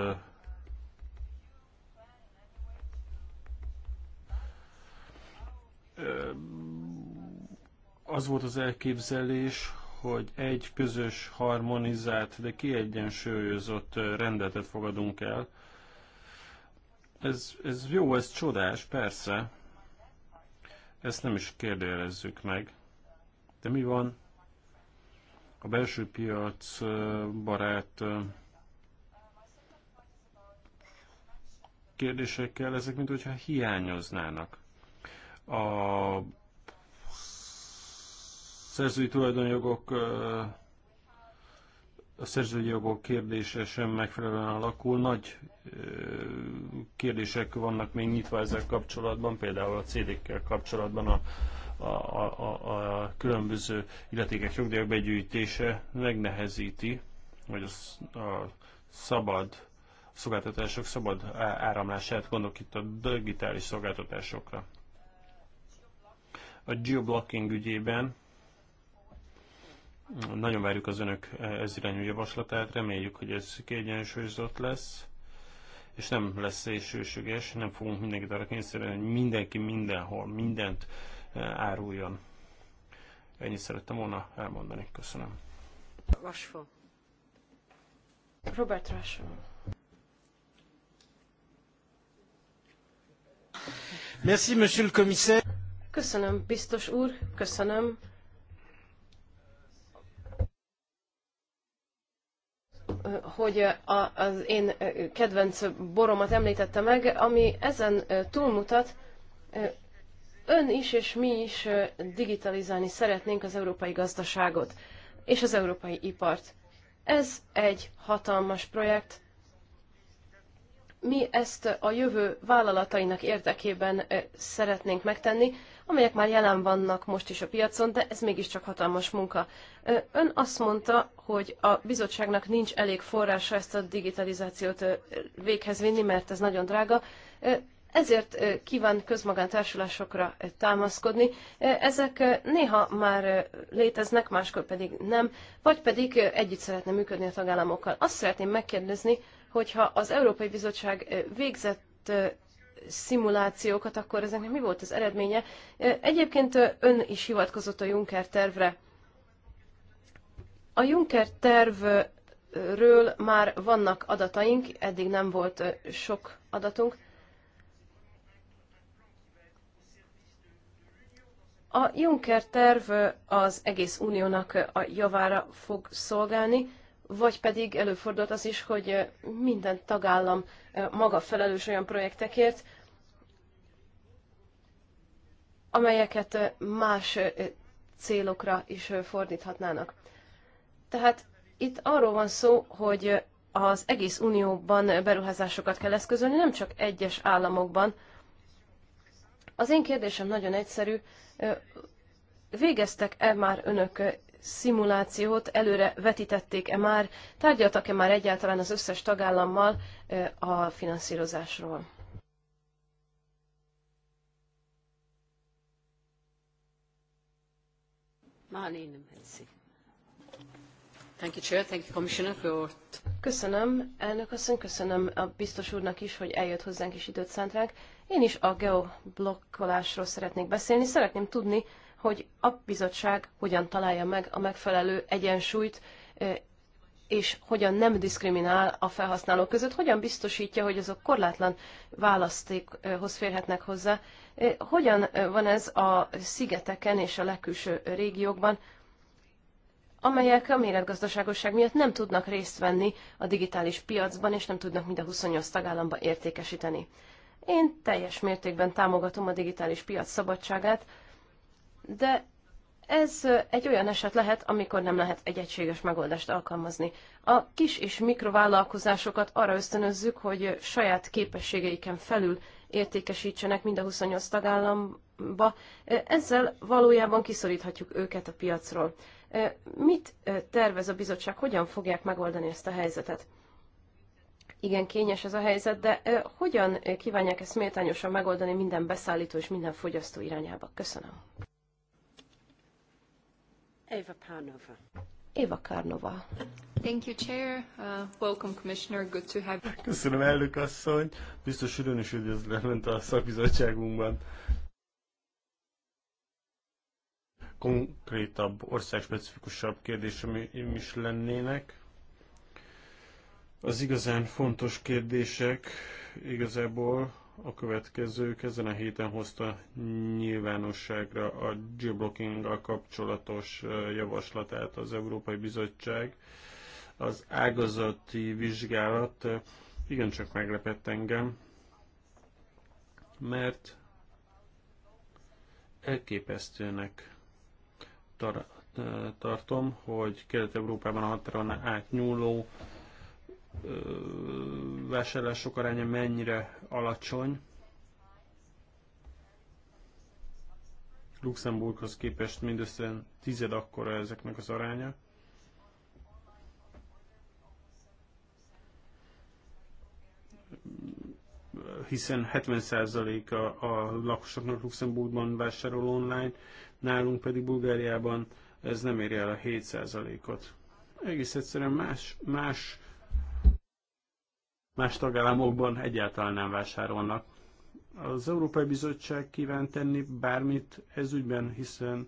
az volt az elképzelés, hogy egy közös, harmonizált, de kiegyensúlyozott rendetet fogadunk el. Ez, ez jó, ez csodás, persze. Ezt nem is kérdőjelezzük meg. De mi van a belső piac barát kérdésekkel, ezek mint hogyha hiányoznának. A szerzői tulajdonjogok a szerzői jogok kérdése sem megfelelően alakul. Nagy kérdések vannak még nyitva ezzel kapcsolatban, például a CD-kkel kapcsolatban a a, a, a különböző illetékes jogdíjak begyűjtése megnehezíti, vagy az, a szabad szolgáltatások szabad áramlását, gondolok itt a digitális szolgáltatásokra. A geoblocking ügyében nagyon várjuk az önök ez irányú javaslatát, reméljük, hogy ez kiegyensúlyozott lesz, és nem lesz szélsőséges, nem fogunk mindenkit arra kényszerülni, hogy mindenki mindenhol mindent áruljon. Ennyit szerettem volna elmondani. Köszönöm. Vasfó. Robert Vasfó. Merci, monsieur le commissaire. Köszönöm, biztos úr, köszönöm. hogy a, az én kedvenc boromat említette meg, ami ezen túlmutat, Ön is és mi is digitalizálni szeretnénk az európai gazdaságot és az európai ipart. Ez egy hatalmas projekt. Mi ezt a jövő vállalatainak érdekében szeretnénk megtenni, amelyek már jelen vannak most is a piacon, de ez mégiscsak hatalmas munka. Ön azt mondta, hogy a bizottságnak nincs elég forrása ezt a digitalizációt véghez vinni, mert ez nagyon drága ezért kíván közmagántársulásokra támaszkodni. Ezek néha már léteznek, máskor pedig nem, vagy pedig együtt szeretne működni a tagállamokkal. Azt szeretném megkérdezni, hogyha az Európai Bizottság végzett szimulációkat, akkor ezeknek mi volt az eredménye? Egyébként ön is hivatkozott a Juncker tervre. A Juncker tervről már vannak adataink, eddig nem volt sok adatunk, A Juncker terv az egész uniónak a javára fog szolgálni, vagy pedig előfordult az is, hogy minden tagállam maga felelős olyan projektekért, amelyeket más célokra is fordíthatnának. Tehát itt arról van szó, hogy az egész unióban beruházásokat kell eszközölni, nem csak egyes államokban. Az én kérdésem nagyon egyszerű, Végeztek-e már önök szimulációt, előre vetítették-e már, tárgyaltak-e már egyáltalán az összes tagállammal a finanszírozásról? Köszönöm, elnök asszony, köszönöm a biztos úrnak is, hogy eljött hozzánk és időt szánt ránk. Én is a geoblokkolásról szeretnék beszélni. Szeretném tudni, hogy a bizottság hogyan találja meg a megfelelő egyensúlyt, és hogyan nem diszkriminál a felhasználók között, hogyan biztosítja, hogy azok korlátlan választékhoz férhetnek hozzá, hogyan van ez a szigeteken és a legkülső régiókban, amelyek a méretgazdaságosság miatt nem tudnak részt venni a digitális piacban, és nem tudnak mind a 28 tagállamba értékesíteni. Én teljes mértékben támogatom a digitális piac szabadságát, de ez egy olyan eset lehet, amikor nem lehet egy egységes megoldást alkalmazni. A kis és mikrovállalkozásokat arra ösztönözzük, hogy saját képességeiken felül értékesítsenek mind a 28 tagállamba. Ezzel valójában kiszoríthatjuk őket a piacról. Mit tervez a bizottság, hogyan fogják megoldani ezt a helyzetet? igen kényes ez a helyzet, de hogyan kívánják ezt méltányosan megoldani minden beszállító és minden fogyasztó irányába? Köszönöm. Eva Pánova. Eva Karnova. Thank you, Chair. Uh, welcome, Commissioner. Good to have you. Köszönöm, elnök asszony. Biztos ön is üdvözlöm a szakbizottságunkban. Konkrétabb, országspecifikusabb kérdésem is lennének. Az igazán fontos kérdések igazából a következők. Ezen a héten hozta nyilvánosságra a geoblockinggal kapcsolatos javaslatát az Európai Bizottság. Az ágazati vizsgálat igencsak meglepett engem, mert elképesztőnek tartom, hogy Kelet-Európában a határon átnyúló vásárlások aránya mennyire alacsony. Luxemburghoz képest mindössze tized akkora ezeknek az aránya. hiszen 70% a, a lakosoknak Luxemburgban vásárol online, nálunk pedig Bulgáriában ez nem éri el a 7%-ot. Egész egyszerűen más, más más tagállamokban egyáltalán nem vásárolnak. Az Európai Bizottság kíván tenni bármit ez ügyben, hiszen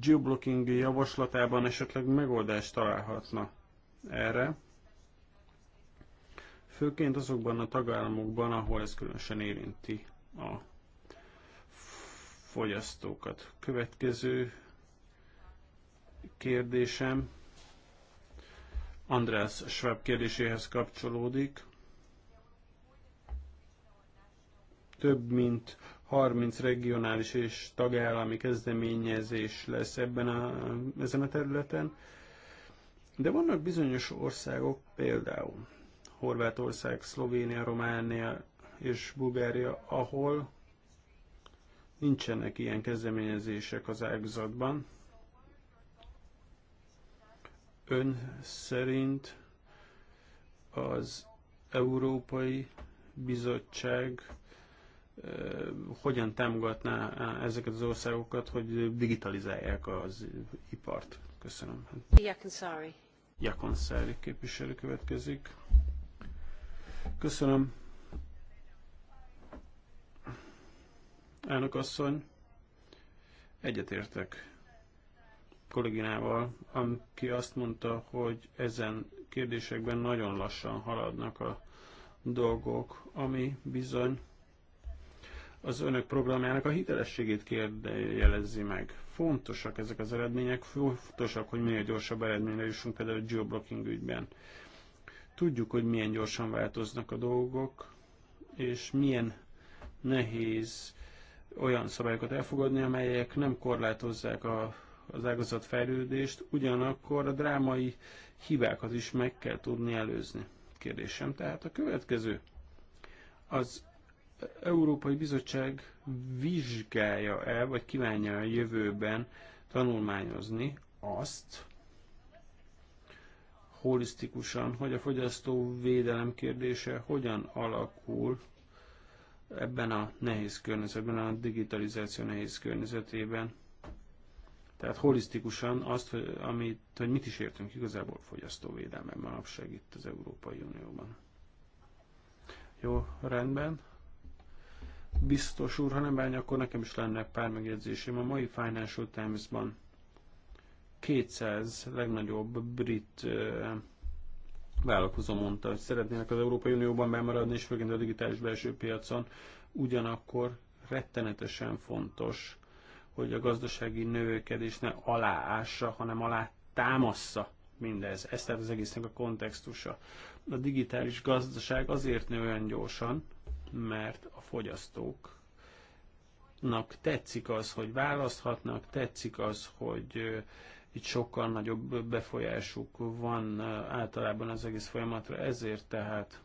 geoblocking javaslatában esetleg megoldást találhatna erre, főként azokban a tagállamokban, ahol ez különösen érinti a fogyasztókat. Következő kérdésem András Schwab kérdéséhez kapcsolódik. Több mint 30 regionális és tagállami kezdeményezés lesz ebben a, ezen a területen, de vannak bizonyos országok, például Horvátország, Szlovénia, Románia és Bulgária, ahol nincsenek ilyen kezdeményezések az ágazatban, Ön szerint az Európai Bizottság eh, hogyan támogatná ezeket az országokat, hogy digitalizálják az ipart. Köszönöm. Jakonszári. Jakonszári képviselő következik. Köszönöm. Elnök asszony, egyetértek kolléginával, aki azt mondta, hogy ezen kérdésekben nagyon lassan haladnak a dolgok, ami bizony az önök programjának a hitelességét kérdejelezi meg. Fontosak ezek az eredmények, fontosak, hogy minél gyorsabb eredményre jussunk például a geoblocking ügyben. Tudjuk, hogy milyen gyorsan változnak a dolgok, és milyen nehéz olyan szabályokat elfogadni, amelyek nem korlátozzák a az ágazat fejlődést, ugyanakkor a drámai hibákat is meg kell tudni előzni. Kérdésem tehát a következő. Az Európai Bizottság vizsgálja el, vagy kívánja a jövőben tanulmányozni azt, holisztikusan, hogy a fogyasztó védelem kérdése hogyan alakul ebben a nehéz környezetben, a digitalizáció nehéz környezetében. Tehát holisztikusan azt, hogy, amit, hogy mit is értünk igazából fogyasztóvédelmen manapság itt az Európai Unióban. Jó, rendben. Biztos úr, ha nem bánja, akkor nekem is lenne pár megjegyzésem. A mai Financial Times-ban 200 legnagyobb brit vállalkozó mondta, hogy szeretnének az Európai Unióban bemaradni, és főként a digitális belső piacon, ugyanakkor rettenetesen fontos hogy a gazdasági növekedés ne aláássa, hanem alá támassza mindez. Ez tehát az egésznek a kontextusa. A digitális gazdaság azért nő olyan gyorsan, mert a fogyasztóknak tetszik az, hogy választhatnak, tetszik az, hogy itt sokkal nagyobb befolyásuk van általában az egész folyamatra, ezért tehát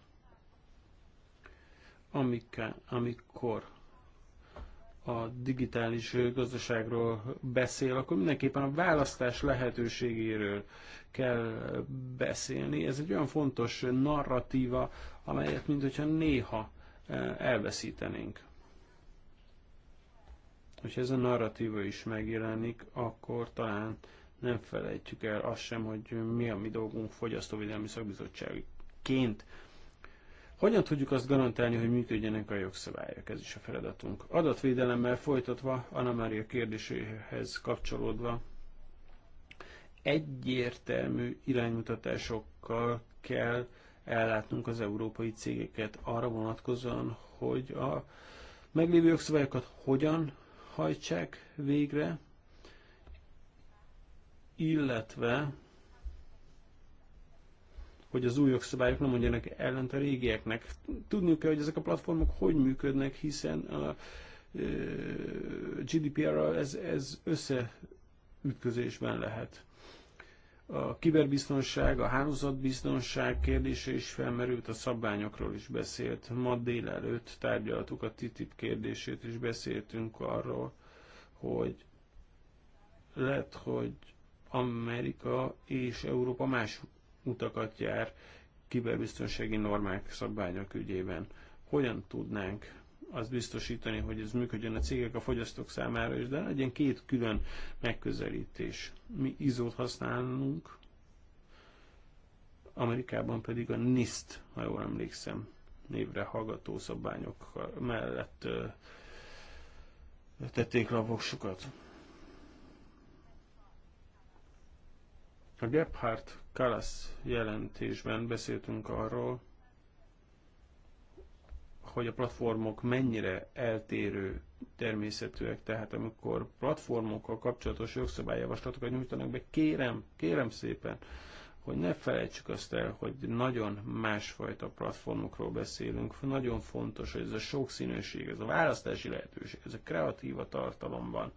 amikor a digitális gazdaságról beszél, akkor mindenképpen a választás lehetőségéről kell beszélni. Ez egy olyan fontos narratíva, amelyet mintha néha e, elveszítenénk. Hogyha ez a narratíva is megjelenik, akkor talán nem felejtjük el azt sem, hogy mi a mi dolgunk fogyasztóvédelmi szakbizottságként hogyan tudjuk azt garantálni, hogy működjenek a jogszabályok? Ez is a feladatunk. Adatvédelemmel folytatva, Anna Mária kérdéséhez kapcsolódva, egyértelmű iránymutatásokkal kell ellátnunk az európai cégeket arra vonatkozóan, hogy a meglévő jogszabályokat hogyan hajtsák végre, illetve hogy az új jogszabályok nem mondjanak ellent a régieknek. Tudniuk kell, hogy ezek a platformok hogy működnek, hiszen a GDPR-ral ez, ez összeütközésben lehet. A kiberbiztonság, a hálózatbiztonság kérdése is felmerült, a szabványokról is beszélt. Ma délelőtt tárgyaltuk a TTIP kérdését, és beszéltünk arról, hogy lehet, hogy Amerika és Európa más utakat jár kiberbiztonsági normák, szabványok ügyében. Hogyan tudnánk azt biztosítani, hogy ez működjön a cégek, a fogyasztók számára is, de legyen két külön megközelítés. Mi izót használunk, Amerikában pedig a NIST, ha jól emlékszem, névre hallgató szabványok mellett tették le a voksukat. A Gebhardt Kalasz jelentésben beszéltünk arról, hogy a platformok mennyire eltérő természetűek, tehát amikor platformokkal kapcsolatos jogszabályjavaslatokat nyújtanak be, kérem, kérem szépen, hogy ne felejtsük azt el, hogy nagyon másfajta platformokról beszélünk. Nagyon fontos, hogy ez a sokszínűség, ez a választási lehetőség, ez a kreatíva tartalomban,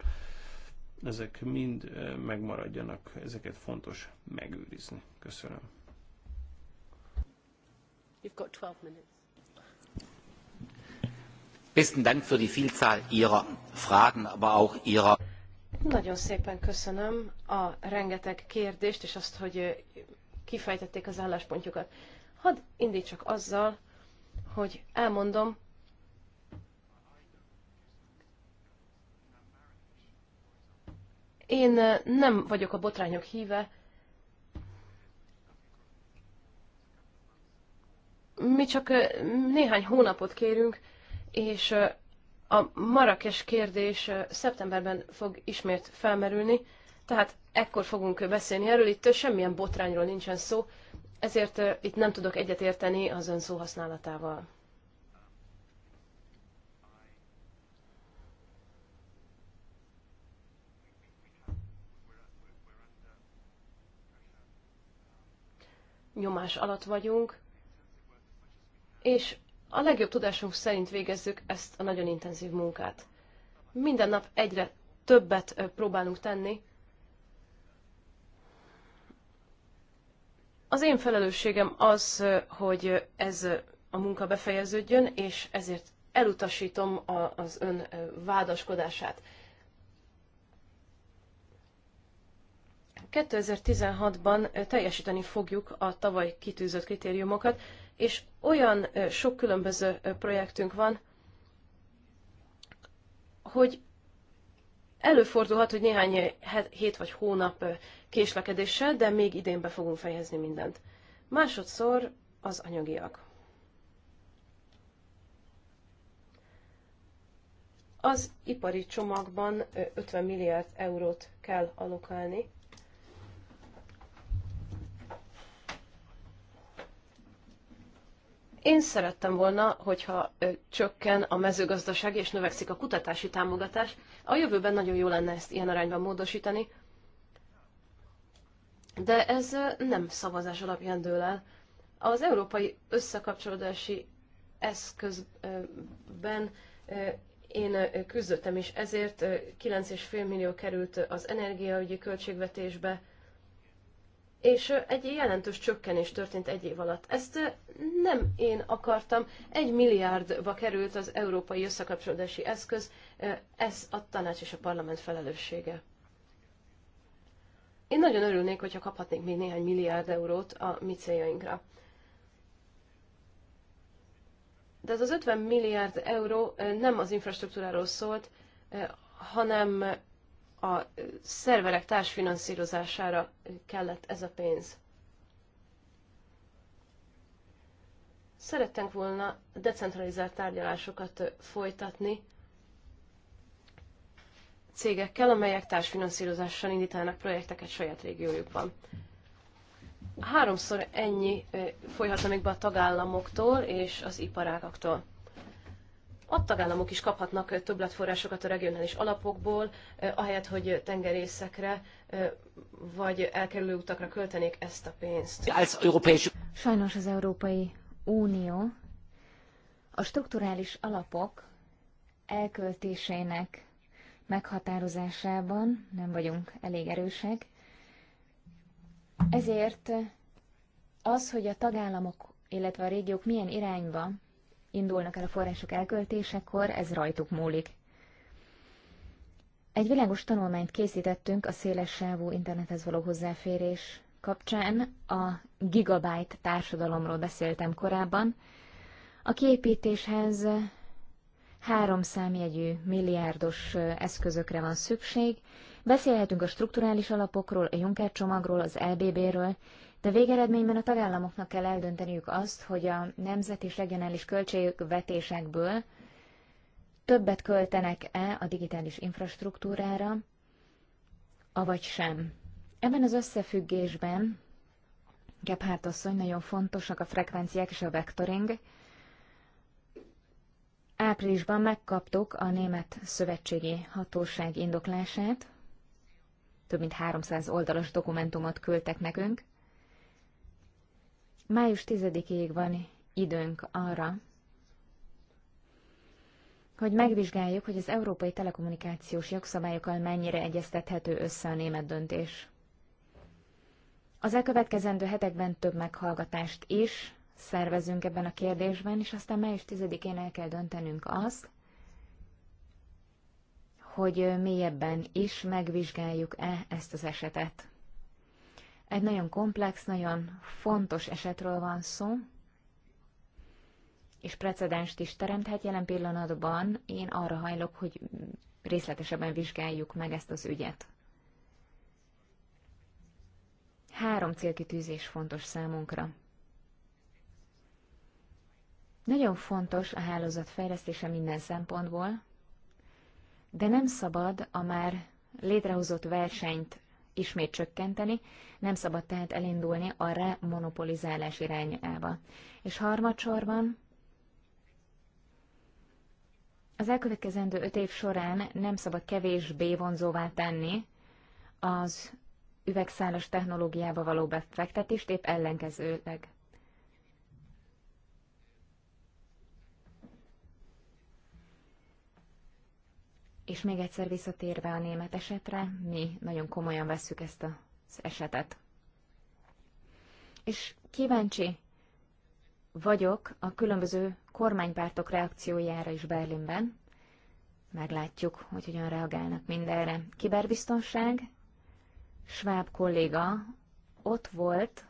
ezek mind eh, megmaradjanak, ezeket fontos megőrizni. Köszönöm. You've got 12 minutes. Besten Dank für die Vielzahl Ihrer Fragen, aber auch Ihrer. Nagyon szépen köszönöm a rengeteg kérdést, és azt, hogy eh, kifejtették az álláspontjukat. Hadd indítsak azzal, hogy elmondom, Én nem vagyok a botrányok híve. Mi csak néhány hónapot kérünk, és a marakes kérdés szeptemberben fog ismét felmerülni, tehát ekkor fogunk beszélni erről, itt semmilyen botrányról nincsen szó, ezért itt nem tudok egyetérteni az ön szóhasználatával. nyomás alatt vagyunk, és a legjobb tudásunk szerint végezzük ezt a nagyon intenzív munkát. Minden nap egyre többet próbálunk tenni. Az én felelősségem az, hogy ez a munka befejeződjön, és ezért elutasítom az ön vádaskodását. 2016-ban teljesíteni fogjuk a tavaly kitűzött kritériumokat, és olyan sok különböző projektünk van, hogy előfordulhat, hogy néhány hét vagy hónap késlekedéssel, de még idén be fogunk fejezni mindent. Másodszor az anyagiak. Az ipari csomagban 50 milliárd eurót kell alokálni Én szerettem volna, hogyha csökken a mezőgazdaság és növekszik a kutatási támogatás. A jövőben nagyon jó lenne ezt ilyen arányban módosítani, de ez nem szavazás alapján dől el. Az európai összekapcsolódási eszközben én küzdöttem is ezért, 9,5 millió került az energiaügyi költségvetésbe, és egy jelentős csökkenés történt egy év alatt. Ezt nem én akartam, egy milliárdba került az európai összekapcsolódási eszköz, ez a tanács és a parlament felelőssége. Én nagyon örülnék, hogyha kaphatnék még néhány milliárd eurót a mi céljainkra. De ez az 50 milliárd euró nem az infrastruktúráról szólt, hanem a szerverek társfinanszírozására kellett ez a pénz. Szerettünk volna decentralizált tárgyalásokat folytatni cégekkel, amelyek társfinanszírozással indítanak projekteket saját régiójukban. Háromszor ennyi folyhatna még be a tagállamoktól és az iparágaktól a tagállamok is kaphatnak többletforrásokat a regionális alapokból, ahelyett, hogy tengerészekre vagy elkerülő utakra költenék ezt a pénzt. Sajnos az Európai Unió a strukturális alapok elköltésének meghatározásában nem vagyunk elég erősek. Ezért az, hogy a tagállamok, illetve a régiók milyen irányba indulnak el a források elköltésekor, ez rajtuk múlik. Egy világos tanulmányt készítettünk a sávú internethez való hozzáférés kapcsán. A gigabyte társadalomról beszéltem korábban. A kiépítéshez három számjegyű milliárdos eszközökre van szükség. Beszélhetünk a strukturális alapokról, a Juncker csomagról, az LBB-ről, e de végeredményben a tagállamoknak kell eldönteniük azt, hogy a nemzet és regionális költségvetésekből többet költenek-e a digitális infrastruktúrára, avagy sem. Ebben az összefüggésben Gebhardt asszony nagyon fontosak a frekvenciák és a vektoring. Áprilisban megkaptuk a német szövetségi hatóság indoklását, több mint 300 oldalas dokumentumot küldtek nekünk, Május 10-ig van időnk arra, hogy megvizsgáljuk, hogy az európai telekommunikációs jogszabályokkal mennyire egyeztethető össze a német döntés. Az elkövetkezendő hetekben több meghallgatást is szervezünk ebben a kérdésben, és aztán május 10-én el kell döntenünk azt, hogy mélyebben is megvizsgáljuk-e ezt az esetet. Egy nagyon komplex, nagyon fontos esetről van szó, és precedenst is teremthet jelen pillanatban. Én arra hajlok, hogy részletesebben vizsgáljuk meg ezt az ügyet. Három célkitűzés fontos számunkra. Nagyon fontos a hálózat fejlesztése minden szempontból, de nem szabad a már létrehozott versenyt ismét csökkenteni, nem szabad tehát elindulni a remonopolizálás irányába. És harmadsorban az elkövetkezendő öt év során nem szabad kevésbé vonzóvá tenni az üvegszálas technológiába való befektetést, épp ellenkezőleg. És még egyszer visszatérve a német esetre, mi nagyon komolyan vesszük ezt az esetet. És kíváncsi vagyok a különböző kormánypártok reakciójára is Berlinben. Meglátjuk, hogy hogyan reagálnak mindenre. Kiberbiztonság, Schwab kolléga ott volt,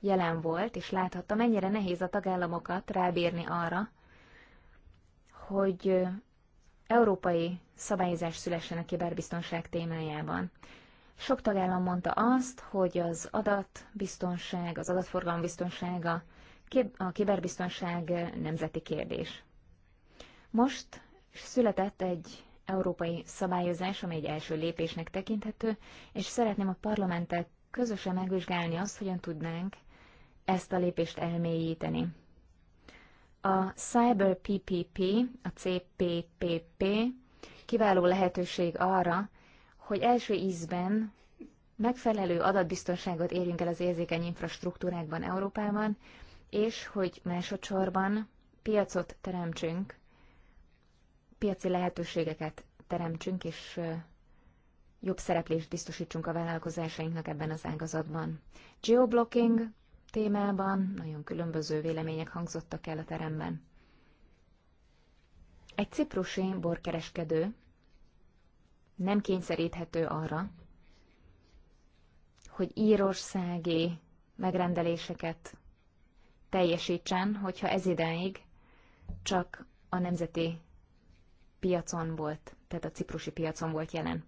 jelen volt, és láthatta, mennyire nehéz a tagállamokat rábírni arra, hogy európai szabályozás szülessen a kiberbiztonság témájában. Sok tagállam mondta azt, hogy az adatbiztonság, az adatforgalom biztonsága, a kiberbiztonság nemzeti kérdés. Most született egy európai szabályozás, ami egy első lépésnek tekinthető, és szeretném a Parlamentet közösen megvizsgálni azt, hogyan tudnánk ezt a lépést elmélyíteni. A Cyber PPP, a CPPP kiváló lehetőség arra, hogy első ízben megfelelő adatbiztonságot érjünk el az érzékeny infrastruktúrákban Európában, és hogy másodszorban piacot teremtsünk, piaci lehetőségeket teremtsünk, és jobb szereplést biztosítsunk a vállalkozásainknak ebben az ágazatban. Geoblocking, témában, nagyon különböző vélemények hangzottak el a teremben. Egy ciprusi borkereskedő nem kényszeríthető arra, hogy írországi megrendeléseket teljesítsen, hogyha ez idáig csak a nemzeti piacon volt, tehát a ciprusi piacon volt jelen.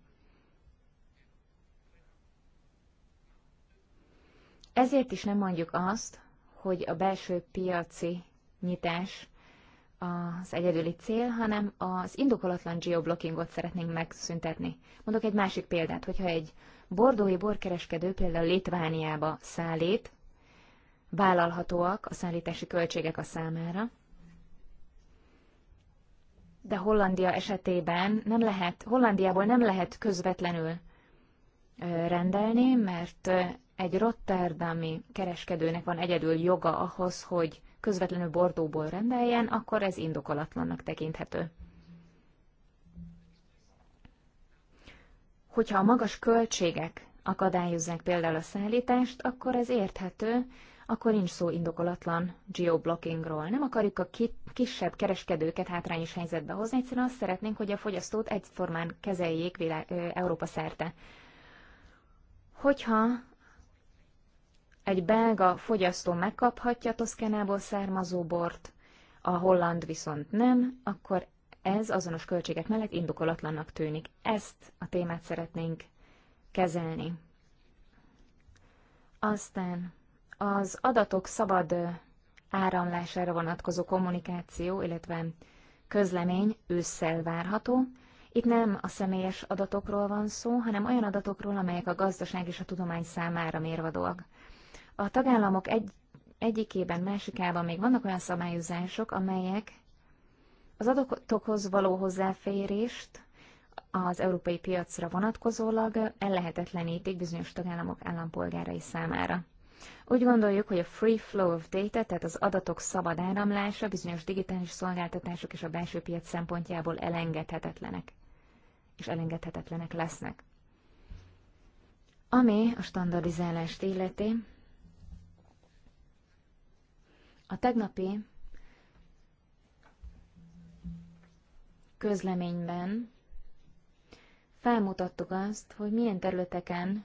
Ezért is nem mondjuk azt, hogy a belső piaci nyitás az egyedüli cél, hanem az indokolatlan geoblockingot szeretnénk megszüntetni. Mondok egy másik példát, hogyha egy bordói borkereskedő például Litvániába szállít, vállalhatóak a szállítási költségek a számára, de Hollandia esetében nem lehet, Hollandiából nem lehet közvetlenül rendelni, mert egy rotterdami kereskedőnek van egyedül joga ahhoz, hogy közvetlenül Bordóból rendeljen, akkor ez indokolatlannak tekinthető. Hogyha a magas költségek akadályozzák például a szállítást, akkor ez érthető, akkor nincs szó indokolatlan geoblockingról. Nem akarjuk a ki- kisebb kereskedőket hátrányos helyzetbe hozni, egyszerűen azt szeretnénk, hogy a fogyasztót egyformán kezeljék világ, Európa szerte. Hogyha egy belga fogyasztó megkaphatja Toszkánából származó bort, a holland viszont nem, akkor ez azonos költségek mellett indokolatlannak tűnik. Ezt a témát szeretnénk kezelni. Aztán az adatok szabad áramlására vonatkozó kommunikáció, illetve közlemény ősszel várható. Itt nem a személyes adatokról van szó, hanem olyan adatokról, amelyek a gazdaság és a tudomány számára mérvadóak. A tagállamok egy, egyikében, másikában még vannak olyan szabályozások, amelyek az adatokhoz való hozzáférést az európai piacra vonatkozólag ellehetetlenítik bizonyos tagállamok állampolgárai számára. Úgy gondoljuk, hogy a free flow of data, tehát az adatok szabad áramlása bizonyos digitális szolgáltatások és a belső piac szempontjából elengedhetetlenek, és elengedhetetlenek lesznek. Ami a standardizálást illeti, a tegnapi közleményben felmutattuk azt, hogy milyen területeken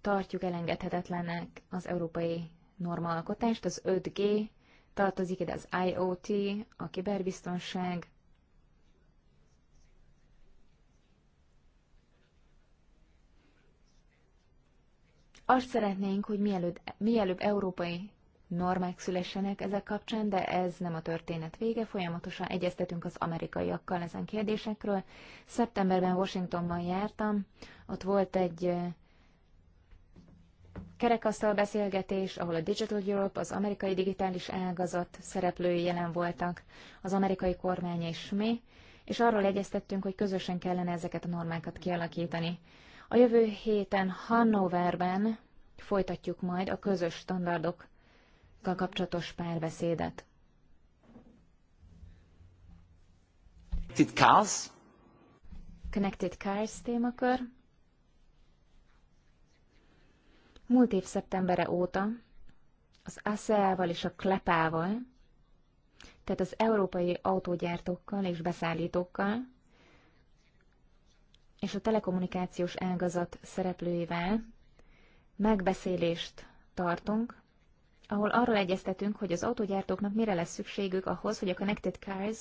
tartjuk elengedhetetlenek az európai normalkotást, az 5G, tartozik ide az IoT, a kiberbiztonság, Azt szeretnénk, hogy mielőbb, mielőbb európai normák szülessenek ezek kapcsán, de ez nem a történet vége. Folyamatosan egyeztetünk az amerikaiakkal ezen kérdésekről. Szeptemberben Washingtonban jártam, ott volt egy kerekasztal beszélgetés, ahol a Digital Europe, az amerikai digitális ágazat szereplői jelen voltak, az amerikai kormány és mi, és arról egyeztettünk, hogy közösen kellene ezeket a normákat kialakítani. A jövő héten Hannoverben folytatjuk majd a közös standardok kapcsolatos párbeszédet. Connected Cars. Connected Cars témakör. Múlt év szeptembere óta az ASEA-val és a Klepával, tehát az európai autógyártókkal és beszállítókkal, és a telekommunikációs ágazat szereplőivel megbeszélést tartunk ahol arról egyeztetünk, hogy az autógyártóknak mire lesz szükségük ahhoz, hogy a Connected Cars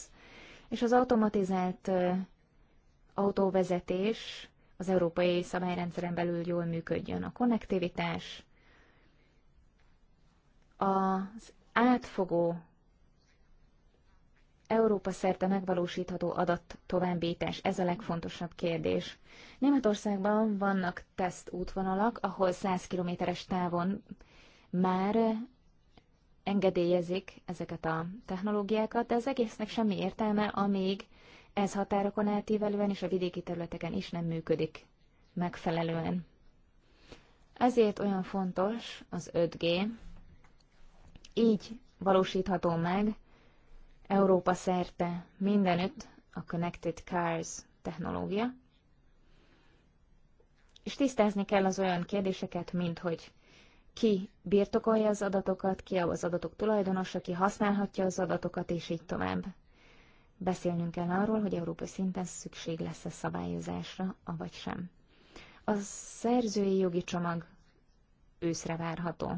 és az automatizált autóvezetés az európai szabályrendszeren belül jól működjön. A konnektivitás, az átfogó Európa szerte megvalósítható adat továbbítás, ez a legfontosabb kérdés. Németországban vannak teszt útvonalak, ahol 100 kilométeres távon már engedélyezik ezeket a technológiákat, de az egésznek semmi értelme, amíg ez határokon átívelően és a vidéki területeken is nem működik megfelelően. Ezért olyan fontos az 5G, így valósítható meg Európa szerte mindenütt a Connected Cars technológia, és tisztázni kell az olyan kérdéseket, mint hogy ki birtokolja az adatokat, ki az adatok tulajdonosa, ki használhatja az adatokat, és így tovább. Beszélnünk kell arról, hogy Európa szinten szükség lesz-e szabályozásra, avagy sem. A szerzői jogi csomag őszre várható.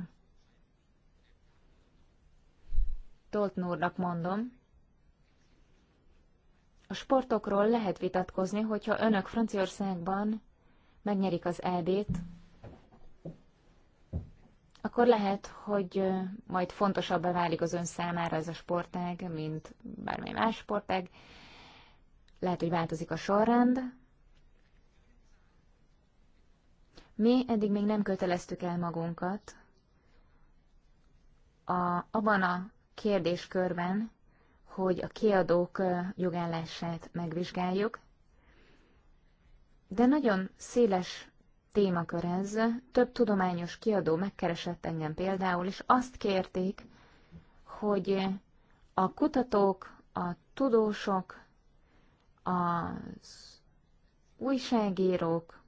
Tolt Núrnak mondom, a sportokról lehet vitatkozni, hogyha önök Franciaországban megnyerik az EB-t, akkor lehet, hogy majd fontosabbá válik az ön számára ez a sportág, mint bármely más sportág. Lehet, hogy változik a sorrend. Mi eddig még nem köteleztük el magunkat a, abban a kérdéskörben, hogy a kiadók jogállását megvizsgáljuk, de nagyon széles témakör ez. Több tudományos kiadó megkeresett engem például, és azt kérték, hogy a kutatók, a tudósok, az újságírók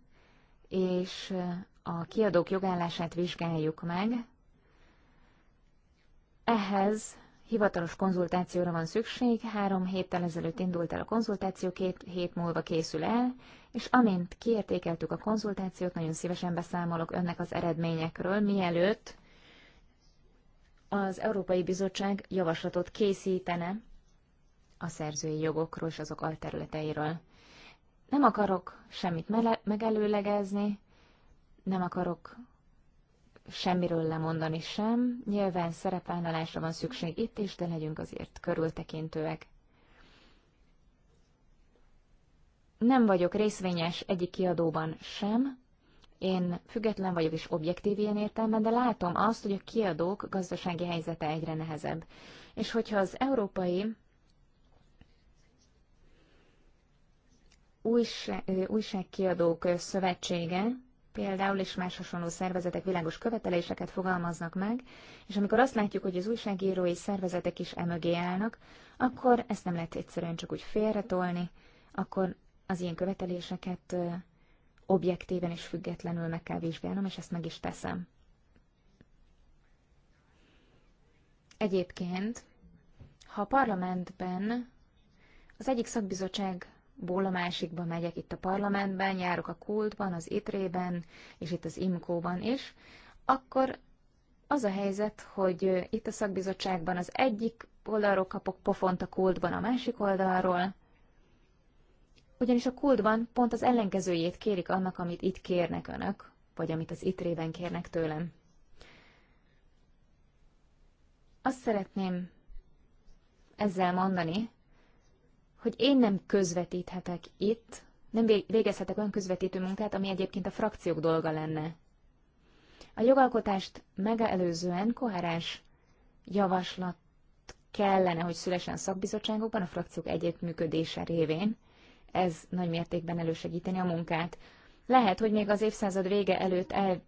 és a kiadók jogállását vizsgáljuk meg. Ehhez hivatalos konzultációra van szükség, három héttel ezelőtt indult el a konzultáció, két hét múlva készül el, és amint kiértékeltük a konzultációt, nagyon szívesen beszámolok önnek az eredményekről, mielőtt az Európai Bizottság javaslatot készítene a szerzői jogokról és azok alterületeiről. Nem akarok semmit megelőlegezni, nem akarok semmiről lemondani sem. Nyilván szerepvállalásra van szükség itt is, de legyünk azért körültekintőek. Nem vagyok részvényes egyik kiadóban sem, én független vagyok és objektív ilyen értelemben, de látom azt, hogy a kiadók gazdasági helyzete egyre nehezebb. És hogyha az európai újság, újságkiadók szövetsége például és más hasonló szervezetek világos követeléseket fogalmaznak meg, és amikor azt látjuk, hogy az újságírói szervezetek is emögé állnak, akkor ezt nem lehet egyszerűen csak úgy félretolni, akkor az ilyen követeléseket objektíven és függetlenül meg kell vizsgálnom, és ezt meg is teszem. Egyébként, ha a parlamentben az egyik szakbizottság ból a másikba megyek itt a parlamentben, járok a kultban, az itrében, és itt az imkóban is, akkor az a helyzet, hogy itt a szakbizottságban az egyik oldalról kapok pofont a kultban a másik oldalról, ugyanis a kultban pont az ellenkezőjét kérik annak, amit itt kérnek önök, vagy amit az itrében kérnek tőlem. Azt szeretném ezzel mondani, hogy én nem közvetíthetek itt, nem végezhetek olyan közvetítő munkát, ami egyébként a frakciók dolga lenne. A jogalkotást megelőzően koherens javaslat kellene, hogy szülesen szakbizottságokban a frakciók együttműködése révén. Ez nagy mértékben elősegíteni a munkát. Lehet, hogy még az évszázad vége előtt el,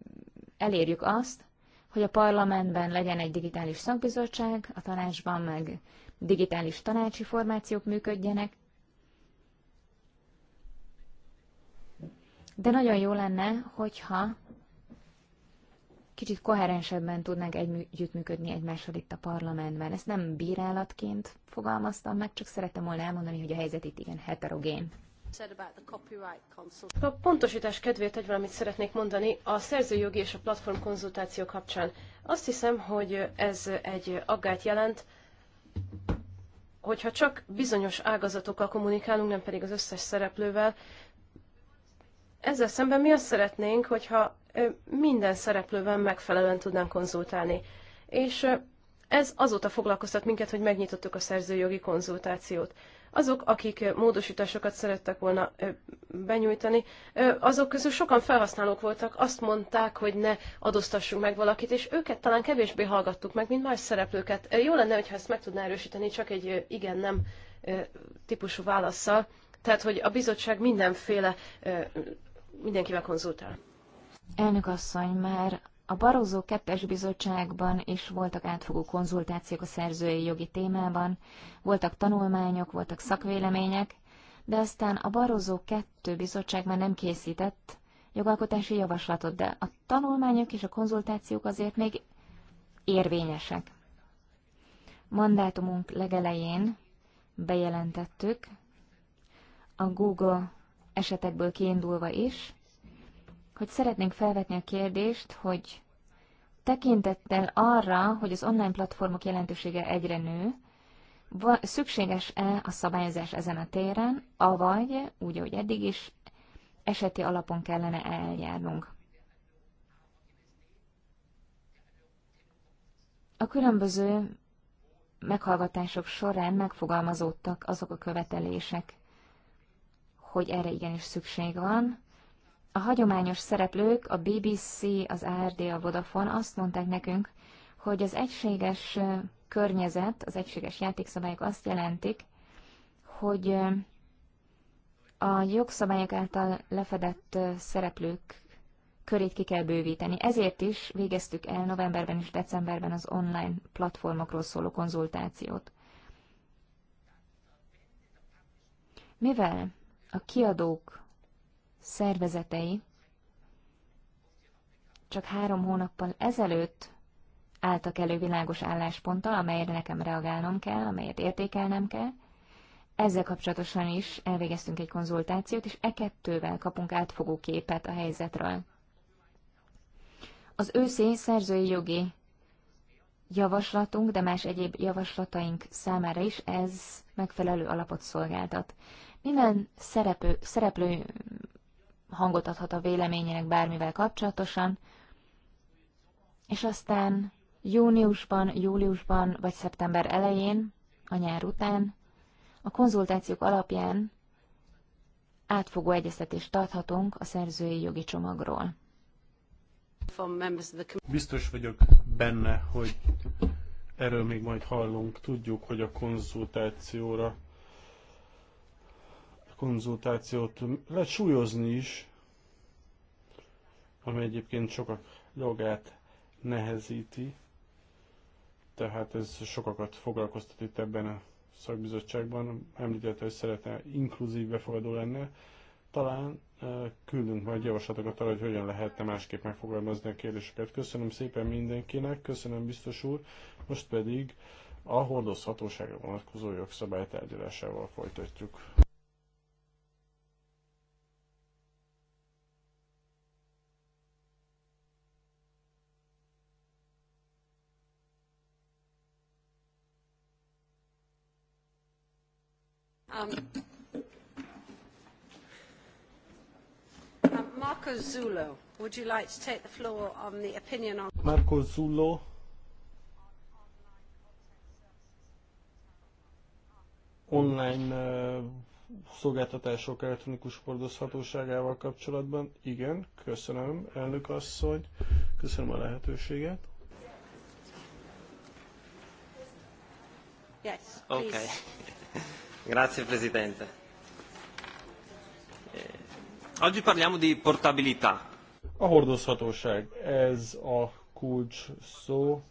elérjük azt, hogy a parlamentben legyen egy digitális szakbizottság, a tanácsban meg digitális tanácsi formációk működjenek, de nagyon jó lenne, hogyha kicsit koherensebben tudnánk együttműködni egymással itt a parlamentben. Ezt nem bírálatként fogalmaztam meg, csak szerettem volna elmondani, hogy a helyzet itt igen heterogén. A pontosítás kedvéért egy valamit szeretnék mondani a szerzőjogi és a platform konzultáció kapcsán. Azt hiszem, hogy ez egy aggát jelent, hogyha csak bizonyos ágazatokkal kommunikálunk, nem pedig az összes szereplővel, ezzel szemben mi azt szeretnénk, hogyha minden szereplővel megfelelően tudnánk konzultálni. És ez azóta foglalkoztat minket, hogy megnyitottuk a szerzőjogi konzultációt. Azok, akik módosításokat szerettek volna benyújtani, azok közül sokan felhasználók voltak, azt mondták, hogy ne adóztassunk meg valakit, és őket talán kevésbé hallgattuk meg, mint más szereplőket. Jó lenne, hogyha ezt meg tudná erősíteni, csak egy igen-nem típusú válaszsal. Tehát, hogy a bizottság mindenféle mindenkivel konzultál. Elnök asszony, már a Barozó kettes bizottságban is voltak átfogó konzultációk a szerzői jogi témában, voltak tanulmányok, voltak szakvélemények, de aztán a Barozó kettő bizottság már nem készített jogalkotási javaslatot, de a tanulmányok és a konzultációk azért még érvényesek. Mandátumunk legelején bejelentettük, a Google esetekből kiindulva is, hogy szeretnénk felvetni a kérdést, hogy tekintettel arra, hogy az online platformok jelentősége egyre nő, szükséges-e a szabályozás ezen a téren, avagy, úgy, ahogy eddig is, eseti alapon kellene eljárnunk. A különböző meghallgatások során megfogalmazódtak azok a követelések, hogy erre igenis szükség van, a hagyományos szereplők, a BBC, az ARD, a Vodafone azt mondták nekünk, hogy az egységes környezet, az egységes játékszabályok azt jelentik, hogy a jogszabályok által lefedett szereplők körét ki kell bővíteni. Ezért is végeztük el novemberben és decemberben az online platformokról szóló konzultációt. Mivel a kiadók szervezetei csak három hónappal ezelőtt álltak elő világos állásponttal, amelyre nekem reagálnom kell, amelyet értékelnem kell. Ezzel kapcsolatosan is elvégeztünk egy konzultációt, és e kettővel kapunk átfogó képet a helyzetről. Az őszi szerzői jogi javaslatunk, de más egyéb javaslataink számára is ez megfelelő alapot szolgáltat. Minden szereplő, szereplő hangot adhat a véleményének bármivel kapcsolatosan, és aztán júniusban, júliusban vagy szeptember elején, a nyár után, a konzultációk alapján átfogó egyeztetést tarthatunk a szerzői jogi csomagról. Biztos vagyok benne, hogy erről még majd hallunk. Tudjuk, hogy a konzultációra konzultációt lehet súlyozni is, ami egyébként sokak jogát nehezíti. Tehát ez sokakat foglalkoztat itt ebben a szakbizottságban. Említette, hogy szeretne inkluzív befogadó lenne. Talán küldünk majd javaslatokat arra, hogy hogyan lehetne másképp megfogalmazni a kérdéseket. Köszönöm szépen mindenkinek, köszönöm biztos úr. Most pedig a hordozhatóságra vonatkozó jogszabály tárgyalásával folytatjuk. Um, um, Marco Zulo, would you like to take the floor on the opinion on... Marco Zulo. Online uh, szolgáltatások elektronikus hordozhatóságával kapcsolatban. Igen, köszönöm, elnök asszony, köszönöm a lehetőséget. Yes, please. okay. Grazie Presidente. Eh, oggi parliamo di portabilità. A hordozhatóság, ez a kulcs szó.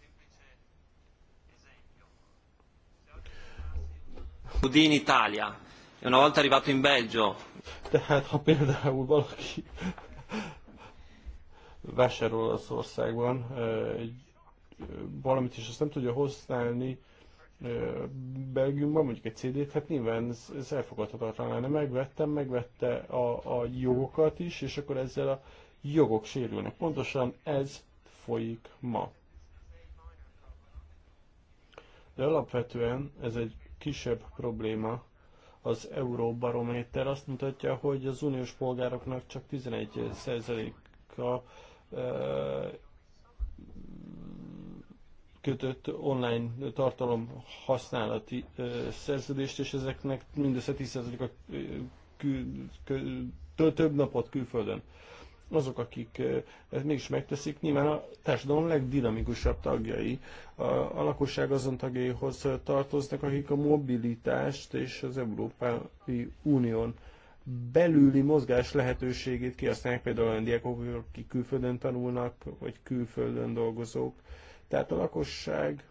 Di Italia, e una volta arrivato in Belgio. Tehát ha például valaki vásárol Olaszországban eh, egy, eh, valamit, és azt nem tudja használni, Belgiumban mondjuk egy CD-t, hát nyilván ez, ez elfogadhatatlan lenne. Megvettem, megvette a, a jogokat is, és akkor ezzel a jogok sérülnek. Pontosan ez folyik ma. De alapvetően ez egy kisebb probléma. Az Euróbarométer azt mutatja, hogy az uniós polgároknak csak 11%-a kötött online tartalom használati szerződést, és ezeknek mindössze 10%-a több napot külföldön. Azok, akik ezt mégis megteszik, nyilván a társadalom legdinamikusabb tagjai, a, a lakosság azon tagjaihoz tartoznak, akik a mobilitást és az Európai Unión belüli mozgás lehetőségét kihasználják, például olyan diákok, akik külföldön tanulnak, vagy külföldön dolgozók, tehát a lakosság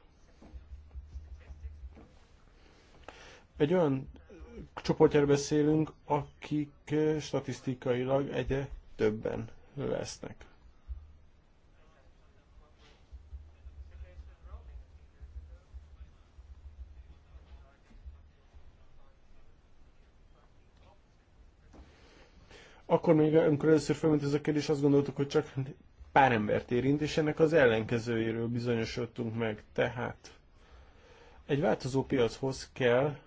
egy olyan csoportjára beszélünk, akik statisztikailag egyre többen lesznek. Akkor még, amikor először felment ez a kérdés, azt gondoltuk, hogy csak pár embert érint, és ennek az ellenkezőjéről bizonyosodtunk meg. Tehát egy változó piachoz kell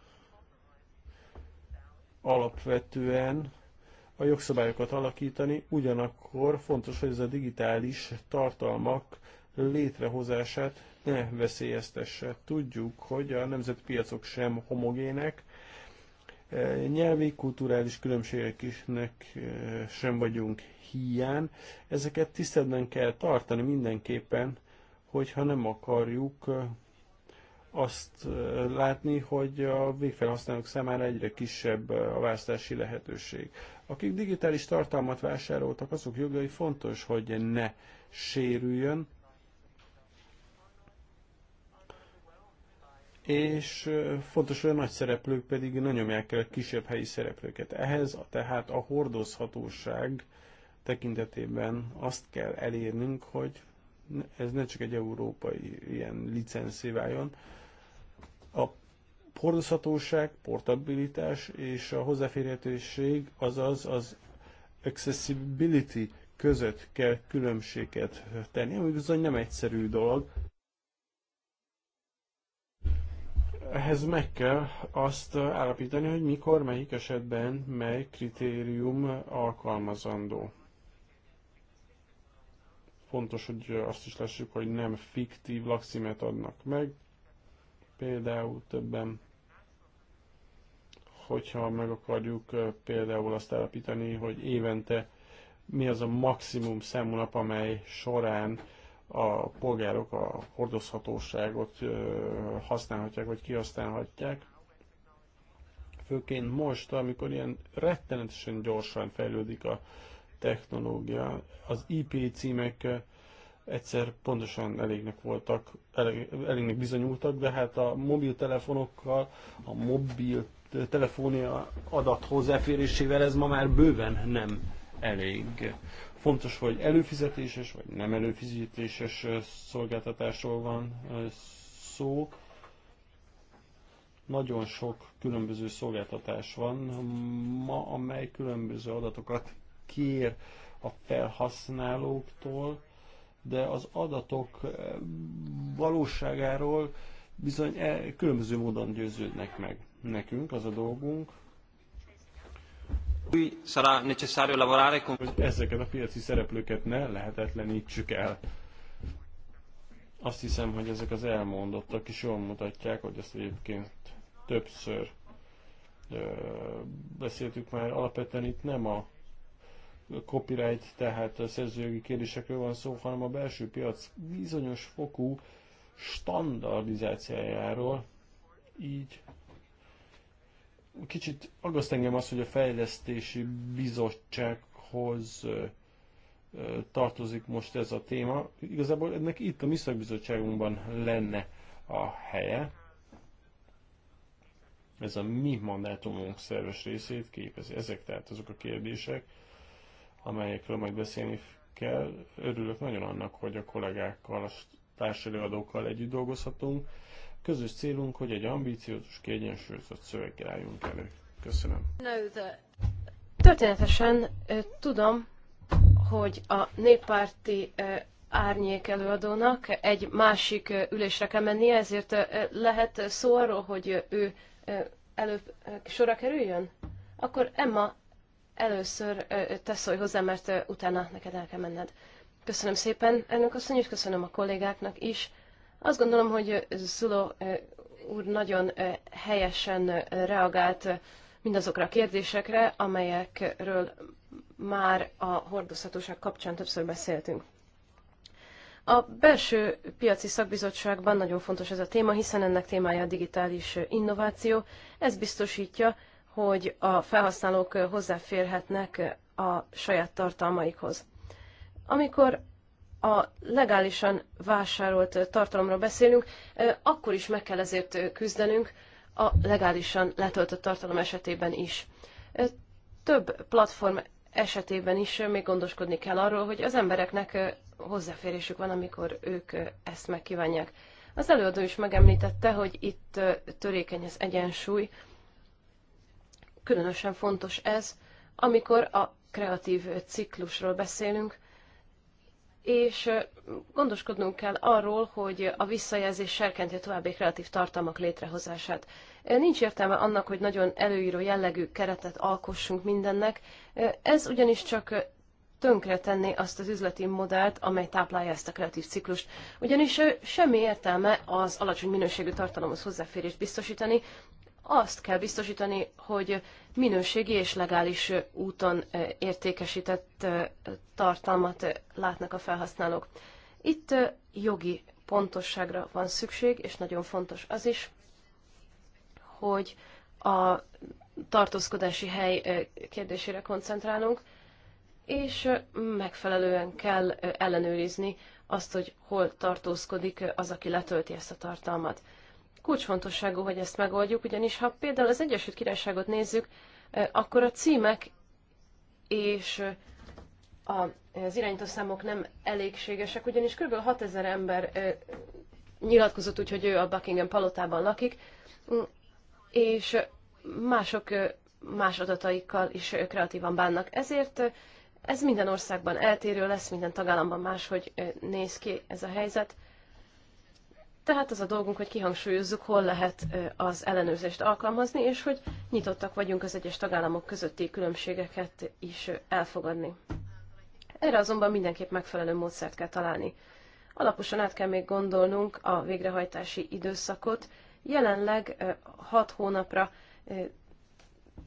alapvetően a jogszabályokat alakítani, ugyanakkor fontos, hogy ez a digitális tartalmak létrehozását ne veszélyeztesse. Tudjuk, hogy a nemzeti piacok sem homogének, Nyelvi, kulturális különbségek isnek eh, sem vagyunk hiány. Ezeket tiszteletben kell tartani mindenképpen, hogyha nem akarjuk eh, azt eh, látni, hogy a végfelhasználók számára egyre kisebb a választási lehetőség. Akik digitális tartalmat vásároltak, azok jogai fontos, hogy ne sérüljön, és fontos, hogy a nagy szereplők pedig ne nyomják el kisebb helyi szereplőket. Ehhez tehát a hordozhatóság tekintetében azt kell elérnünk, hogy ez ne csak egy európai ilyen licenszé váljon. A hordozhatóság, portabilitás és a hozzáférhetőség, azaz az accessibility között kell különbséget tenni, ami bizony nem egyszerű dolog. ehhez meg kell azt állapítani, hogy mikor, melyik esetben mely kritérium alkalmazandó. Fontos, hogy azt is lássuk, hogy nem fiktív lakcímet adnak meg. Például többen, hogyha meg akarjuk például azt állapítani, hogy évente mi az a maximum számú nap, amely során a polgárok a hordozhatóságot használhatják, vagy kihasználhatják. Főként most, amikor ilyen rettenetesen gyorsan fejlődik a technológia, az IP címek egyszer pontosan elégnek voltak, elég, elégnek bizonyultak, de hát a mobiltelefonokkal, a mobil telefonia adat ez ma már bőven nem elég. Fontos, hogy előfizetéses vagy nem előfizetéses szolgáltatásról van szó. Nagyon sok különböző szolgáltatás van ma, amely különböző adatokat kér a felhasználóktól, de az adatok valóságáról bizony e, különböző módon győződnek meg. Nekünk az a dolgunk, hogy ezeket a piaci szereplőket ne lehetetlenítsük el. Azt hiszem, hogy ezek az elmondottak is jól mutatják, hogy ezt egyébként többször beszéltük már, alapvetően itt nem a copyright, tehát a szerzőjogi kérdésekről van szó, hanem a belső piac bizonyos fokú standardizációjáról, így Kicsit aggaszt engem az, hogy a fejlesztési bizottsághoz tartozik most ez a téma. Igazából ennek itt a műszakbizottságunkban lenne a helye. Ez a mi mandátumunk szerves részét képezi. Ezek tehát azok a kérdések, amelyekről majd beszélni kell. Örülök nagyon annak, hogy a kollégákkal, a társelőadókkal együtt dolgozhatunk. Közös célunk, hogy egy ambíciózus, kiegyensúlyozott szöveggel álljunk elő. Köszönöm. Történetesen tudom, hogy a néppárti árnyék előadónak egy másik ülésre kell mennie, ezért lehet szó arról, hogy ő előbb sorra kerüljön? Akkor Emma, először te szólj hozzá, mert utána neked el kell menned. Köszönöm szépen, elnök asszony, és köszönöm a kollégáknak is azt gondolom, hogy Zulo úr nagyon helyesen reagált mindazokra a kérdésekre, amelyekről már a hordozhatóság kapcsán többször beszéltünk. A belső piaci szakbizottságban nagyon fontos ez a téma, hiszen ennek témája a digitális innováció. Ez biztosítja, hogy a felhasználók hozzáférhetnek a saját tartalmaikhoz. Amikor a legálisan vásárolt tartalomra beszélünk, akkor is meg kell ezért küzdenünk a legálisan letöltött tartalom esetében is. Több platform esetében is még gondoskodni kell arról, hogy az embereknek hozzáférésük van, amikor ők ezt megkívánják. Az előadó is megemlítette, hogy itt törékeny az egyensúly. Különösen fontos ez, amikor a kreatív ciklusról beszélünk, és gondoskodnunk kell arról, hogy a visszajelzés serkenti további kreatív tartalmak létrehozását. Nincs értelme annak, hogy nagyon előíró jellegű keretet alkossunk mindennek, ez ugyanis csak tönkretenni azt az üzleti modellt, amely táplálja ezt a kreatív ciklust. Ugyanis semmi értelme az alacsony minőségű tartalomhoz hozzáférést biztosítani, azt kell biztosítani, hogy minőségi és legális úton értékesített tartalmat látnak a felhasználók. Itt jogi pontosságra van szükség, és nagyon fontos az is, hogy a tartózkodási hely kérdésére koncentrálunk, és megfelelően kell ellenőrizni azt, hogy hol tartózkodik az, aki letölti ezt a tartalmat kulcsfontosságú, hogy ezt megoldjuk, ugyanis ha például az Egyesült Királyságot nézzük, eh, akkor a címek és eh, az irányítószámok nem elégségesek, ugyanis kb. 6000 ember eh, nyilatkozott úgy, hogy ő a Buckingham palotában lakik, mm, és mások más adataikkal is kreatívan bánnak. Ezért ez minden országban eltérő lesz, minden tagállamban máshogy néz ki ez a helyzet. Tehát az a dolgunk, hogy kihangsúlyozzuk, hol lehet az ellenőrzést alkalmazni, és hogy nyitottak vagyunk az egyes tagállamok közötti különbségeket is elfogadni. Erre azonban mindenképp megfelelő módszert kell találni. Alaposan át kell még gondolnunk a végrehajtási időszakot. Jelenleg 6 hónapra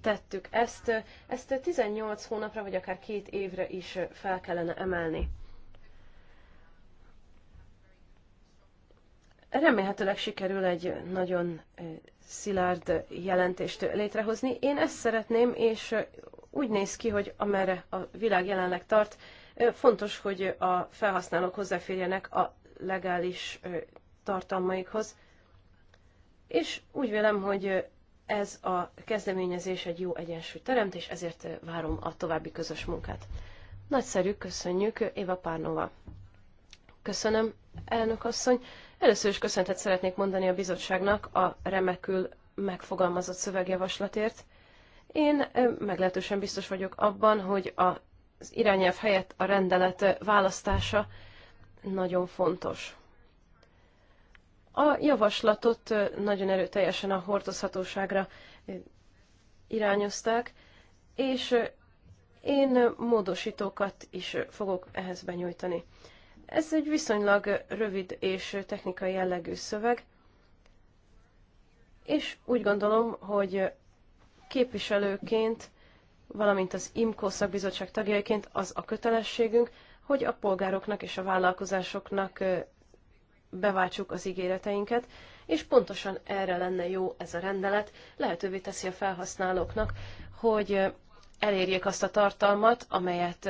tettük ezt, ezt 18 hónapra vagy akár két évre is fel kellene emelni. remélhetőleg sikerül egy nagyon szilárd jelentést létrehozni. Én ezt szeretném, és úgy néz ki, hogy amerre a világ jelenleg tart, fontos, hogy a felhasználók hozzáférjenek a legális tartalmaikhoz. És úgy vélem, hogy ez a kezdeményezés egy jó egyensúly teremt, és ezért várom a további közös munkát. Nagyszerű, köszönjük, Éva Párnova. Köszönöm, elnök asszony. Először is köszöntet szeretnék mondani a bizottságnak a remekül megfogalmazott szövegjavaslatért. Én meglehetősen biztos vagyok abban, hogy az irányelv helyett a rendelet választása nagyon fontos. A javaslatot nagyon erőteljesen a hordozhatóságra irányozták, és én módosítókat is fogok ehhez benyújtani. Ez egy viszonylag rövid és technikai jellegű szöveg, és úgy gondolom, hogy képviselőként, valamint az IMCO szakbizottság tagjaiként az a kötelességünk, hogy a polgároknak és a vállalkozásoknak beváltsuk az ígéreteinket, és pontosan erre lenne jó ez a rendelet, lehetővé teszi a felhasználóknak, hogy elérjék azt a tartalmat, amelyet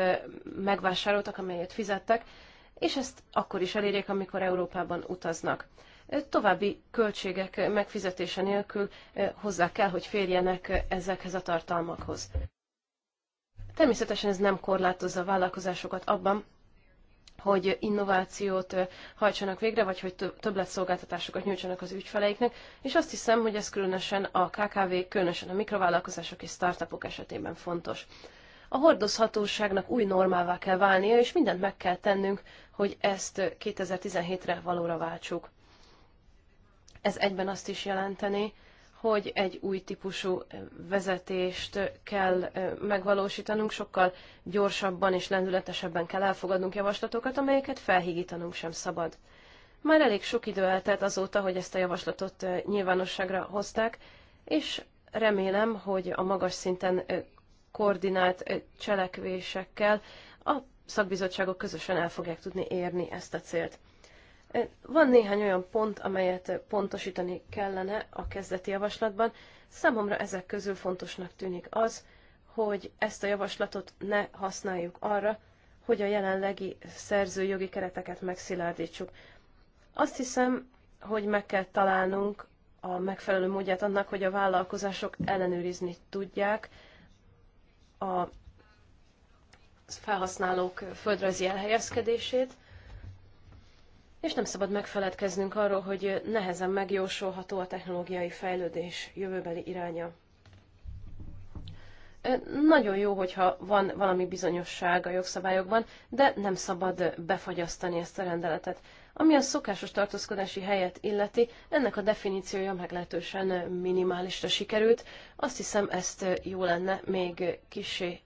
megvásároltak, amelyet fizettek, és ezt akkor is elérjék, amikor Európában utaznak. További költségek megfizetése nélkül hozzá kell, hogy férjenek ezekhez a tartalmakhoz. Természetesen ez nem korlátozza a vállalkozásokat abban, hogy innovációt hajtsanak végre, vagy hogy többletszolgáltatásokat nyújtsanak az ügyfeleiknek, és azt hiszem, hogy ez különösen a KKV, különösen a mikrovállalkozások és startupok esetében fontos. A hordozhatóságnak új normává kell válnia, és mindent meg kell tennünk hogy ezt 2017-re valóra váltsuk. Ez egyben azt is jelenteni, hogy egy új típusú vezetést kell megvalósítanunk, sokkal gyorsabban és lendületesebben kell elfogadnunk javaslatokat, amelyeket felhigítanunk sem szabad. Már elég sok idő eltelt azóta, hogy ezt a javaslatot nyilvánosságra hozták, és remélem, hogy a magas szinten koordinált cselekvésekkel a szakbizottságok közösen el fogják tudni érni ezt a célt. Van néhány olyan pont, amelyet pontosítani kellene a kezdeti javaslatban. Számomra ezek közül fontosnak tűnik az, hogy ezt a javaslatot ne használjuk arra, hogy a jelenlegi szerzőjogi kereteket megszilárdítsuk. Azt hiszem, hogy meg kell találnunk a megfelelő módját annak, hogy a vállalkozások ellenőrizni tudják a felhasználók földrajzi elhelyezkedését, és nem szabad megfeledkeznünk arról, hogy nehezen megjósolható a technológiai fejlődés jövőbeli iránya. Nagyon jó, hogyha van valami bizonyosság a jogszabályokban, de nem szabad befagyasztani ezt a rendeletet. Ami a szokásos tartózkodási helyet illeti, ennek a definíciója meglehetősen minimálisra sikerült. Azt hiszem, ezt jó lenne még kisé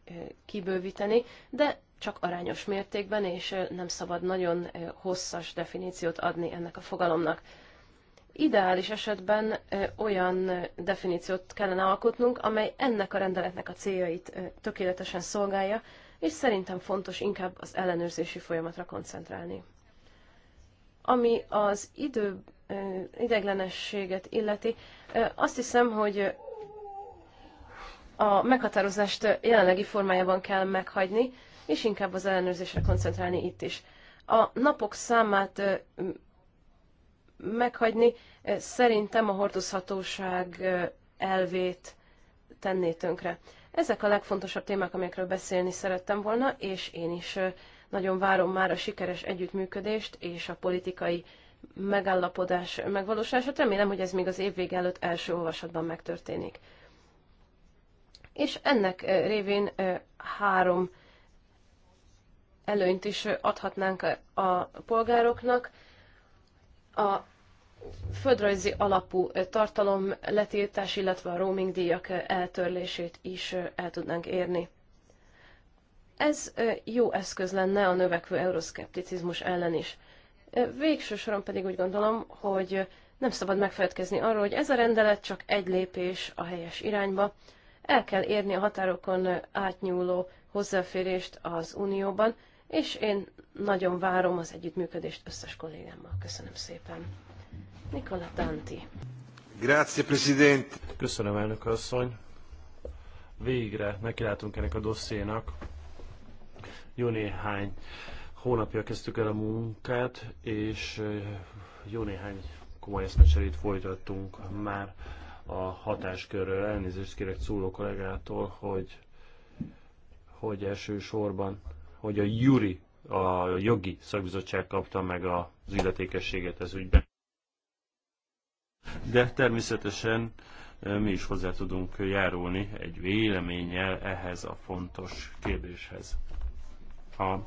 kibővíteni, de csak arányos mértékben, és nem szabad nagyon hosszas definíciót adni ennek a fogalomnak. Ideális esetben olyan definíciót kellene alkotnunk, amely ennek a rendeletnek a céljait tökéletesen szolgálja, és szerintem fontos inkább az ellenőrzési folyamatra koncentrálni. Ami az idő ideglenességet illeti, azt hiszem, hogy a meghatározást jelenlegi formájában kell meghagyni, és inkább az ellenőrzésre koncentrálni itt is. A napok számát meghagyni szerintem a hordozhatóság elvét tenné tönkre. Ezek a legfontosabb témák, amikről beszélni szerettem volna, és én is nagyon várom már a sikeres együttműködést és a politikai megállapodás megvalósulását. Remélem, hogy ez még az év előtt első olvasatban megtörténik. És ennek révén három előnyt is adhatnánk a polgároknak. A földrajzi alapú tartalom letiltás, illetve a roaming díjak eltörlését is el tudnánk érni. Ez jó eszköz lenne a növekvő euroszkepticizmus ellen is. Végső soron pedig úgy gondolom, hogy nem szabad megfelelkezni arról, hogy ez a rendelet csak egy lépés a helyes irányba. El kell érni a határokon átnyúló hozzáférést az Unióban, és én nagyon várom az együttműködést összes kollégámmal. Köszönöm szépen. Nikola Danti. Grazie, Presidente. Köszönöm, elnök asszony. Végre nekilátunk ennek a dossziénak jó néhány hónapja kezdtük el a munkát, és jó néhány komoly eszmecserét folytattunk már a hatáskörről. Elnézést kérek szóló kollégától, hogy, hogy elsősorban, hogy a Juri, a jogi szakbizottság kapta meg az illetékességet ez ügyben. De természetesen mi is hozzá tudunk járulni egy véleménnyel ehhez a fontos kérdéshez a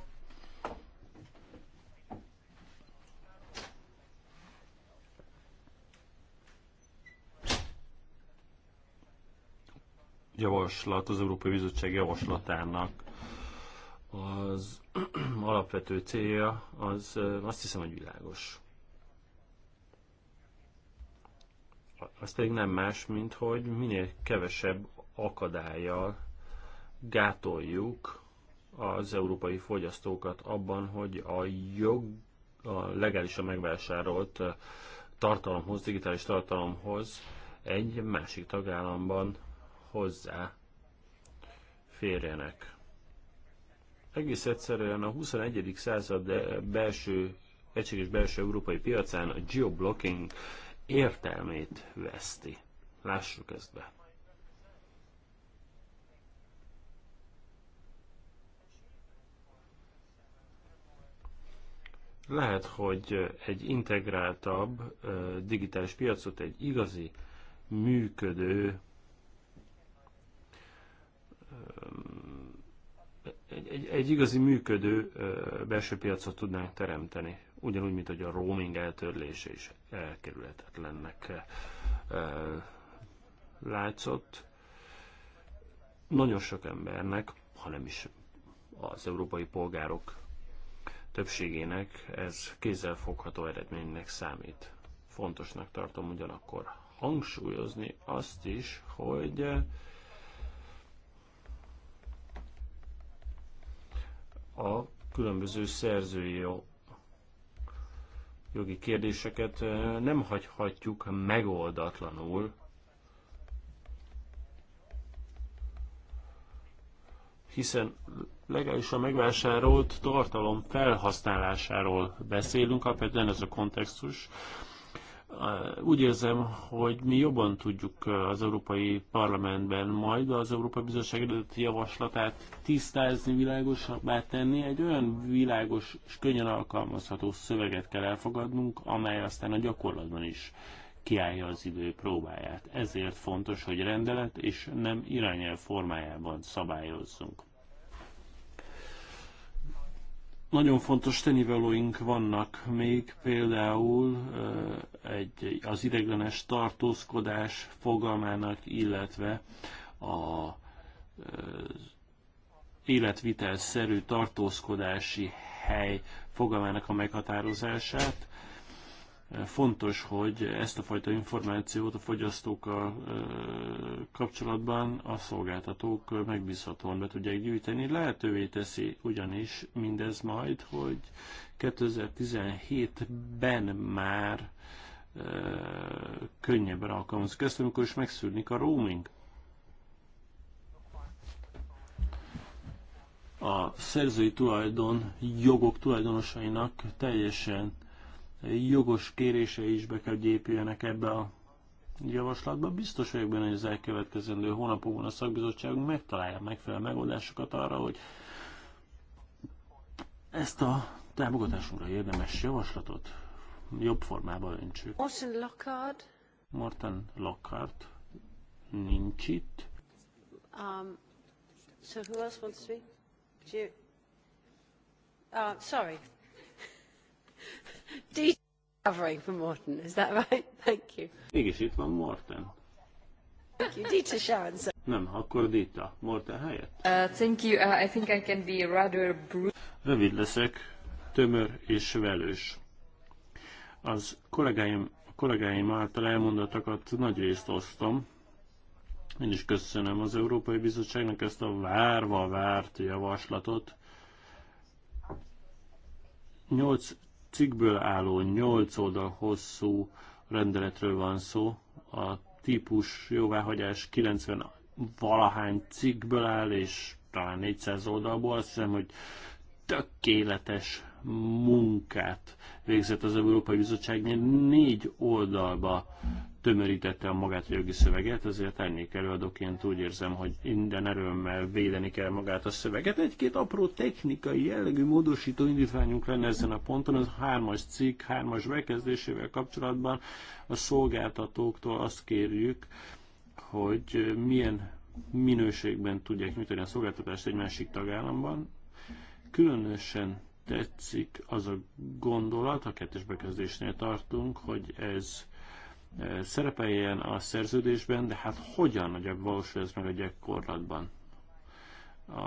javaslat, az Európai Bizottság javaslatának az alapvető célja, az azt hiszem, hogy világos. Az pedig nem más, mint hogy minél kevesebb akadályjal gátoljuk az európai fogyasztókat abban, hogy a jog, a legálisan megvásárolt eh, tartalomhoz, digitális tartalomhoz egy másik tagállamban hozzá férjenek. Egész egyszerűen a 21. század belső, egységes belső európai piacán a geoblocking értelmét veszti. Lássuk ezt be. Lehet, hogy egy integráltabb digitális piacot, egy igazi, működő, egy, egy, egy igazi működő belső piacot tudnánk teremteni. Ugyanúgy, mint hogy a roaming eltörlése is elkerülhetetlennek látszott. Nagyon sok embernek, ha nem is az európai polgárok többségének ez kézzelfogható eredménynek számít. Fontosnak tartom ugyanakkor hangsúlyozni azt is, hogy a különböző szerzői jogi kérdéseket eh, nem hagyhatjuk megoldatlanul, hiszen legálisan megvásárolt tartalom felhasználásáról beszélünk, alapvetően ez a kontextus. Uh, úgy érzem, hogy mi jobban tudjuk uh, az Európai Parlamentben majd az Európai Bizottság eredeti javaslatát tisztázni, világosabbá tenni. Egy olyan világos és könnyen alkalmazható szöveget kell elfogadnunk, amely aztán a gyakorlatban is kiállja az idő próbáját. Ezért fontos, hogy rendelet és nem irányelv formájában szabályozzunk. Nagyon fontos tenivelóink vannak még, például egy, az ideglenes tartózkodás fogalmának, illetve a életvitelszerű tartózkodási hely fogalmának a meghatározását. Fontos, hogy ezt a fajta információt a a kapcsolatban a szolgáltatók megbízhatóan be tudják gyűjteni. Lehetővé teszi ugyanis mindez majd, hogy 2017-ben már könnyebben alkalmazik ezt, amikor is megszűnik a roaming. a szerzői tulajdon jogok tulajdonosainak teljesen jogos kérése is be kell, gyépüljenek ebbe a javaslatba. Biztos vagyok benne, hogy az elkövetkezendő hónapokban a szakbizottságunk megtalálja megfelelő megoldásokat arra, hogy ezt a támogatásunkra érdemes javaslatot jobb formába öntsük. Morten Lockhart. Morten Lockhart nincs itt. Um, so who else wants to speak? You... Uh, sorry, covering for Morton, is that right? Thank you. Mégis itt van Morton. Thank you. Dita Sharon. Nem, akkor Dita. Morton helyett. Uh, thank you. Uh, I think I can be rather brutal. Rövid leszek, tömör és velős. Az kollégáim, a kollégáim által elmondottakat nagy részt osztom. Én is köszönöm az Európai Bizottságnak ezt a várva várt javaslatot. Nyolc cikkből álló 8 oldal hosszú rendeletről van szó. A típus jóváhagyás 90 valahány cikkből áll, és talán 400 oldalból. Azt hiszem, hogy tökéletes munkát végzett az Európai Bizottság. Négy oldalba tömörítette a magát a jogi szöveget, azért ennék előadóként úgy érzem, hogy minden erőmmel védeni kell magát a szöveget. Egy-két apró technikai jellegű módosító indítványunk lenne ezen a ponton, az hármas cikk, hármas bekezdésével kapcsolatban a szolgáltatóktól azt kérjük, hogy milyen minőségben tudják nyújtani a szolgáltatást egy másik tagállamban. Különösen tetszik az a gondolat, a kettes bekezdésnél tartunk, hogy ez szerepeljen a szerződésben, de hát hogyan valósul ez meg a gyakorlatban? A,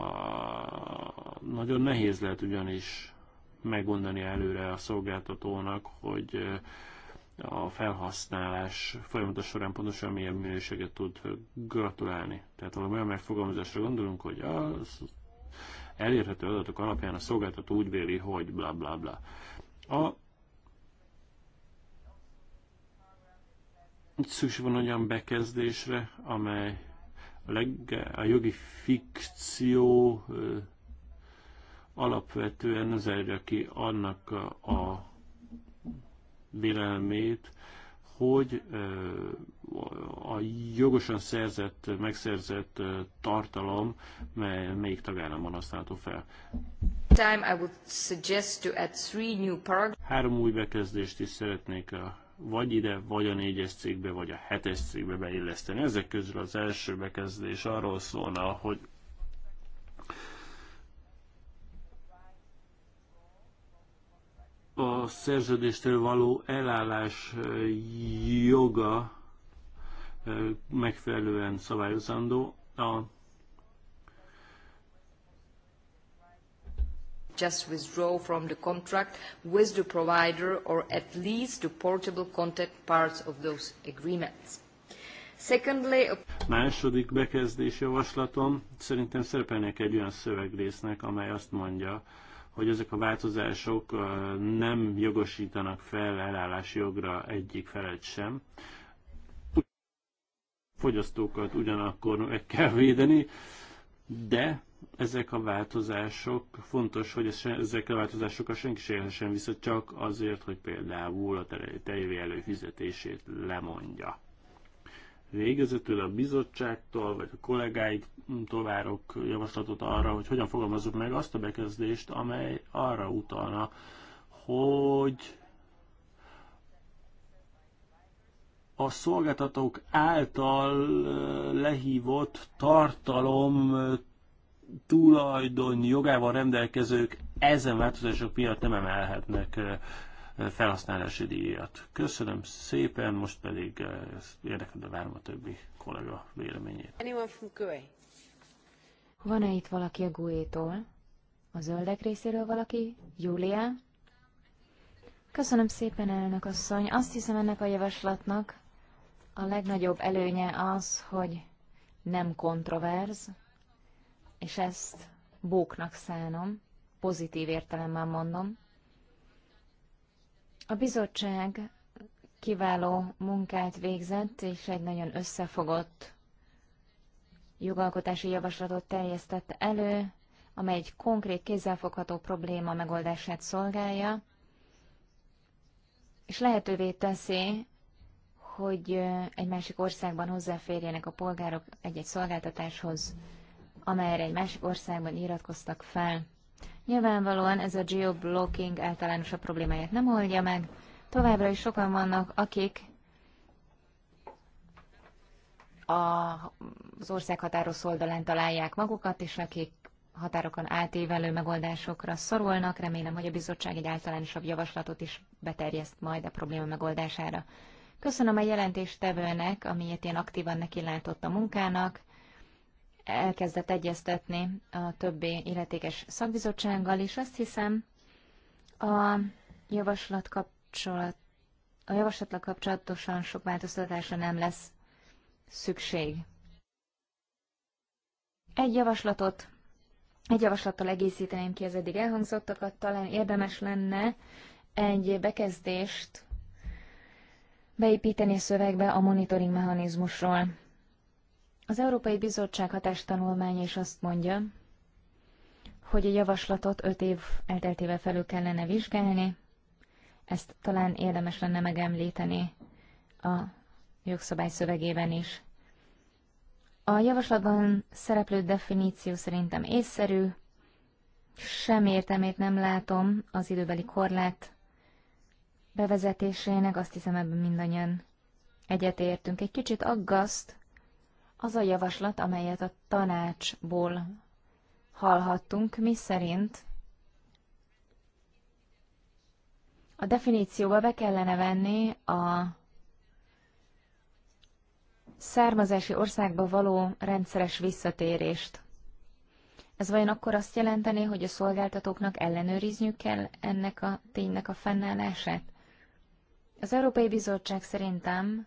nagyon nehéz lehet ugyanis megmondani előre a szolgáltatónak, hogy a felhasználás folyamatos során pontosan milyen minőséget tud gratulálni. Tehát valami olyan megfogalmazásra gondolunk, hogy az elérhető adatok alapján a szolgáltató úgy véli, hogy bla bla bla. A Szükség van olyan bekezdésre, amely a, leg, a jogi fikció ö, alapvetően zárja ki annak a, a vélelmét, hogy a jogosan szerzett, megszerzett tartalom melyik tagállamban használható fel. Time I would suggest to add three new Három új bekezdést is szeretnék a vagy ide, vagy a négyes cégbe, vagy a hetes cégbe beilleszteni. Ezek közül az első bekezdés arról szólna, hogy a szerződéstől való elállás joga megfelelően szabályozandó. A just withdraw from the contract with the provider or at least the portable content parts of those agreements. Secondly, Második bekezdés javaslatom szerintem szerepelnek egy olyan szövegrésznek, amely azt mondja, hogy ezek a változások nem jogosítanak fel elállási jogra egyik felet sem. Fogyasztókat ugyanakkor meg kell védeni, de ezek a változások, fontos, hogy ezek a változásokkal senki se élhessen vissza, csak azért, hogy például a teljévi előfizetését lemondja. Végezetül a bizottságtól, vagy a kollégáiktól továrok javaslatot arra, hogy hogyan fogalmazzuk meg azt a bekezdést, amely arra utalna, hogy a szolgáltatók által lehívott tartalom tulajdon jogával rendelkezők ezen változások miatt nem emelhetnek felhasználási díjat. Köszönöm szépen, most pedig érdeklődve várom a többi kollega véleményét. Van-e itt valaki a GUE-tól? A zöldek részéről valaki? Júlia? Köszönöm szépen, elnök asszony. Azt hiszem ennek a javaslatnak a legnagyobb előnye az, hogy nem kontroverz, és ezt bóknak szánom, pozitív értelemben mondom. A bizottság kiváló munkát végzett, és egy nagyon összefogott jogalkotási javaslatot teljesztett elő, amely egy konkrét kézzelfogható probléma megoldását szolgálja, és lehetővé teszi, hogy egy másik országban hozzáférjenek a polgárok egy-egy szolgáltatáshoz, amelyre egy másik országban iratkoztak fel. Nyilvánvalóan ez a geoblocking általánosabb problémáját nem oldja meg, továbbra is sokan vannak, akik a, az ország határos oldalán találják magukat, és akik határokon átévelő megoldásokra szorulnak. Remélem, hogy a bizottság egy általánosabb javaslatot is beterjeszt majd a probléma megoldására. Köszönöm a jelentéstevőnek, amiért ilyen aktívan neki látott a munkának elkezdett egyeztetni a többi illetékes szakbizottsággal, és azt hiszem a javaslat kapcsolat a javaslatla kapcsolatosan sok változtatásra nem lesz szükség. Egy javaslatot, egy javaslattal egészíteném ki az eddig elhangzottakat, talán érdemes lenne egy bekezdést beépíteni a szövegbe a monitoring mechanizmusról. Az Európai Bizottság hatástanulmánya is azt mondja, hogy a javaslatot öt év elteltével felül kellene vizsgálni, ezt talán érdemes lenne megemlíteni a jogszabály szövegében is. A javaslatban szereplő definíció szerintem észszerű, sem értelmét nem látom az időbeli korlát bevezetésének, azt hiszem ebben mindannyian egyetértünk. Egy kicsit aggaszt, az a javaslat, amelyet a tanácsból hallhattunk, mi szerint a definícióba be kellene venni a származási országba való rendszeres visszatérést. Ez vajon akkor azt jelenteni, hogy a szolgáltatóknak ellenőrizniük kell ennek a ténynek a fennállását? Az Európai Bizottság szerintem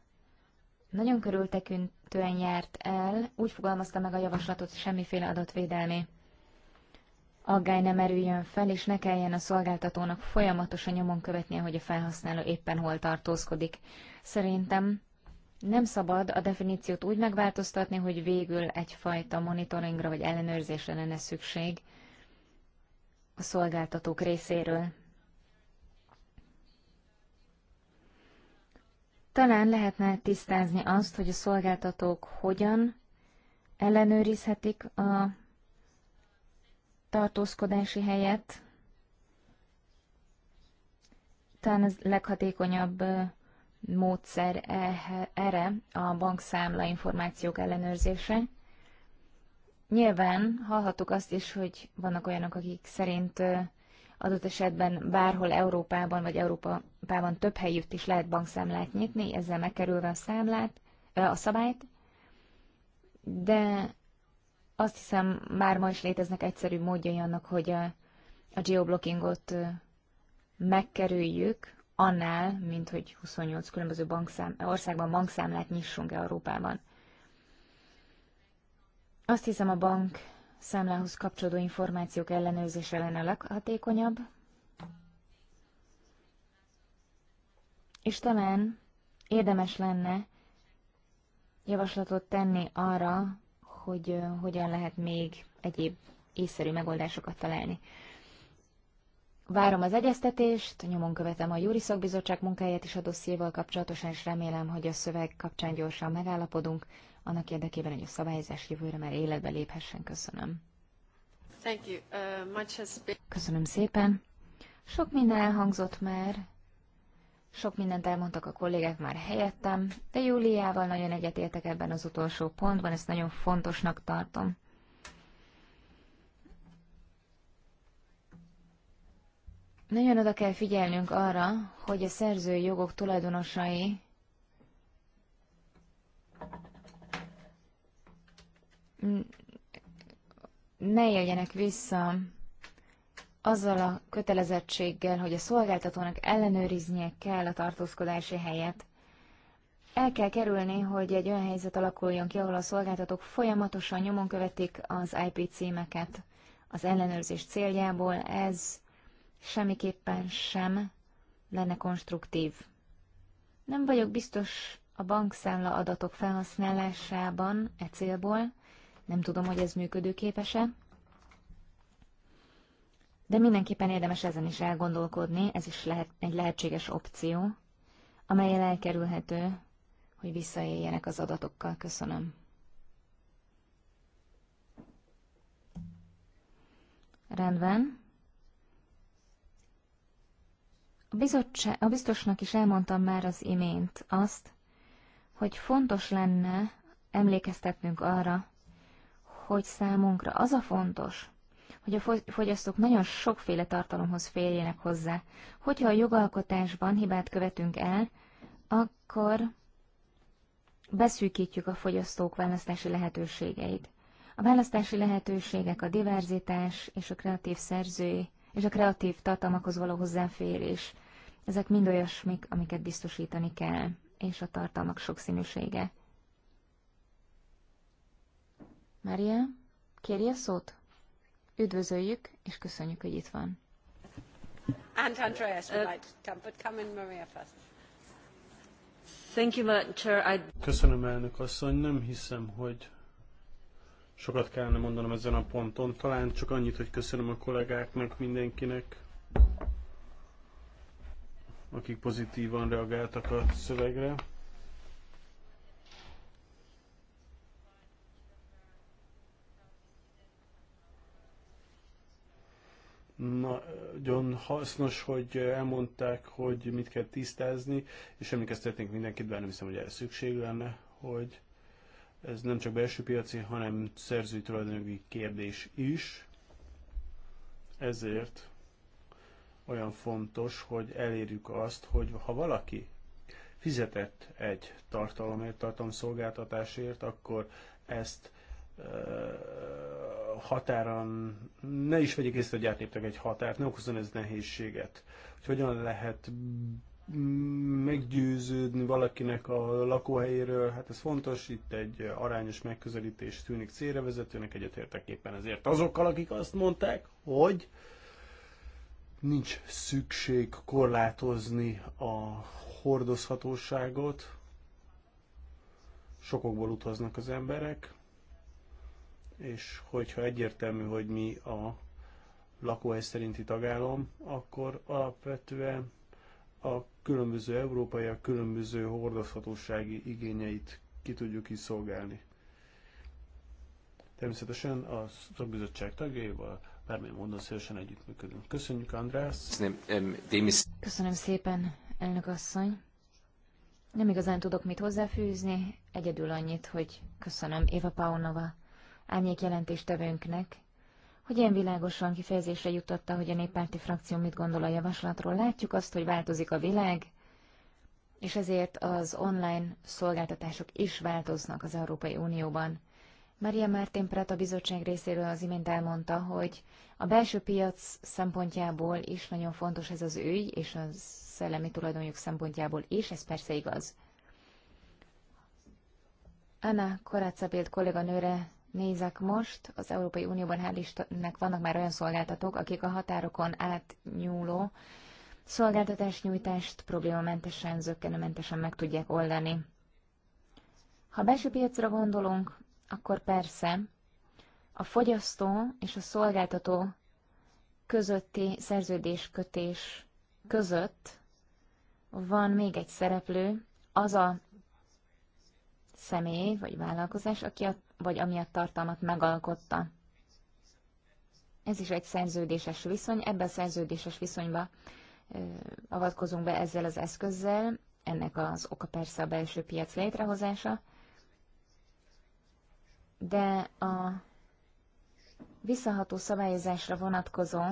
nagyon körültekintően járt el, úgy fogalmazta meg a javaslatot, semmiféle adatvédelmi aggály nem erüljön fel, és ne kelljen a szolgáltatónak folyamatosan nyomon követnie, hogy a felhasználó éppen hol tartózkodik. Szerintem nem szabad a definíciót úgy megváltoztatni, hogy végül egyfajta monitoringra vagy ellenőrzésre lenne szükség a szolgáltatók részéről. Talán lehetne tisztázni azt, hogy a szolgáltatók hogyan ellenőrizhetik a tartózkodási helyet. Talán az leghatékonyabb módszer erre a bankszámla információk ellenőrzése. Nyilván hallhattuk azt is, hogy vannak olyanok, akik szerint adott esetben bárhol Európában vagy Európában több helyütt is lehet bankszámlát nyitni, ezzel megkerülve a számlát, a szabályt, de azt hiszem már ma is léteznek egyszerű módjai annak, hogy a, a geoblockingot megkerüljük annál, mint hogy 28 különböző bankszám, országban bankszámlát nyissunk Európában. Azt hiszem a bank számlához kapcsolódó információk ellenőrzése lenne a leghatékonyabb, és talán érdemes lenne javaslatot tenni arra, hogy hogyan lehet még egyéb észszerű megoldásokat találni. Várom az egyeztetést, nyomon követem a Júri Szakbizottság munkáját is a dossziéval kapcsolatosan, és remélem, hogy a szöveg kapcsán gyorsan megállapodunk, annak érdekében, hogy a szabályozás jövőre már életbe léphessen. Köszönöm. Thank you. Uh, much has been... Köszönöm szépen. Sok minden elhangzott már, sok mindent elmondtak a kollégák már helyettem, de Júliával nagyon egyetértek ebben az utolsó pontban, ezt nagyon fontosnak tartom. Nagyon oda kell figyelnünk arra, hogy a szerzői jogok tulajdonosai ne éljenek vissza azzal a kötelezettséggel, hogy a szolgáltatónak ellenőriznie kell a tartózkodási helyet. El kell kerülni, hogy egy olyan helyzet alakuljon ki, ahol a szolgáltatók folyamatosan nyomon követik az IP címeket az ellenőrzés céljából. Ez semmiképpen sem lenne konstruktív. Nem vagyok biztos a bankszámla adatok felhasználásában e célból, nem tudom, hogy ez működőképes-e, de mindenképpen érdemes ezen is elgondolkodni, ez is lehet egy lehetséges opció, amelyel elkerülhető, hogy visszaéljenek az adatokkal. Köszönöm. Rendben. A, a biztosnak is elmondtam már az imént azt, hogy fontos lenne emlékeztetnünk arra, hogy számunkra az a fontos, hogy a fogyasztók nagyon sokféle tartalomhoz férjenek hozzá. Hogyha a jogalkotásban hibát követünk el, akkor beszűkítjük a fogyasztók választási lehetőségeit. A választási lehetőségek a diverzitás és a kreatív szerzői és a kreatív tartalmakhoz való hozzáférés. Ezek mind olyasmik, amiket biztosítani kell, és a tartalmak sokszínűsége. Mária, kérje a szót? Üdvözöljük, és köszönjük, hogy itt van. And Andreas would like to come, but come in Maria first. Thank you, Madam Chair. I... Köszönöm, elnök asszony. Nem hiszem, hogy sokat kellene mondanom ezen a ponton. Talán csak annyit, hogy köszönöm a kollégáknak, mindenkinek, akik pozitívan reagáltak a szövegre. nagyon hasznos, hogy elmondták, hogy mit kell tisztázni, és emlékeztetnénk mindenkit, bár nem hiszem, hogy erre szükség lenne, hogy ez nem csak belső piaci, hanem szerzői tulajdonjogi kérdés is. Ezért olyan fontos, hogy elérjük azt, hogy ha valaki fizetett egy tartalomért, tartalomszolgáltatásért, akkor ezt határon ne is vegyék észre, hogy átléptek egy határt, ne okozzon ez nehézséget. Hogy hogyan lehet meggyőződni valakinek a lakóhelyéről, hát ez fontos, itt egy arányos megközelítés tűnik célra vezetőnek, egyetértek éppen ezért azokkal, akik azt mondták, hogy nincs szükség korlátozni a hordozhatóságot, sokokból utaznak az emberek, és hogyha egyértelmű, hogy mi a lakóhely szerinti tagállam, akkor alapvetően a különböző európaiak különböző hordozhatósági igényeit ki tudjuk is szolgálni. Természetesen a szakbizottság tagjaival bármilyen módon szélesen együttműködünk. Köszönjük, András! Köszönöm szépen, elnök asszony! Nem igazán tudok mit hozzáfűzni, egyedül annyit, hogy köszönöm Éva Paunova árnyék jelentéstevőnknek, hogy ilyen világosan kifejezésre jutotta, hogy a néppárti frakció mit gondol a javaslatról. Látjuk azt, hogy változik a világ, és ezért az online szolgáltatások is változnak az Európai Unióban. Maria Martin Prat a bizottság részéről az imént elmondta, hogy a belső piac szempontjából is nagyon fontos ez az ügy, és a szellemi tulajdonjuk szempontjából is, ez persze igaz. Anna Korácabild kolléganőre nézek most, az Európai Unióban hál' Istennek vannak már olyan szolgáltatók, akik a határokon átnyúló szolgáltatásnyújtást problémamentesen, zöggenőmentesen meg tudják oldani. Ha belső piacra gondolunk, akkor persze a fogyasztó és a szolgáltató közötti szerződéskötés között van még egy szereplő, az a személy vagy vállalkozás, aki a vagy amiatt tartalmat megalkotta. Ez is egy szerződéses viszony, ebben a szerződéses viszonyba avatkozunk be ezzel az eszközzel, ennek az oka persze a belső piac létrehozása, de a visszaható szabályozásra vonatkozó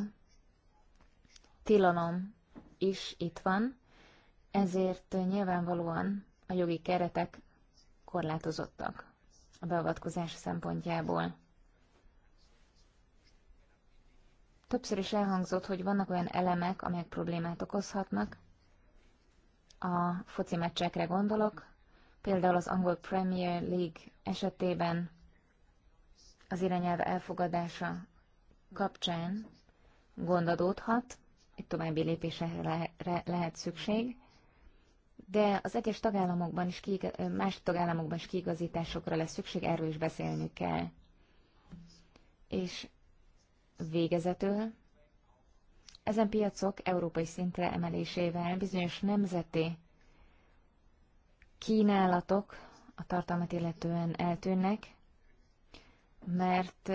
tilalom is itt van, ezért nyilvánvalóan a jogi keretek korlátozottak a beavatkozás szempontjából. Többször is elhangzott, hogy vannak olyan elemek, amelyek problémát okozhatnak. A foci meccsekre gondolok, például az angol Premier League esetében az irányelv elfogadása kapcsán gondadódhat, itt egy további lépésre lehet szükség de az egyes tagállamokban is, kiig- más tagállamokban is kiigazításokra lesz szükség, erről is beszélni kell. És végezetül ezen piacok európai szintre emelésével bizonyos nemzeti kínálatok a tartalmat illetően eltűnnek, mert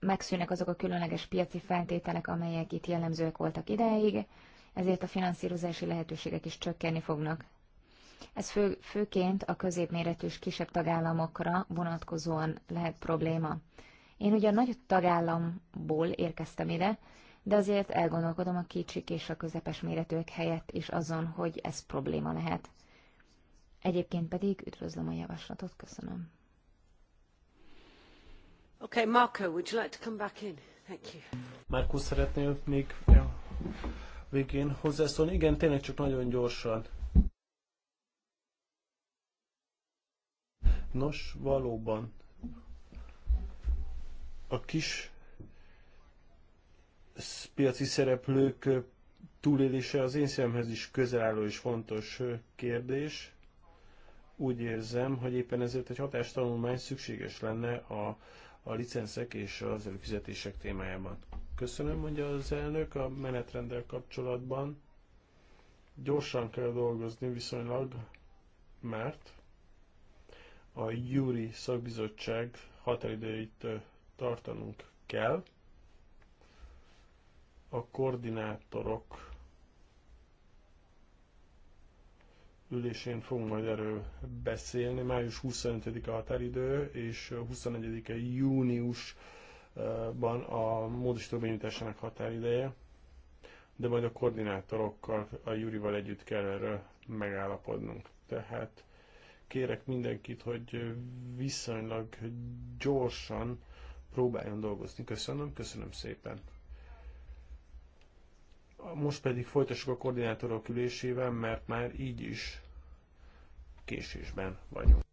megszűnnek azok a különleges piaci feltételek, amelyek itt jellemzőek voltak ideig, ezért a finanszírozási lehetőségek is csökkenni fognak. Ez fő, főként a középméretű és kisebb tagállamokra vonatkozóan lehet probléma. Én ugyan nagy tagállamból érkeztem ide, de azért elgondolkodom a kicsik és a közepes méretűek helyett is azon, hogy ez probléma lehet. Egyébként pedig üdvözlöm a javaslatot, köszönöm. Okay, Marco, would you like to come back in? Thank you. Marco, szeretnél még Yeah végén hozzászólni. Igen, tényleg csak nagyon gyorsan. Nos, valóban a kis piaci szereplők túlélése az én szemhez is közel álló és fontos kérdés. Úgy érzem, hogy éppen ezért egy hatástanulmány szükséges lenne a, a licenszek és az előfizetések témájában. Köszönöm, mondja az elnök, a menetrendel kapcsolatban gyorsan kell dolgozni viszonylag, mert a Júri szakbizottság határidőit tartanunk kell. A koordinátorok ülésén fogunk majd erről beszélni. Május 25-e a határidő, és 24-e június ban a módosító bénításának határideje, de majd a koordinátorokkal, a Jurival együtt kell erről megállapodnunk. Tehát kérek mindenkit, hogy viszonylag gyorsan próbáljon dolgozni. Köszönöm, köszönöm szépen. Most pedig folytassuk a koordinátorok ülésével, mert már így is késésben vagyunk.